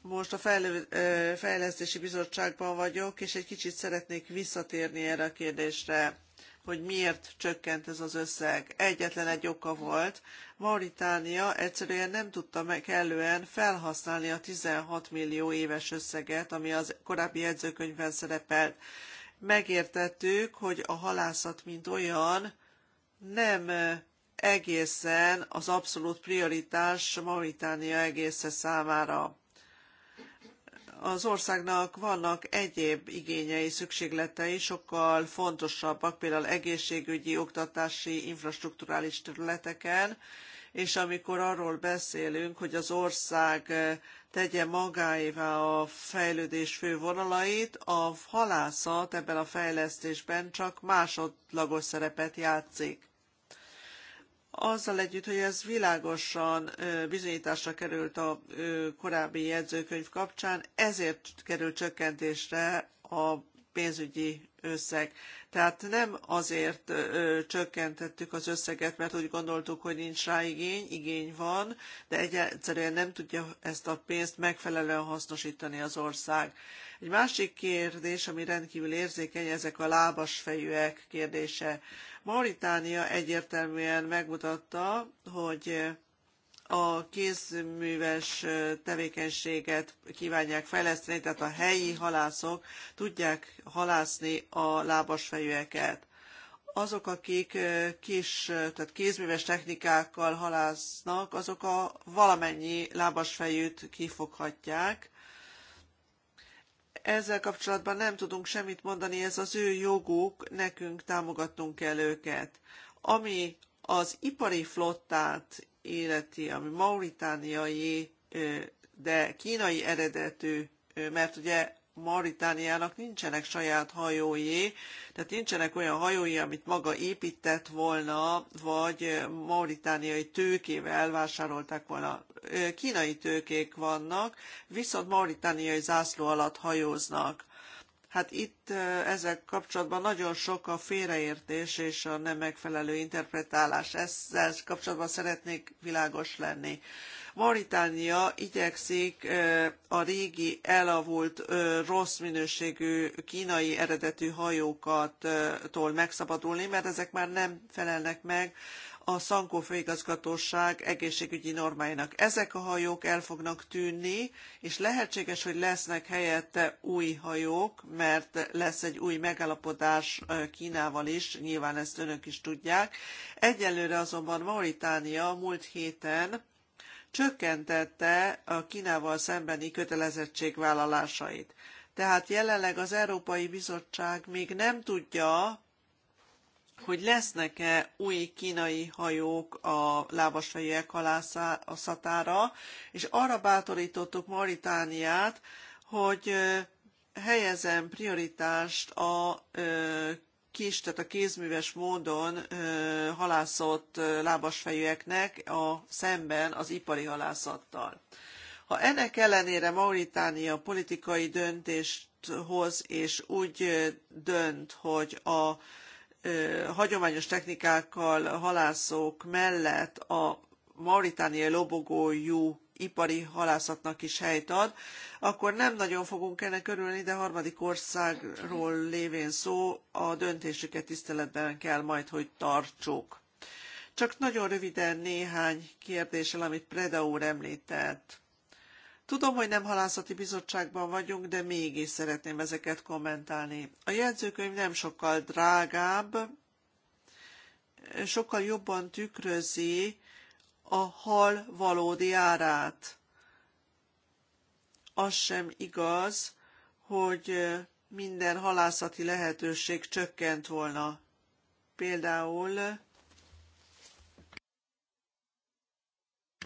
most a eh, Fejlesztési Bizottságban vagyok, és egy kicsit szeretnék visszatérni erre a kérdésre hogy miért csökkent ez az összeg. Egyetlen egy oka volt. Mauritánia egyszerűen nem tudta meg kellően felhasználni a 16 millió éves összeget, ami az korábbi jegyzőkönyvben szerepelt. Megértettük, hogy a halászat, mint olyan, nem egészen az abszolút prioritás Mauritánia egésze számára az országnak vannak egyéb igényei, szükségletei, sokkal fontosabbak, például egészségügyi, oktatási, infrastrukturális területeken, és amikor arról beszélünk, hogy az ország eh, tegye magáévá a fejlődés fő vonalait, a halászat ebben a fejlesztésben csak másodlagos szerepet játszik azzal együtt, hogy ez világosan bizonyításra került a korábbi jegyzőkönyv kapcsán, ezért került csökkentésre a pénzügyi összeg. Tehát nem azért ö, csökkentettük az összeget, mert úgy gondoltuk, hogy nincs rá igény, igény van, de egyszerűen nem tudja ezt a pénzt megfelelően hasznosítani az ország. Egy másik kérdés, ami rendkívül érzékeny, ezek a lábasfejűek kérdése. Mauritánia egyértelműen megmutatta, hogy a kézműves tevékenységet kívánják fejleszteni, tehát a helyi halászok tudják halászni a lábasfejűeket. Azok, akik kis, tehát kézműves technikákkal halásznak, azok a valamennyi lábasfejűt kifoghatják, ezzel kapcsolatban nem tudunk semmit mondani, ez az ő joguk, nekünk támogatnunk kell őket. Ami az ipari flottát életi, ami mauritániai, de kínai eredetű, mert ugye Mauritániának nincsenek saját hajói, tehát nincsenek olyan hajói, amit maga épített volna, vagy mauritániai tőkével vásárolták volna kínai tőkék vannak, viszont mauritániai zászló alatt hajóznak. Hát itt ezzel kapcsolatban nagyon sok a félreértés és a nem megfelelő interpretálás. Ezzel kapcsolatban szeretnék világos lenni. Mauritánia igyekszik a régi elavult rossz minőségű kínai eredetű hajókattól megszabadulni, mert ezek már nem felelnek meg a Szankó főigazgatóság egészségügyi normáinak. Ezek a hajók el fognak tűnni, és lehetséges, hogy lesznek helyette új hajók, mert lesz egy új megállapodás Kínával is, nyilván ezt önök is tudják. Egyelőre azonban Mauritánia múlt héten csökkentette a Kínával szembeni kötelezettségvállalásait. Tehát jelenleg az Európai Bizottság még nem tudja hogy lesznek-e új kínai hajók a lábasai halászatára, és arra bátorítottuk Mauritániát, hogy helyezem prioritást a kis, tehát a kézműves módon halászott lábasfejűeknek a szemben az ipari halászattal. Ha ennek ellenére Mauritánia politikai döntést hoz, és úgy dönt, hogy a hagyományos technikákkal halászók mellett a mauritániai lobogójú ipari halászatnak is helyt ad, akkor nem nagyon fogunk ennek örülni, de harmadik országról lévén szó a döntésüket tiszteletben kell majd, hogy tartsuk. Csak nagyon röviden néhány kérdéssel, amit Preda úr említett. Tudom, hogy nem halászati bizottságban vagyunk, de mégis szeretném ezeket kommentálni. A jegyzőkönyv nem sokkal drágább, sokkal jobban tükrözi a hal valódi árát. Az sem igaz, hogy minden halászati lehetőség csökkent volna. Például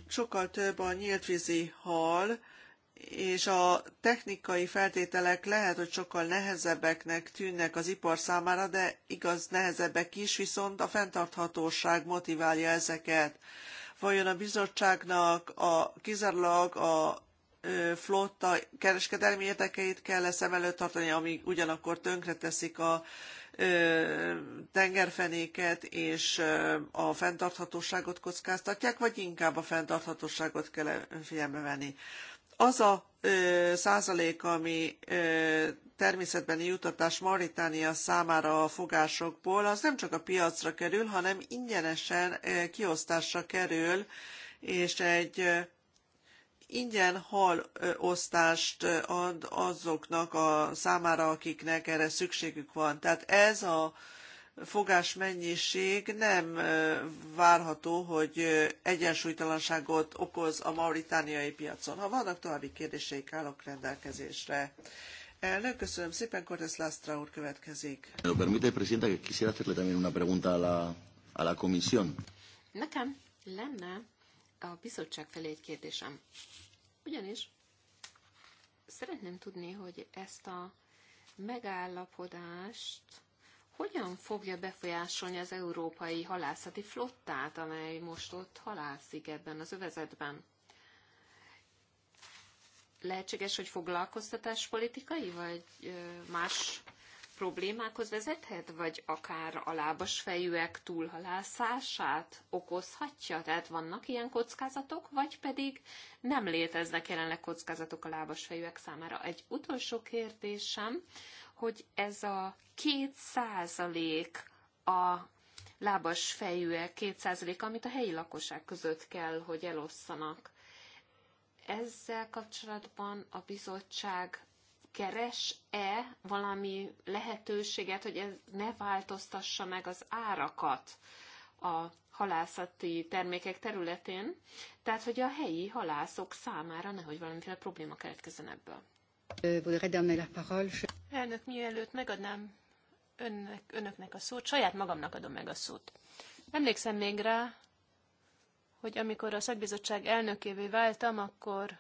sokkal több a nyíltvízi hal, és a technikai feltételek lehet, hogy sokkal nehezebbeknek tűnnek az ipar számára, de igaz nehezebbek is, viszont a fenntarthatóság motiválja ezeket. Vajon a bizottságnak a kizárólag a flotta kereskedelmi érdekeit kell szem előtt tartani, amíg ugyanakkor tönkreteszik a tengerfenéket és a fenntarthatóságot kockáztatják, vagy inkább a fenntarthatóságot kell figyelme venni az a százalék, ami természetbeni jutatás Mauritánia számára a fogásokból, az nem csak a piacra kerül, hanem ingyenesen kiosztásra kerül, és egy ingyen hal osztást ad azoknak a számára, akiknek erre szükségük van. Tehát ez a fogásmennyiség nem várható, hogy egyensúlytalanságot okoz a mauritániai piacon. Ha vannak további kérdéseik, állok rendelkezésre. Elnök, köszönöm szépen, Cortes Lastra úr következik. Permite, presidenta, que quisiera hacerle también una pregunta a la, a la comisión. Nekem lenne a bizottság felé egy kérdésem. Ugyanis szeretném tudni, hogy ezt a megállapodást hogyan fogja befolyásolni az európai halászati flottát, amely most ott halászik ebben az övezetben? Lehetséges, hogy foglalkoztatáspolitikai, vagy más problémákhoz vezethet, vagy akár a lábas fejűek túlhalászását okozhatja? Tehát vannak ilyen kockázatok, vagy pedig nem léteznek jelenleg kockázatok a lábas fejűek számára? Egy utolsó kérdésem hogy ez a két százalék a lábas fejűek két százalék, amit a helyi lakosság között kell, hogy elosszanak. Ezzel kapcsolatban a bizottság keres-e valami lehetőséget, hogy ez ne változtassa meg az árakat a halászati termékek területén, tehát hogy a helyi halászok számára nehogy valamiféle probléma keletkezzen ebből. Euh, Elnök, mielőtt megadnám önnek, önöknek a szót, saját magamnak adom meg a szót. Emlékszem még rá, hogy amikor a szakbizottság elnökévé váltam, akkor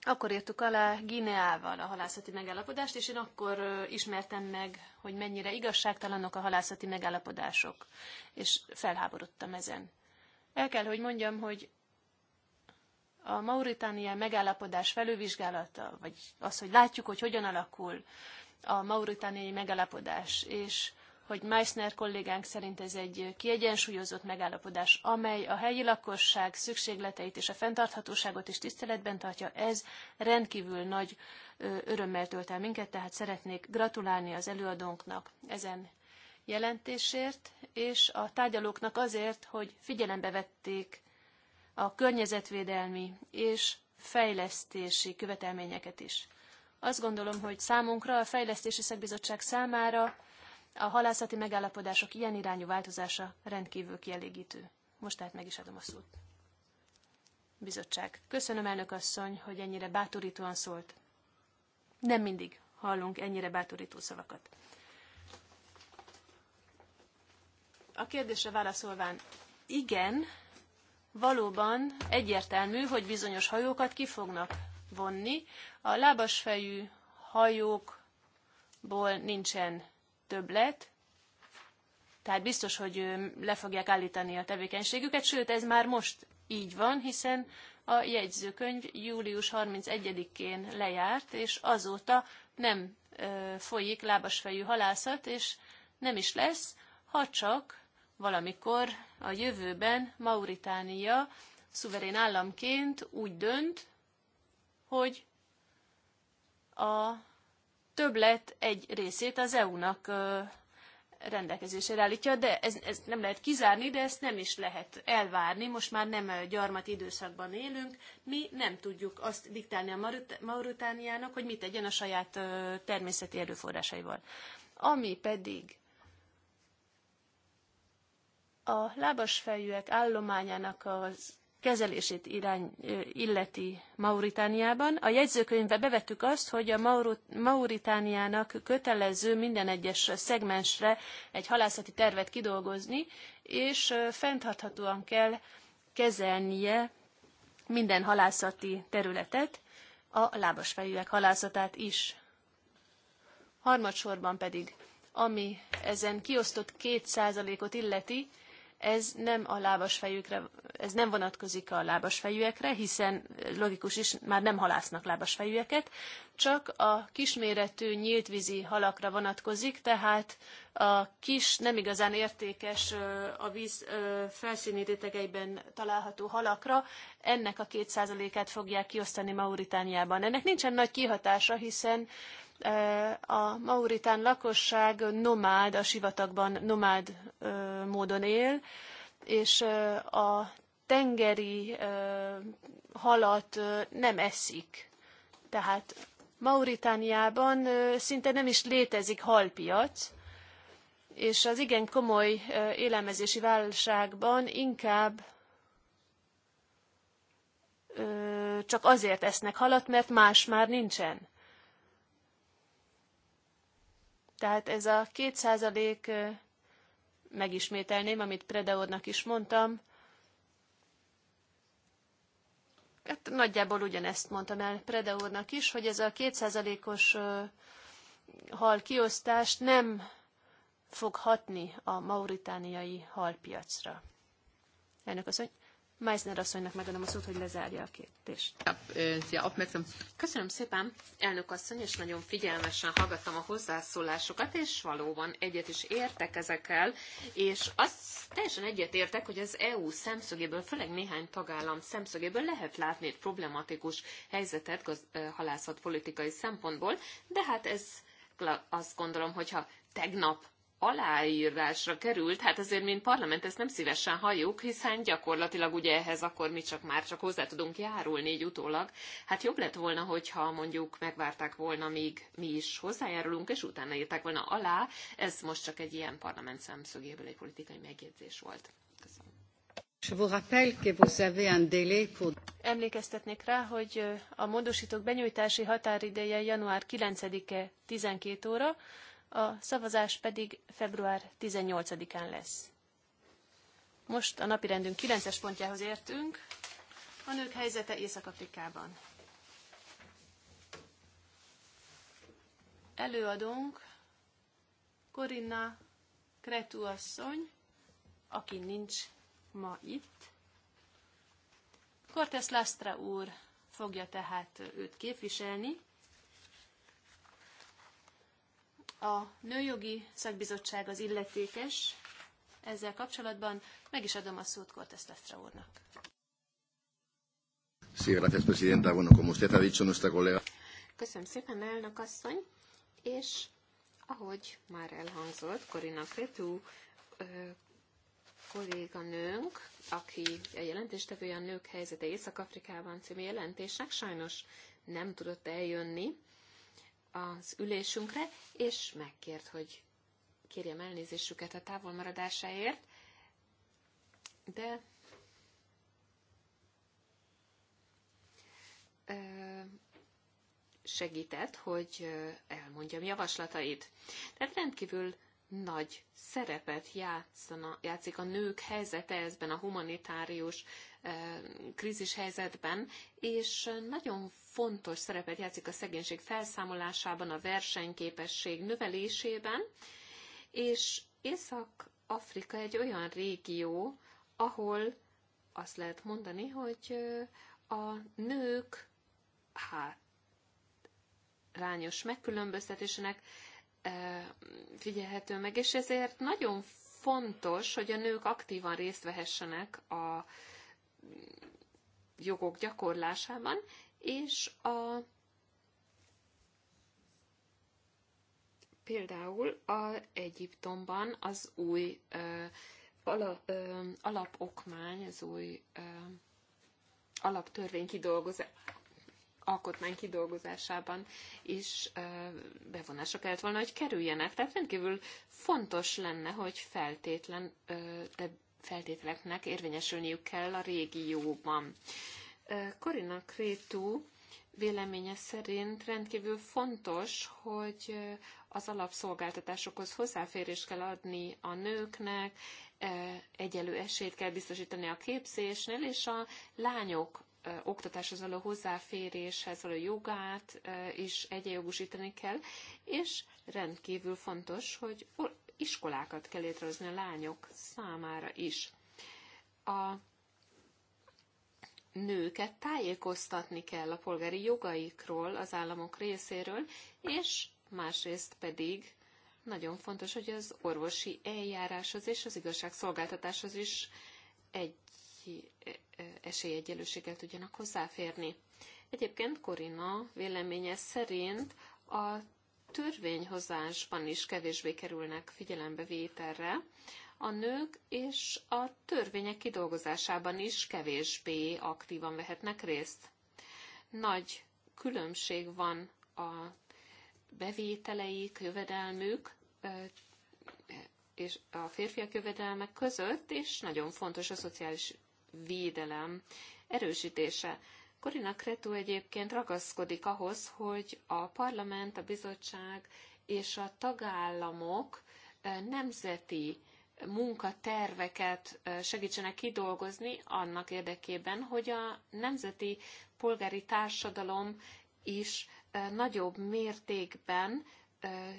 akkor írtuk alá Gineával a halászati megállapodást, és én akkor ismertem meg, hogy mennyire igazságtalanok a halászati megállapodások, és felháborodtam ezen. El kell, hogy mondjam, hogy a Mauritánia megállapodás felülvizsgálata, vagy az, hogy látjuk, hogy hogyan alakul a mauritániai megállapodás, és hogy Meissner kollégánk szerint ez egy kiegyensúlyozott megállapodás, amely a helyi lakosság szükségleteit és a fenntarthatóságot is tiszteletben tartja, ez rendkívül nagy örömmel tölt el minket, tehát szeretnék gratulálni az előadónknak ezen jelentésért, és a tárgyalóknak azért, hogy figyelembe vették a környezetvédelmi és fejlesztési követelményeket is. Azt gondolom, hogy számunkra, a Fejlesztési Szakbizottság számára a halászati megállapodások ilyen irányú változása rendkívül kielégítő. Most tehát meg is adom a szót. Bizottság. Köszönöm, elnök asszony, hogy ennyire bátorítóan szólt. Nem mindig hallunk ennyire bátorító szavakat. A kérdésre válaszolván, igen, valóban egyértelmű, hogy bizonyos hajókat ki fognak vonni. A lábasfejű hajókból nincsen többlet, tehát biztos, hogy le fogják állítani a tevékenységüket, sőt, ez már most így van, hiszen a jegyzőkönyv július 31-én lejárt, és azóta nem folyik lábasfejű halászat, és nem is lesz, ha csak valamikor a jövőben Mauritánia szuverén államként úgy dönt, hogy a többlet egy részét az EU-nak rendelkezésére állítja, de ez, ez nem lehet kizárni, de ezt nem is lehet elvárni. Most már nem gyarmati időszakban élünk. Mi nem tudjuk azt diktálni a Mauritániának, hogy mit tegyen a saját természeti erőforrásaival. Ami pedig a lábasfejűek állományának az kezelését irány, illeti Mauritániában. A jegyzőkönyvbe bevettük azt, hogy a Mauritániának kötelező minden egyes szegmensre egy halászati tervet kidolgozni, és fenntarthatóan kell kezelnie minden halászati területet, a lábasfejűek halászatát is. Harmadsorban pedig, ami ezen kiosztott 2%-ot illeti, ez nem a lábas fejükre, ez nem vonatkozik a lábas fejűekre, hiszen logikus is, már nem halásznak fejűeket, csak a kisméretű nyíltvízi halakra vonatkozik, tehát a kis, nem igazán értékes a víz felszíni rétegeiben található halakra, ennek a 2%-át fogják kiosztani Mauritániában. Ennek nincsen nagy kihatása, hiszen a mauritán lakosság nomád, a sivatagban nomád módon él, és a tengeri halat nem eszik. Tehát Mauritániában szinte nem is létezik halpiac, és az igen komoly élelmezési válságban inkább csak azért esznek halat, mert más már nincsen. Tehát ez a két százalék, megismételném, amit Predeornak is mondtam, hát nagyjából ugyanezt mondtam el Prede úrnak is, hogy ez a kétszázalékos hal kiosztás nem fog hatni a mauritániai halpiacra. Elnök asszony, Meissner asszonynak megadom a szót, hogy lezárja a kérdést. Köszönöm szépen, elnök asszony, és nagyon figyelmesen hallgattam a hozzászólásokat, és valóban egyet is értek ezekkel, és azt teljesen egyet értek, hogy az EU szemszögéből, főleg néhány tagállam szemszögéből lehet látni egy problematikus helyzetet gaz, politikai szempontból, de hát ez azt gondolom, hogyha tegnap aláírásra került, hát azért, mint parlament, ezt nem szívesen halljuk, hiszen gyakorlatilag ugye ehhez akkor mi csak már csak hozzá tudunk járulni így utólag. Hát jobb lett volna, hogyha mondjuk megvárták volna, míg mi is hozzájárulunk, és utána írták volna alá. Ez most csak egy ilyen parlament szemszögéből egy politikai megjegyzés volt. Köszönöm. Je vous rappelle que vous avez un délai pour... Emlékeztetnék rá, hogy a módosítók benyújtási határideje január 9-e 12 óra, a szavazás pedig február 18-án lesz. Most a napirendünk 9-es pontjához értünk, a nők helyzete Észak-Afrikában. Előadunk Korinna Kretu asszony, aki nincs ma itt. Cortes Lastra úr fogja tehát őt képviselni, A Nőjogi Szakbizottság az illetékes ezzel kapcsolatban. Meg is adom a szót Cortes Lestra úrnak. Sí, gracias, presidenta. Bueno, como usted ha dicho, nuestra colega... Köszönöm szépen, elnök asszony, és ahogy már elhangzott, Corina Kretú kolléganőnk, aki a jelentéstevője a nők helyzete Észak-Afrikában című jelentésnek, sajnos nem tudott eljönni, az ülésünkre, és megkért, hogy kérjem elnézésüket a távolmaradásáért, de segített, hogy elmondjam javaslatait. Tehát rendkívül nagy szerepet játszana, játszik a nők helyzete ezben a humanitárius krízis helyzetben, és nagyon fontos szerepet játszik a szegénység felszámolásában, a versenyképesség növelésében, és Észak-Afrika egy olyan régió, ahol azt lehet mondani, hogy a nők hát rányos megkülönböztetésének figyelhető meg, és ezért nagyon fontos, hogy a nők aktívan részt vehessenek a jogok gyakorlásában, és a például a Egyiptomban az új ö, ala, ö, alapokmány, az új ö, alaptörvény kidolgozása, alkotmány kidolgozásában is ö, bevonásra kellett volna, hogy kerüljenek. Tehát rendkívül fontos lenne, hogy feltétlen, ö, de feltételeknek érvényesülniük kell a régióban. Korina Krétú véleménye szerint rendkívül fontos, hogy az alapszolgáltatásokhoz hozzáférést kell adni a nőknek, egyelő esélyt kell biztosítani a képzésnél, és a lányok oktatáshoz való hozzáféréshez való jogát is egyenjogosítani kell, és rendkívül fontos, hogy iskolákat kell létrehozni a lányok számára is. A nőket tájékoztatni kell a polgári jogaikról az államok részéről, és másrészt pedig nagyon fontos, hogy az orvosi eljáráshoz és az igazságszolgáltatáshoz is egy e, e, esélyegyelőséggel tudjanak hozzáférni. Egyébként Korina véleménye szerint a törvényhozásban is kevésbé kerülnek figyelembe vételre a nők és a törvények kidolgozásában is kevésbé aktívan vehetnek részt. Nagy különbség van a bevételeik, jövedelmük és a férfiak jövedelmek között, és nagyon fontos a szociális védelem erősítése. Corina Kretu egyébként ragaszkodik ahhoz, hogy a parlament, a bizottság és a tagállamok nemzeti munkaterveket segítsenek kidolgozni annak érdekében, hogy a nemzeti polgári társadalom is nagyobb mértékben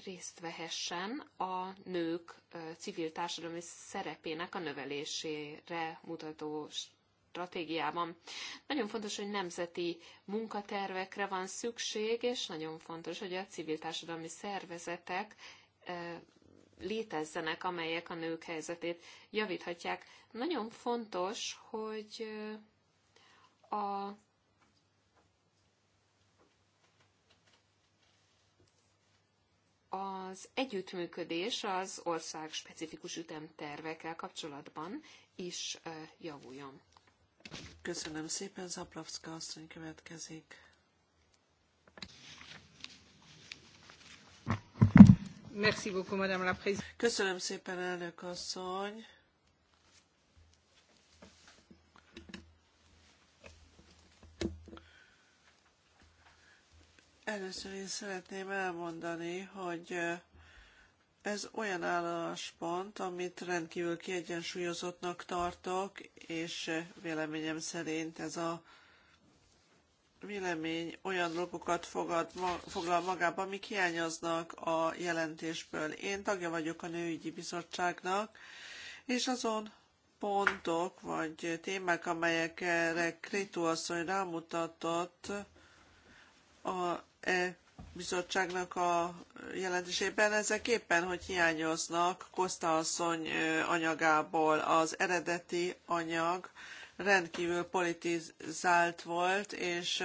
részt vehessen a nők civil társadalmi szerepének a növelésére mutató stratégiában. Nagyon fontos, hogy nemzeti munkatervekre van szükség, és nagyon fontos, hogy a civil társadalmi szervezetek létezzenek, amelyek a nők helyzetét javíthatják. Nagyon fontos, hogy a az együttműködés az ország specifikus ütemtervekkel kapcsolatban is javuljon. Köszönöm szépen, Zabravska asszony következik. Merci beaucoup, Madame la Présidente. Köszönöm szépen, elnök asszony. Először is szeretném elmondani, hogy eh, ez olyan álláspont, amit rendkívül kiegyensúlyozottnak tartok, és eh, véleményem szerint ez a vélemény olyan dolgokat fogad, ma, foglal magába, amik hiányoznak a jelentésből. Én tagja vagyok a Nőügyi Bizottságnak, és azon pontok vagy témák, amelyekre Krétó asszony rámutatott a e bizottságnak a jelentésében, ezek éppen, hogy hiányoznak Koszta asszony anyagából az eredeti anyag, rendkívül politizált volt, és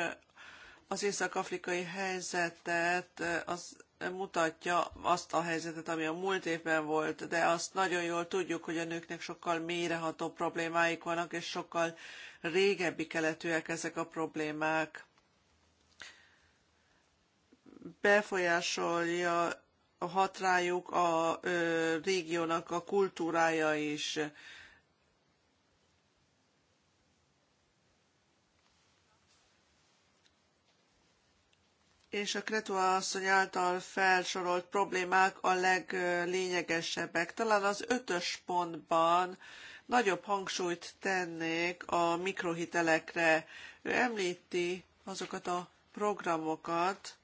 az észak-afrikai helyzetet az mutatja azt a helyzetet, ami a múlt évben volt, de azt nagyon jól tudjuk, hogy a nőknek sokkal méreható problémáik vannak, és sokkal régebbi keletűek ezek a problémák. Befolyásolja hat rájuk a ö, régiónak a kultúrája is. és a Kretua asszony által felsorolt problémák a leglényegesebbek. Talán az ötös pontban nagyobb hangsúlyt tennék a mikrohitelekre. Ő említi azokat a programokat,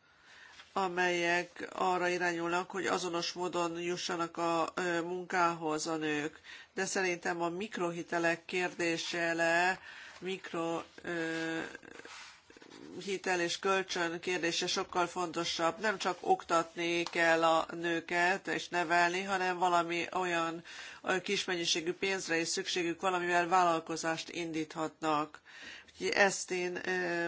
amelyek arra irányulnak, hogy azonos módon jussanak a munkához a nők. De szerintem a mikrohitelek kérdése le, mikro ö, hitel és kölcsön kérdése sokkal fontosabb. Nem csak oktatni kell a nőket és nevelni, hanem valami olyan kis mennyiségű pénzre is szükségük, valamivel vállalkozást indíthatnak. Úgyhogy ezt én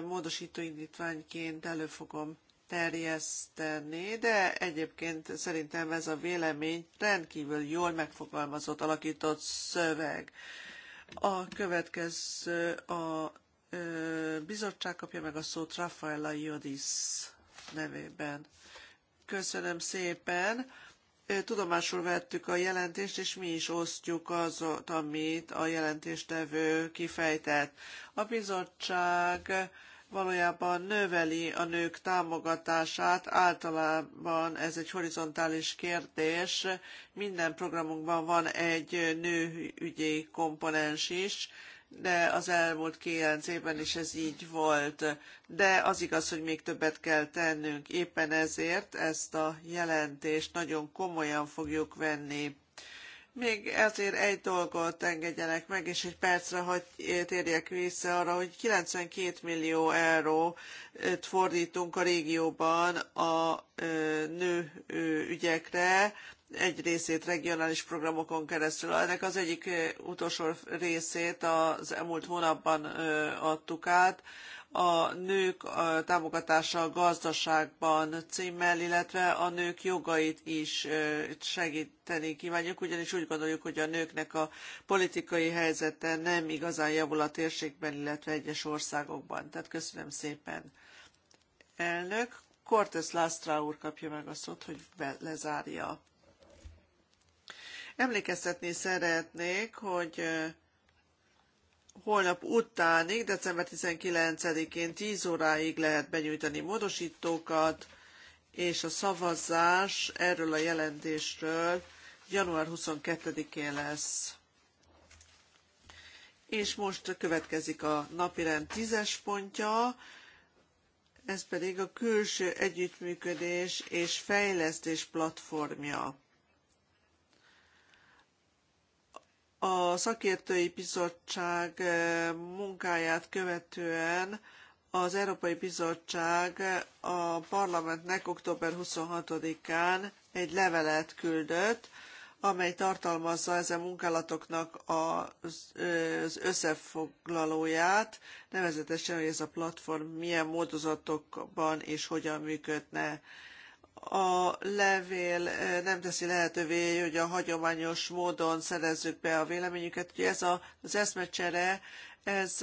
módosító indítványként elő fogom terjeszteni, de egyébként szerintem ez a vélemény rendkívül jól megfogalmazott, alakított szöveg. A következő a bizottság kapja meg a szót Rafaela Iodis nevében. Köszönöm szépen! Tudomásul vettük a jelentést, és mi is osztjuk azot, amit a jelentéstevő kifejtett. A bizottság valójában növeli a nők támogatását. Általában ez egy horizontális kérdés. Minden programunkban van egy nőügyi komponens is, de az elmúlt kilenc évben is ez így volt. De az igaz, hogy még többet kell tennünk. Éppen ezért ezt a jelentést nagyon komolyan fogjuk venni. Még ezért egy dolgot engedjenek meg, és egy percre hogy térjek vissza arra, hogy 92 millió eurót fordítunk a régióban a nő ügyekre, egy részét regionális programokon keresztül. Ennek az egyik utolsó részét az elmúlt hónapban adtuk át. A nők támogatása a gazdaságban címmel, illetve a nők jogait is segíteni kívánjuk, ugyanis úgy gondoljuk, hogy a nőknek a politikai helyzete nem igazán javul a térségben, illetve egyes országokban. Tehát köszönöm szépen. Elnök, Cortes Lastra úr kapja meg a szót, hogy lezárja. Emlékeztetni szeretnék, hogy holnap utánig, december 19-én 10 óráig lehet benyújtani módosítókat, és a szavazás erről a jelentésről január 22-én lesz. És most következik a napirend tízes pontja, ez pedig a külső együttműködés és fejlesztés platformja. A szakértői bizottság eh, munkáját követően az Európai Bizottság a parlamentnek október 26-án egy levelet küldött, amely tartalmazza ezen munkálatoknak az összefoglalóját, nevezetesen, hogy ez a platform milyen módozatokban és hogyan működne a levél nem teszi lehetővé, hogy a hagyományos módon szerezzük be a véleményüket. Ugye ez a, az eszmecsere, ez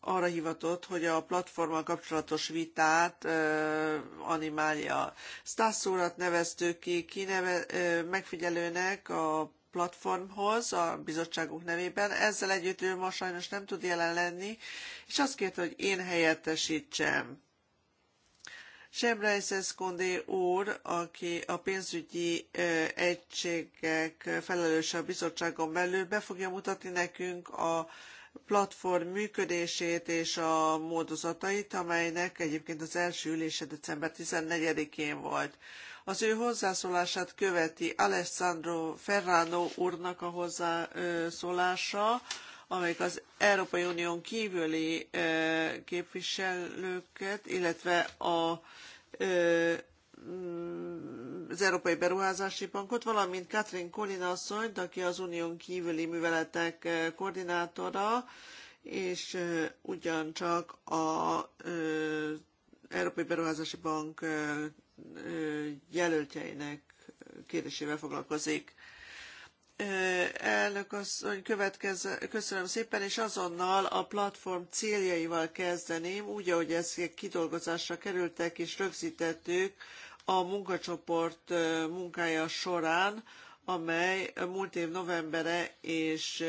arra hivatott, hogy a platformmal kapcsolatos vitát uh, animálja. Stassz urat neveztük ki kineve, uh, megfigyelőnek a platformhoz a bizottságunk nevében. Ezzel együtt ő ma sajnos nem tud jelen lenni, és azt kérte, hogy én helyettesítsem. Semrejszesz Kondé úr, aki a pénzügyi egységek felelőse a bizottságon belül, be fogja mutatni nekünk a platform működését és a módozatait, amelynek egyébként az első ülése december 14-én volt. Az ő hozzászólását követi Alessandro Ferrano úrnak a hozzászólása, amelyik az Európai Unión kívüli képviselőket, illetve a mm, az Európai Beruházási Bankot, valamint Katrin Kolina asszonyt, aki az unión kívüli műveletek koordinátora, és ugyancsak az Európai Beruházási Bank jelöltjeinek kérdésével foglalkozik. Elnök asszony, következő, köszönöm szépen, és azonnal a platform céljaival kezdeném, úgy, ahogy ezek kidolgozásra kerültek és rögzítettük a munkacsoport munkája során, amely múlt év novembere és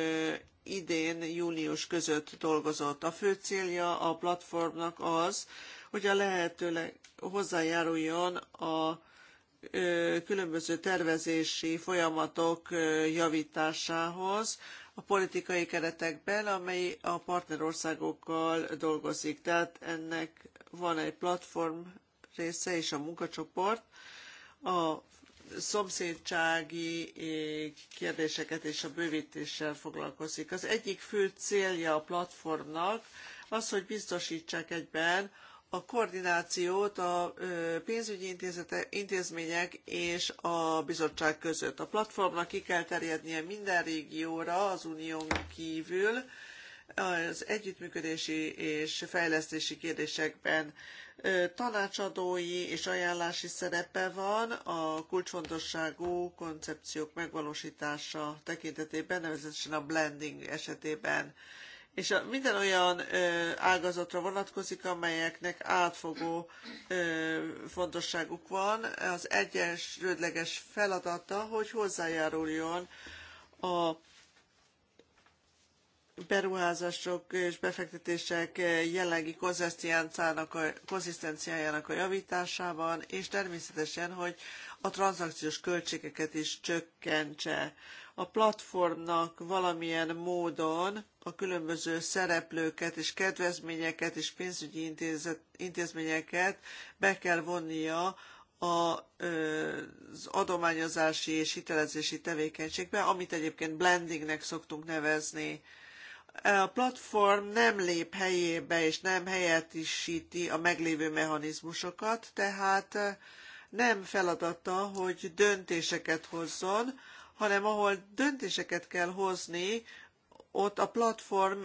idén június között dolgozott. A fő célja a platformnak az, hogy a lehetőleg hozzájáruljon a különböző tervezési folyamatok javításához a politikai keretekben, amely a partnerországokkal dolgozik. Tehát ennek van egy platform része és a munkacsoport, a szomszédsági kérdéseket és a bővítéssel foglalkozik. Az egyik fő célja a platformnak az, hogy biztosítsák egyben a koordinációt a pénzügyi intézmények és a bizottság között. A platformnak ki kell terjednie minden régióra az unión kívül, az együttműködési és fejlesztési kérdésekben tanácsadói és ajánlási szerepe van a kulcsfontosságú koncepciók megvalósítása tekintetében, nevezetesen a blending esetében és a, minden olyan ö, ágazatra vonatkozik, amelyeknek átfogó ö, fontosságuk van, az egyensődleges feladata, hogy hozzájáruljon a beruházások és befektetések jelenlegi konzisztenciájának a, konzisztenciájának a javításában, és természetesen, hogy a tranzakciós költségeket is csökkentse a platformnak valamilyen módon a különböző szereplőket és kedvezményeket és pénzügyi intézet, intézményeket be kell vonnia az adományozási és hitelezési tevékenységbe, amit egyébként blendingnek szoktunk nevezni. E, a platform nem lép helyébe és nem helyettisíti a meglévő mechanizmusokat, tehát nem feladata, hogy döntéseket hozzon, hanem ahol döntéseket kell hozni, ott a platform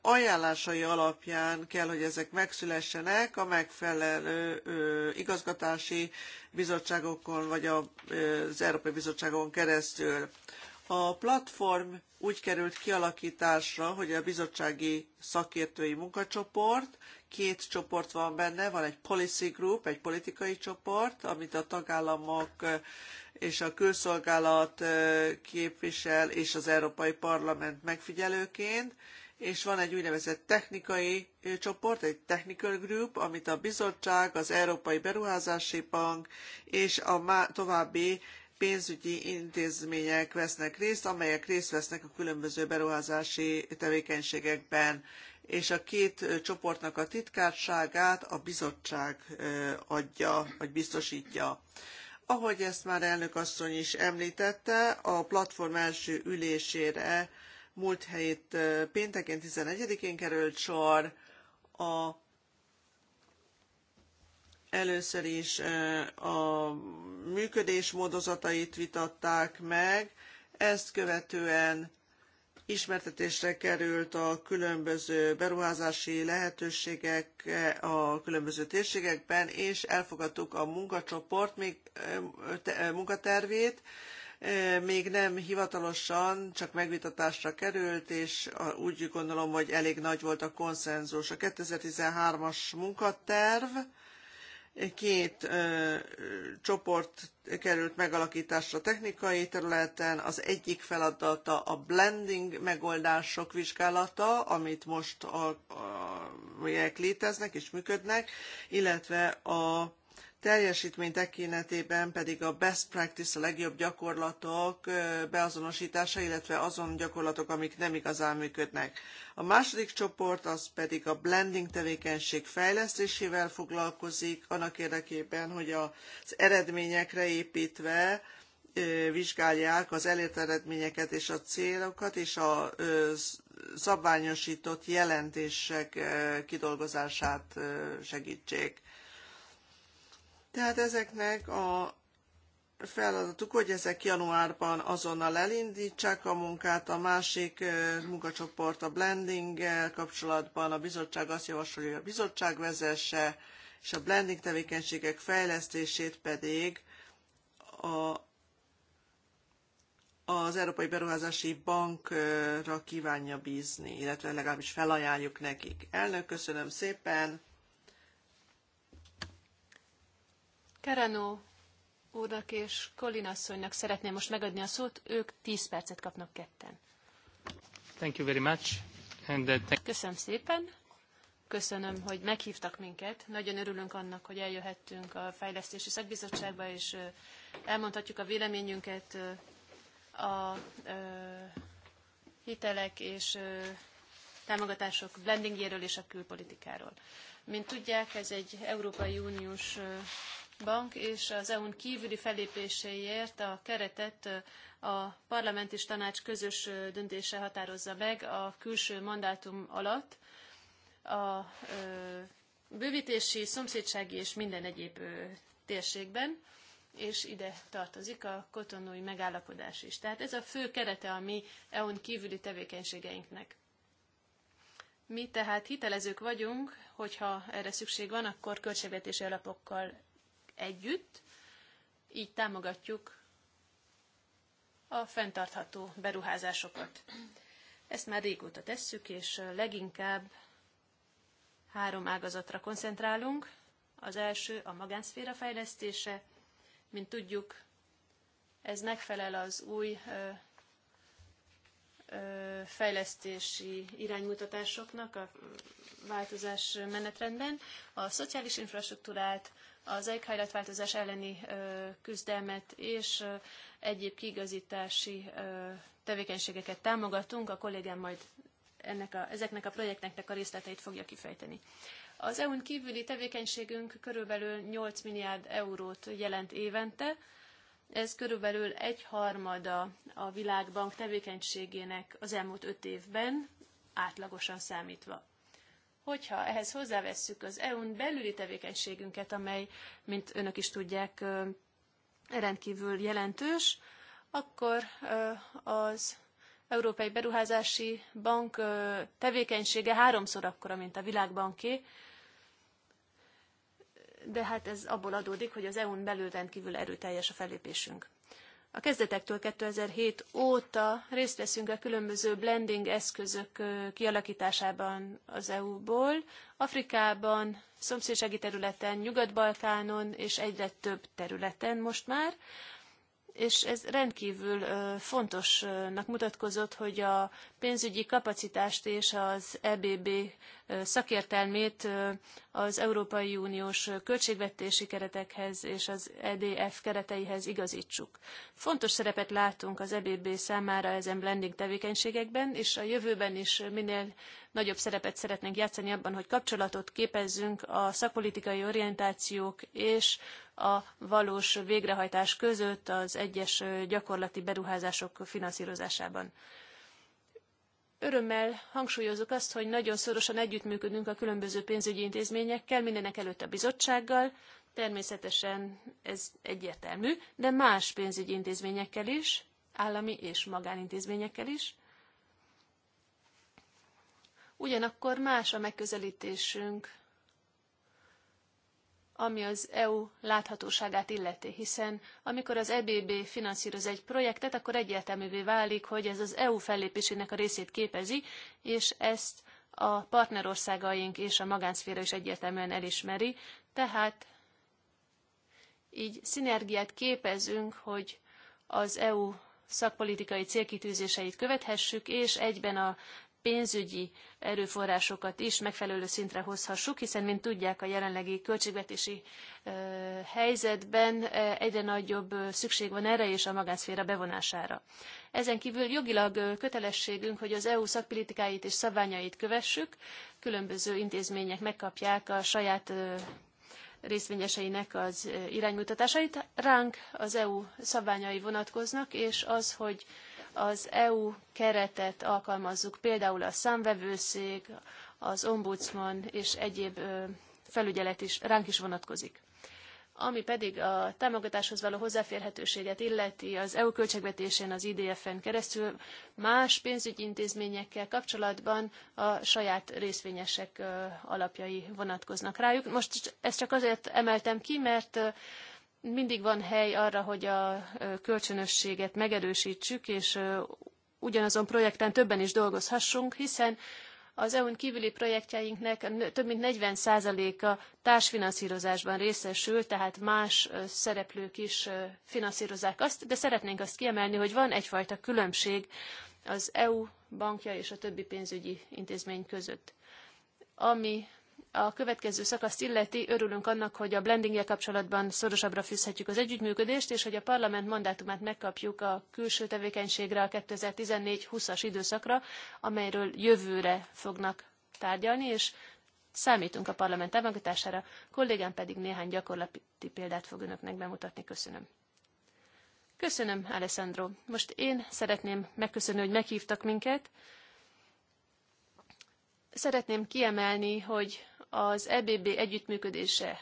ajánlásai alapján kell, hogy ezek megszülessenek a megfelelő igazgatási bizottságokon, vagy az Európai Bizottságon keresztül. A platform úgy került kialakításra, hogy a bizottsági szakértői munkacsoport, két csoport van benne, van egy policy group, egy politikai csoport, amit a tagállamok és a külszolgálat képvisel, és az Európai Parlament megfigyelőként, és van egy úgynevezett technikai csoport, egy technical group, amit a bizottság, az Európai Beruházási Bank és a további pénzügyi intézmények vesznek részt, amelyek részt vesznek a különböző beruházási tevékenységekben, és a két csoportnak a titkárságát a bizottság adja, vagy biztosítja. Ahogy ezt már elnök asszony is említette, a platform első ülésére múlt hét pénteken 11-én került sor a Először is a működés módozatait vitatták meg, ezt követően ismertetésre került a különböző beruházási lehetőségek a különböző térségekben, és elfogadtuk a munkacsoport még, munkatervét, még nem hivatalosan, csak megvitatásra került, és úgy gondolom, hogy elég nagy volt a konszenzus. A 2013-as munkaterv, Két ö, csoport került megalakításra technikai területen. Az egyik feladata a blending megoldások vizsgálata, amit most a, a, a, léteznek és működnek, illetve a teljesítmény tekintetében pedig a best practice, a legjobb gyakorlatok beazonosítása, illetve azon gyakorlatok, amik nem igazán működnek. A második csoport az pedig a blending tevékenység fejlesztésével foglalkozik, annak érdekében, hogy az eredményekre építve vizsgálják az elért eredményeket és a célokat, és a szabványosított jelentések kidolgozását segítsék. Tehát ezeknek a feladatuk, hogy ezek januárban azonnal elindítsák a munkát. A másik munkacsoport a blending kapcsolatban a bizottság azt javasolja, hogy a bizottság vezesse, és a blending tevékenységek fejlesztését pedig a, az Európai Beruházási Bankra kívánja bízni, illetve legalábbis felajánljuk nekik. Elnök, köszönöm szépen! Kerenó úrnak és Colin asszonynak szeretném most megadni a szót, ők 10 percet kapnak ketten. Thank you very much. And, uh, thank Köszönöm szépen. Köszönöm, hogy meghívtak minket. Nagyon örülünk annak, hogy eljöhettünk a Fejlesztési Szakbizottságba, és elmondhatjuk a véleményünket a hitelek és támogatások blendingjéről és a külpolitikáról. Mint tudják, ez egy Európai Uniós Bank és az EU-n kívüli felépéséért a keretet a parlament és tanács közös döntése határozza meg a külső mandátum alatt. A bővítési, szomszédsági és minden egyéb térségben, és ide tartozik a kotonói megállapodás is. Tehát ez a fő kerete a mi EU-n kívüli tevékenységeinknek. Mi tehát hitelezők vagyunk, hogyha erre szükség van, akkor költségvetési alapokkal együtt, így támogatjuk a fenntartható beruházásokat. Ezt már régóta tesszük, és leginkább három ágazatra koncentrálunk. Az első a magánszféra fejlesztése. Mint tudjuk, ez megfelel az új fejlesztési iránymutatásoknak a változás menetrendben. A szociális infrastruktúrát, az éghajlatváltozás elleni küzdelmet és egyéb kiigazítási tevékenységeket támogatunk. A kollégám majd ennek a, ezeknek a projekteknek a részleteit fogja kifejteni. Az EU-n kívüli tevékenységünk körülbelül 8 milliárd eurót jelent évente. Ez körülbelül egy harmada a világbank tevékenységének az elmúlt öt évben, átlagosan számítva hogyha ehhez hozzávesszük az EU-n belüli tevékenységünket, amely, mint önök is tudják, rendkívül jelentős, akkor az Európai Beruházási Bank tevékenysége háromszor akkora, mint a világbanké, de hát ez abból adódik, hogy az EU-n belül rendkívül erőteljes a felépésünk. A kezdetektől 2007 óta részt veszünk a különböző blending eszközök kialakításában az EU-ból, Afrikában, szomszédsági területen, Nyugat-Balkánon és egyre több területen most már és ez rendkívül fontosnak mutatkozott, hogy a pénzügyi kapacitást és az EBB szakértelmét az Európai Uniós költségvetési keretekhez és az EDF kereteihez igazítsuk. Fontos szerepet látunk az EBB számára ezen blending tevékenységekben, és a jövőben is minél nagyobb szerepet szeretnénk játszani abban, hogy kapcsolatot képezzünk a szakpolitikai orientációk és a valós végrehajtás között az egyes gyakorlati beruházások finanszírozásában. Örömmel hangsúlyozok azt, hogy nagyon szorosan együttműködünk a különböző pénzügyi intézményekkel, mindenek előtt a bizottsággal, természetesen ez egyértelmű, de más pénzügyi intézményekkel is, állami és magánintézményekkel is. Ugyanakkor más a megközelítésünk ami az EU láthatóságát illeti, hiszen amikor az EBB finanszíroz egy projektet, akkor egyértelművé válik, hogy ez az EU fellépésének a részét képezi, és ezt a partnerországaink és a magánszféra is egyértelműen elismeri, tehát így szinergiát képezünk, hogy az EU szakpolitikai célkitűzéseit követhessük, és egyben a pénzügyi erőforrásokat is megfelelő szintre hozhassuk, hiszen, mint tudják, a jelenlegi költségvetési helyzetben egyre nagyobb szükség van erre és a magánszféra bevonására. Ezen kívül jogilag kötelességünk, hogy az EU szakpolitikáit és szabványait kövessük, különböző intézmények megkapják a saját részvényeseinek az iránymutatásait. Ránk az EU szabványai vonatkoznak, és az, hogy az EU keretet alkalmazzuk, például a számvevőszék, az ombudsman és egyéb felügyelet is ránk is vonatkozik. Ami pedig a támogatáshoz való hozzáférhetőséget illeti az EU költségvetésén az IDF-en keresztül más pénzügyi intézményekkel kapcsolatban a saját részvényesek alapjai vonatkoznak rájuk. Most ezt csak azért emeltem ki, mert mindig van hely arra, hogy a kölcsönösséget megerősítsük, és ugyanazon projekten többen is dolgozhassunk, hiszen az EU-n kívüli projektjeinknek több mint 40%-a társfinanszírozásban részesül, tehát más szereplők is finanszírozzák azt, de szeretnénk azt kiemelni, hogy van egyfajta különbség az EU bankja és a többi pénzügyi intézmény között. Ami a következő szakaszt illeti, örülünk annak, hogy a blendinggel kapcsolatban szorosabbra fűzhetjük az együttműködést, és hogy a parlament mandátumát megkapjuk a külső tevékenységre a 2014-20-as időszakra, amelyről jövőre fognak tárgyalni, és számítunk a parlament támogatására, kollégám pedig néhány gyakorlati példát fog önöknek bemutatni. Köszönöm. Köszönöm, Alessandro. Most én szeretném megköszönni, hogy meghívtak minket. Szeretném kiemelni, hogy az EBB együttműködése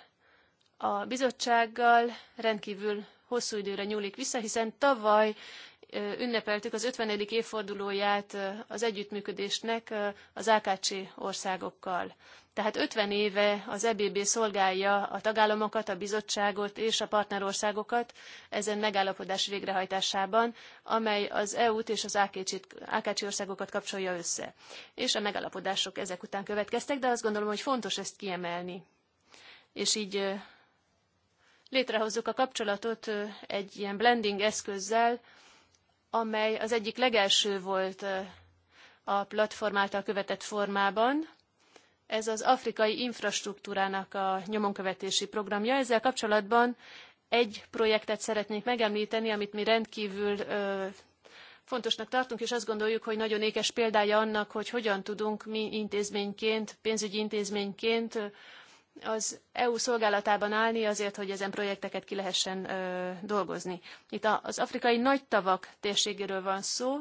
a bizottsággal rendkívül hosszú időre nyúlik vissza, hiszen tavaly ünnepeltük az 50. évfordulóját az együttműködésnek az AKC országokkal. Tehát 50 éve az EBB szolgálja a tagállamokat, a bizottságot és a partnerországokat ezen megállapodás végrehajtásában, amely az EU-t és az AKC országokat kapcsolja össze. És a megállapodások ezek után következtek, de azt gondolom, hogy fontos ezt kiemelni. És így létrehozzuk a kapcsolatot egy ilyen blending eszközzel, amely az egyik legelső volt a platform által követett formában. Ez az afrikai infrastruktúrának a nyomonkövetési programja. Ezzel kapcsolatban egy projektet szeretnék megemlíteni, amit mi rendkívül fontosnak tartunk, és azt gondoljuk, hogy nagyon ékes példája annak, hogy hogyan tudunk mi intézményként, pénzügyi intézményként az EU szolgálatában állni azért, hogy ezen projekteket ki lehessen ö, dolgozni. Itt az afrikai nagy tavak térségéről van szó,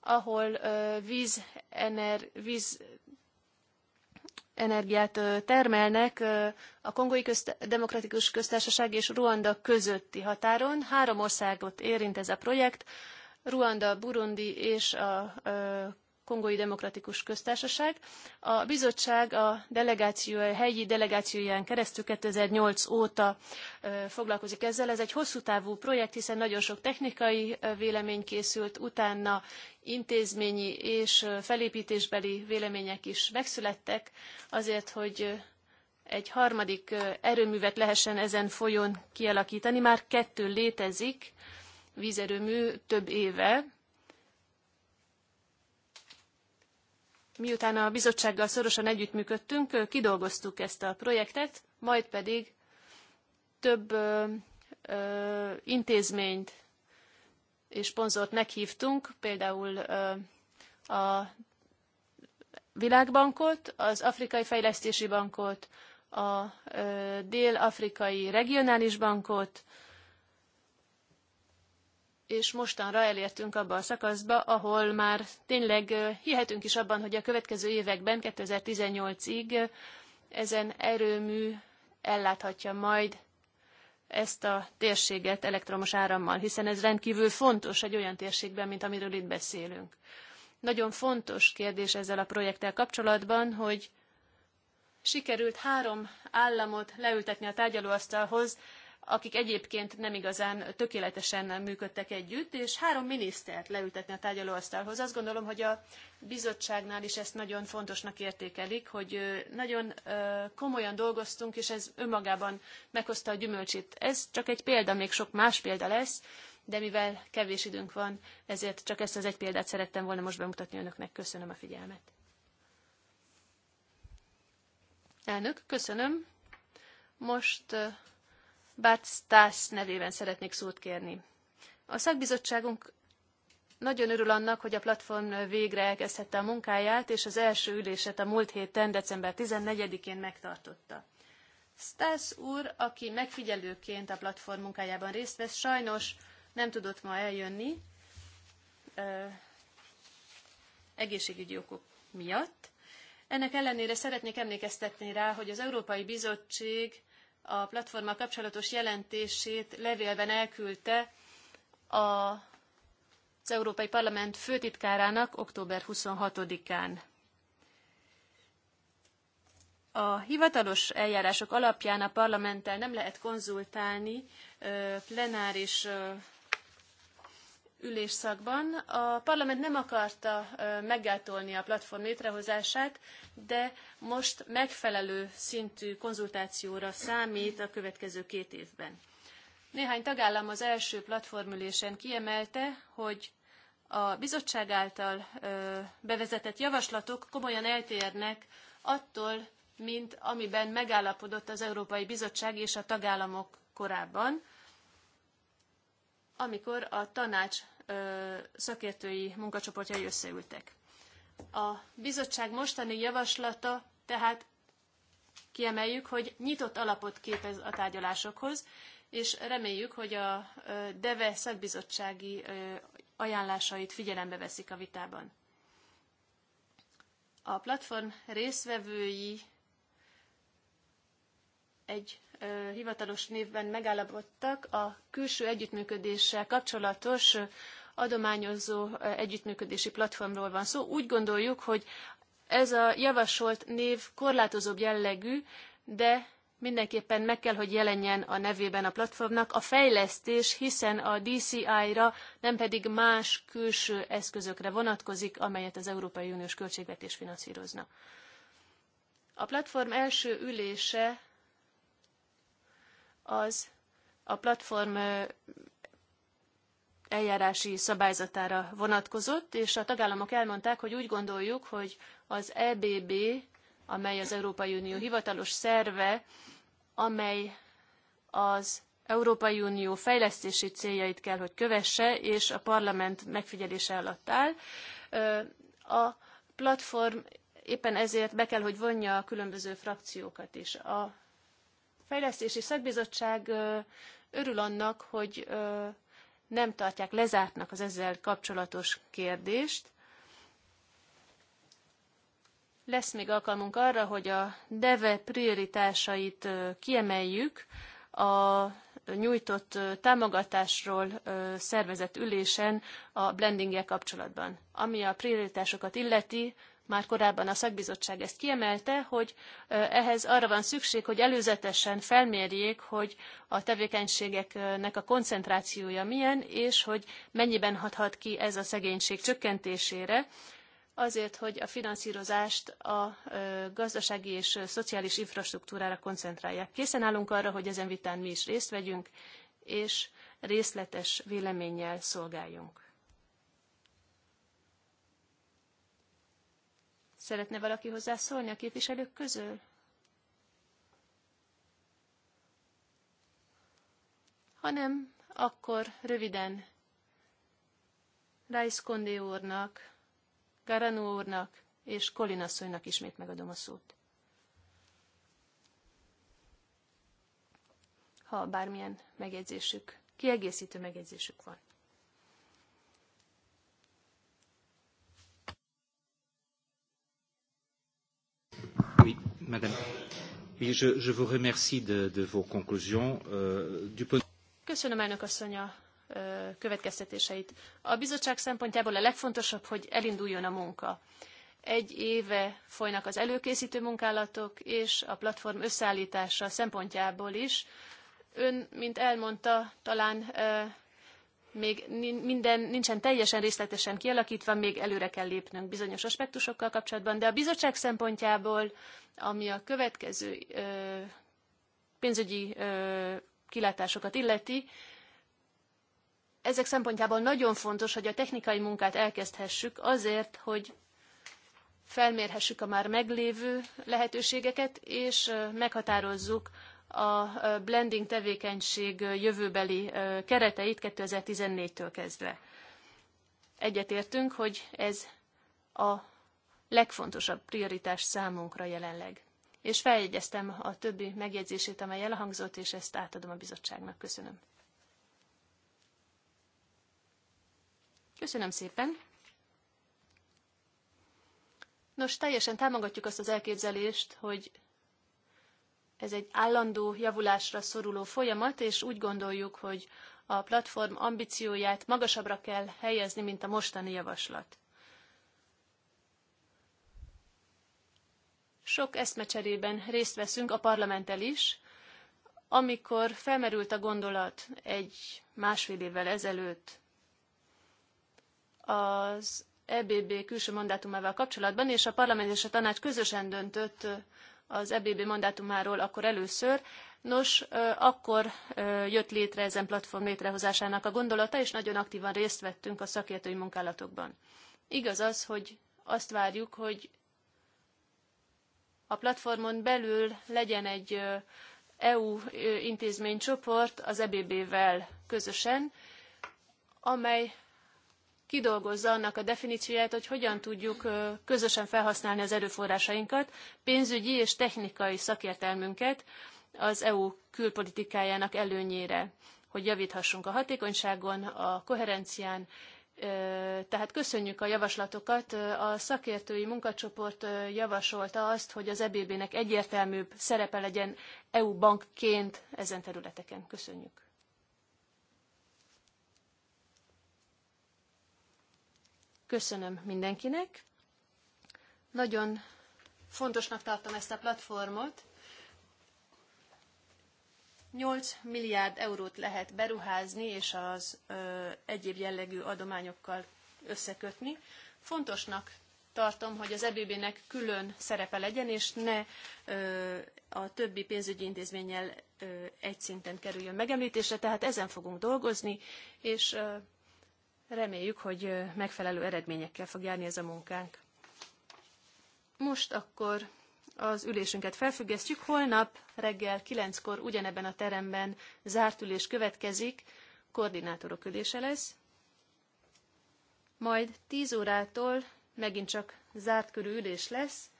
ahol ö, víz, ener, víz energiát ö, termelnek ö, a Kongói közt, Demokratikus Köztársaság és Ruanda közötti határon. Három országot érint ez a projekt, Ruanda, Burundi és a ö, Kongói Demokratikus Köztársaság. A bizottság a delegáció, a helyi delegációján keresztül 2008 óta foglalkozik ezzel. Ez egy hosszú távú projekt, hiszen nagyon sok technikai vélemény készült, utána intézményi és felépítésbeli vélemények is megszülettek, azért, hogy egy harmadik erőművet lehessen ezen folyón kialakítani. Már kettő létezik, vízerőmű több éve, miután a bizottsággal szorosan együttműködtünk, kidolgoztuk ezt a projektet, majd pedig több ö, ö, intézményt és sponzort meghívtunk, például ö, a Világbankot, az Afrikai Fejlesztési Bankot, a Dél-Afrikai Regionális Bankot, és mostanra elértünk abba a szakaszba, ahol már tényleg hihetünk is abban, hogy a következő években, 2018-ig ezen erőmű elláthatja majd ezt a térséget elektromos árammal, hiszen ez rendkívül fontos egy olyan térségben, mint amiről itt beszélünk. Nagyon fontos kérdés ezzel a projekttel kapcsolatban, hogy sikerült három államot leültetni a tárgyalóasztalhoz, akik egyébként nem igazán tökéletesen működtek együtt, és három minisztert leültetni a tárgyalóasztalhoz. Azt gondolom, hogy a bizottságnál is ezt nagyon fontosnak értékelik, hogy nagyon komolyan dolgoztunk, és ez önmagában meghozta a gyümölcsét. Ez csak egy példa, még sok más példa lesz, de mivel kevés időnk van, ezért csak ezt az egy példát szerettem volna most bemutatni önöknek. Köszönöm a figyelmet. Elnök, köszönöm. Most Bart Stas nevében szeretnék szót kérni. A szakbizottságunk nagyon örül annak, hogy a platform végre elkezdhette a munkáját, és az első ülését a múlt héten, december 14-én megtartotta. Stász úr, aki megfigyelőként a platform munkájában részt vesz, sajnos nem tudott ma eljönni ö, egészségügyi okok miatt. Ennek ellenére szeretnék emlékeztetni rá, hogy az Európai Bizottság a platforma kapcsolatos jelentését levélben elküldte a, az Európai Parlament főtitkárának október 26-án. A hivatalos eljárások alapján a parlamenttel nem lehet konzultálni plenáris ülésszakban. A parlament nem akarta meggátolni a platform létrehozását, de most megfelelő szintű konzultációra számít a következő két évben. Néhány tagállam az első platformülésen kiemelte, hogy a bizottság által bevezetett javaslatok komolyan eltérnek attól, mint amiben megállapodott az Európai Bizottság és a tagállamok korábban, amikor a tanács szakértői munkacsoportjai összeültek. A bizottság mostani javaslata tehát kiemeljük, hogy nyitott alapot képez a tárgyalásokhoz, és reméljük, hogy a DEVE szakbizottsági ajánlásait figyelembe veszik a vitában. A platform részvevői egy hivatalos névben megállapodtak a külső együttműködéssel kapcsolatos adományozó együttműködési platformról van szó. Úgy gondoljuk, hogy ez a javasolt név korlátozóbb jellegű, de mindenképpen meg kell, hogy jelenjen a nevében a platformnak a fejlesztés, hiszen a DCI-ra nem pedig más külső eszközökre vonatkozik, amelyet az Európai Uniós költségvetés finanszírozna. A platform első ülése az a platform eljárási szabályzatára vonatkozott, és a tagállamok elmondták, hogy úgy gondoljuk, hogy az EBB, amely az Európai Unió hivatalos szerve, amely az Európai Unió fejlesztési céljait kell, hogy kövesse, és a parlament megfigyelése alatt áll. A platform éppen ezért be kell, hogy vonja a különböző frakciókat is. A fejlesztési szakbizottság örül annak, hogy nem tartják lezártnak az ezzel kapcsolatos kérdést. Lesz még alkalmunk arra, hogy a DEVE prioritásait kiemeljük a nyújtott támogatásról szervezett ülésen a blendinggel kapcsolatban. Ami a prioritásokat illeti, már korábban a szakbizottság ezt kiemelte, hogy ehhez arra van szükség, hogy előzetesen felmérjék, hogy a tevékenységeknek a koncentrációja milyen, és hogy mennyiben hathat ki ez a szegénység csökkentésére, azért, hogy a finanszírozást a gazdasági és szociális infrastruktúrára koncentrálják. Készen állunk arra, hogy ezen vitán mi is részt vegyünk, és részletes véleménnyel szolgáljunk. Szeretne valaki hozzászólni a képviselők közül? Hanem akkor röviden Rice Kondé úrnak, Garanó úrnak és Colin asszonynak ismét megadom a szót. Ha bármilyen megjegyzésük, kiegészítő megjegyzésük van. Madame. Oui, je, je vous remercie de, de vos conclusions. Euh, du point... Köszönöm, elnök asszony, a következtetéseit. A bizottság szempontjából a legfontosabb, hogy elinduljon a munka. Egy éve folynak az előkészítő munkálatok, és a platform összeállítása szempontjából is. Ön, mint elmondta, talán még minden nincsen teljesen részletesen kialakítva, még előre kell lépnünk bizonyos aspektusokkal kapcsolatban, de a bizottság szempontjából, ami a következő ö, pénzügyi ö, kilátásokat illeti, ezek szempontjából nagyon fontos, hogy a technikai munkát elkezdhessük azért, hogy felmérhessük a már meglévő lehetőségeket, és meghatározzuk a blending tevékenység jövőbeli kereteit 2014-től kezdve. Egyetértünk, hogy ez a legfontosabb prioritás számunkra jelenleg. És feljegyeztem a többi megjegyzését, amely elhangzott, és ezt átadom a bizottságnak. Köszönöm. Köszönöm szépen. Nos, teljesen támogatjuk azt az elképzelést, hogy ez egy állandó javulásra szoruló folyamat, és úgy gondoljuk, hogy a platform ambícióját magasabbra kell helyezni, mint a mostani javaslat. Sok eszmecserében részt veszünk a parlamenttel is, amikor felmerült a gondolat egy másfél évvel ezelőtt az EBB külső mandátumával kapcsolatban, és a parlament és a tanács közösen döntött az EBB mandátumáról akkor először, Nos, akkor jött létre ezen platform létrehozásának a gondolata, és nagyon aktívan részt vettünk a szakértői munkálatokban. Igaz az, hogy azt várjuk, hogy a platformon belül legyen egy EU intézménycsoport az EBB-vel közösen, amely kidolgozza annak a definícióját, hogy hogyan tudjuk közösen felhasználni az erőforrásainkat, pénzügyi és technikai szakértelmünket az EU külpolitikájának előnyére, hogy javíthassunk a hatékonyságon, a koherencián, tehát köszönjük a javaslatokat. A szakértői munkacsoport javasolta azt, hogy az EBB-nek egyértelműbb szerepe legyen EU bankként ezen területeken. Köszönjük. Köszönöm mindenkinek. Nagyon fontosnak tartom ezt a platformot. 8 milliárd eurót lehet beruházni és az ö, egyéb jellegű adományokkal összekötni. Fontosnak tartom, hogy az EBB-nek külön szerepe legyen, és ne ö, a többi pénzügyi intézménnyel ö, egy szinten kerüljön megemlítésre, tehát ezen fogunk dolgozni, és ö, Reméljük, hogy megfelelő eredményekkel fog járni ez a munkánk. Most akkor az ülésünket felfüggesztjük. Holnap reggel 9-kor ugyanebben a teremben zárt ülés következik, koordinátorok ülése lesz. Majd 10 órától megint csak zárt körű ülés lesz.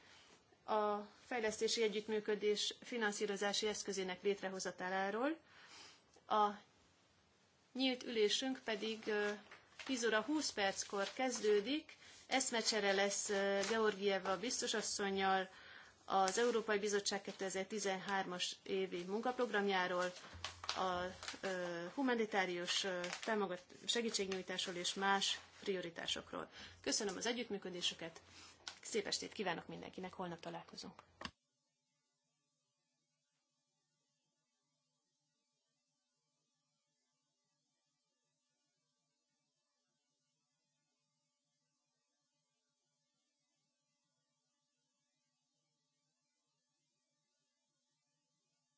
A fejlesztési együttműködés finanszírozási eszközének létrehozataláról. A nyílt ülésünk pedig 10 óra 20 perckor kezdődik. Eszmecsere lesz Georgieva biztosasszonynal az Európai Bizottság 2013-as évi munkaprogramjáról, a humanitárius támogat, segítségnyújtásról és más prioritásokról. Köszönöm az együttműködésüket, szép estét kívánok mindenkinek, holnap találkozunk.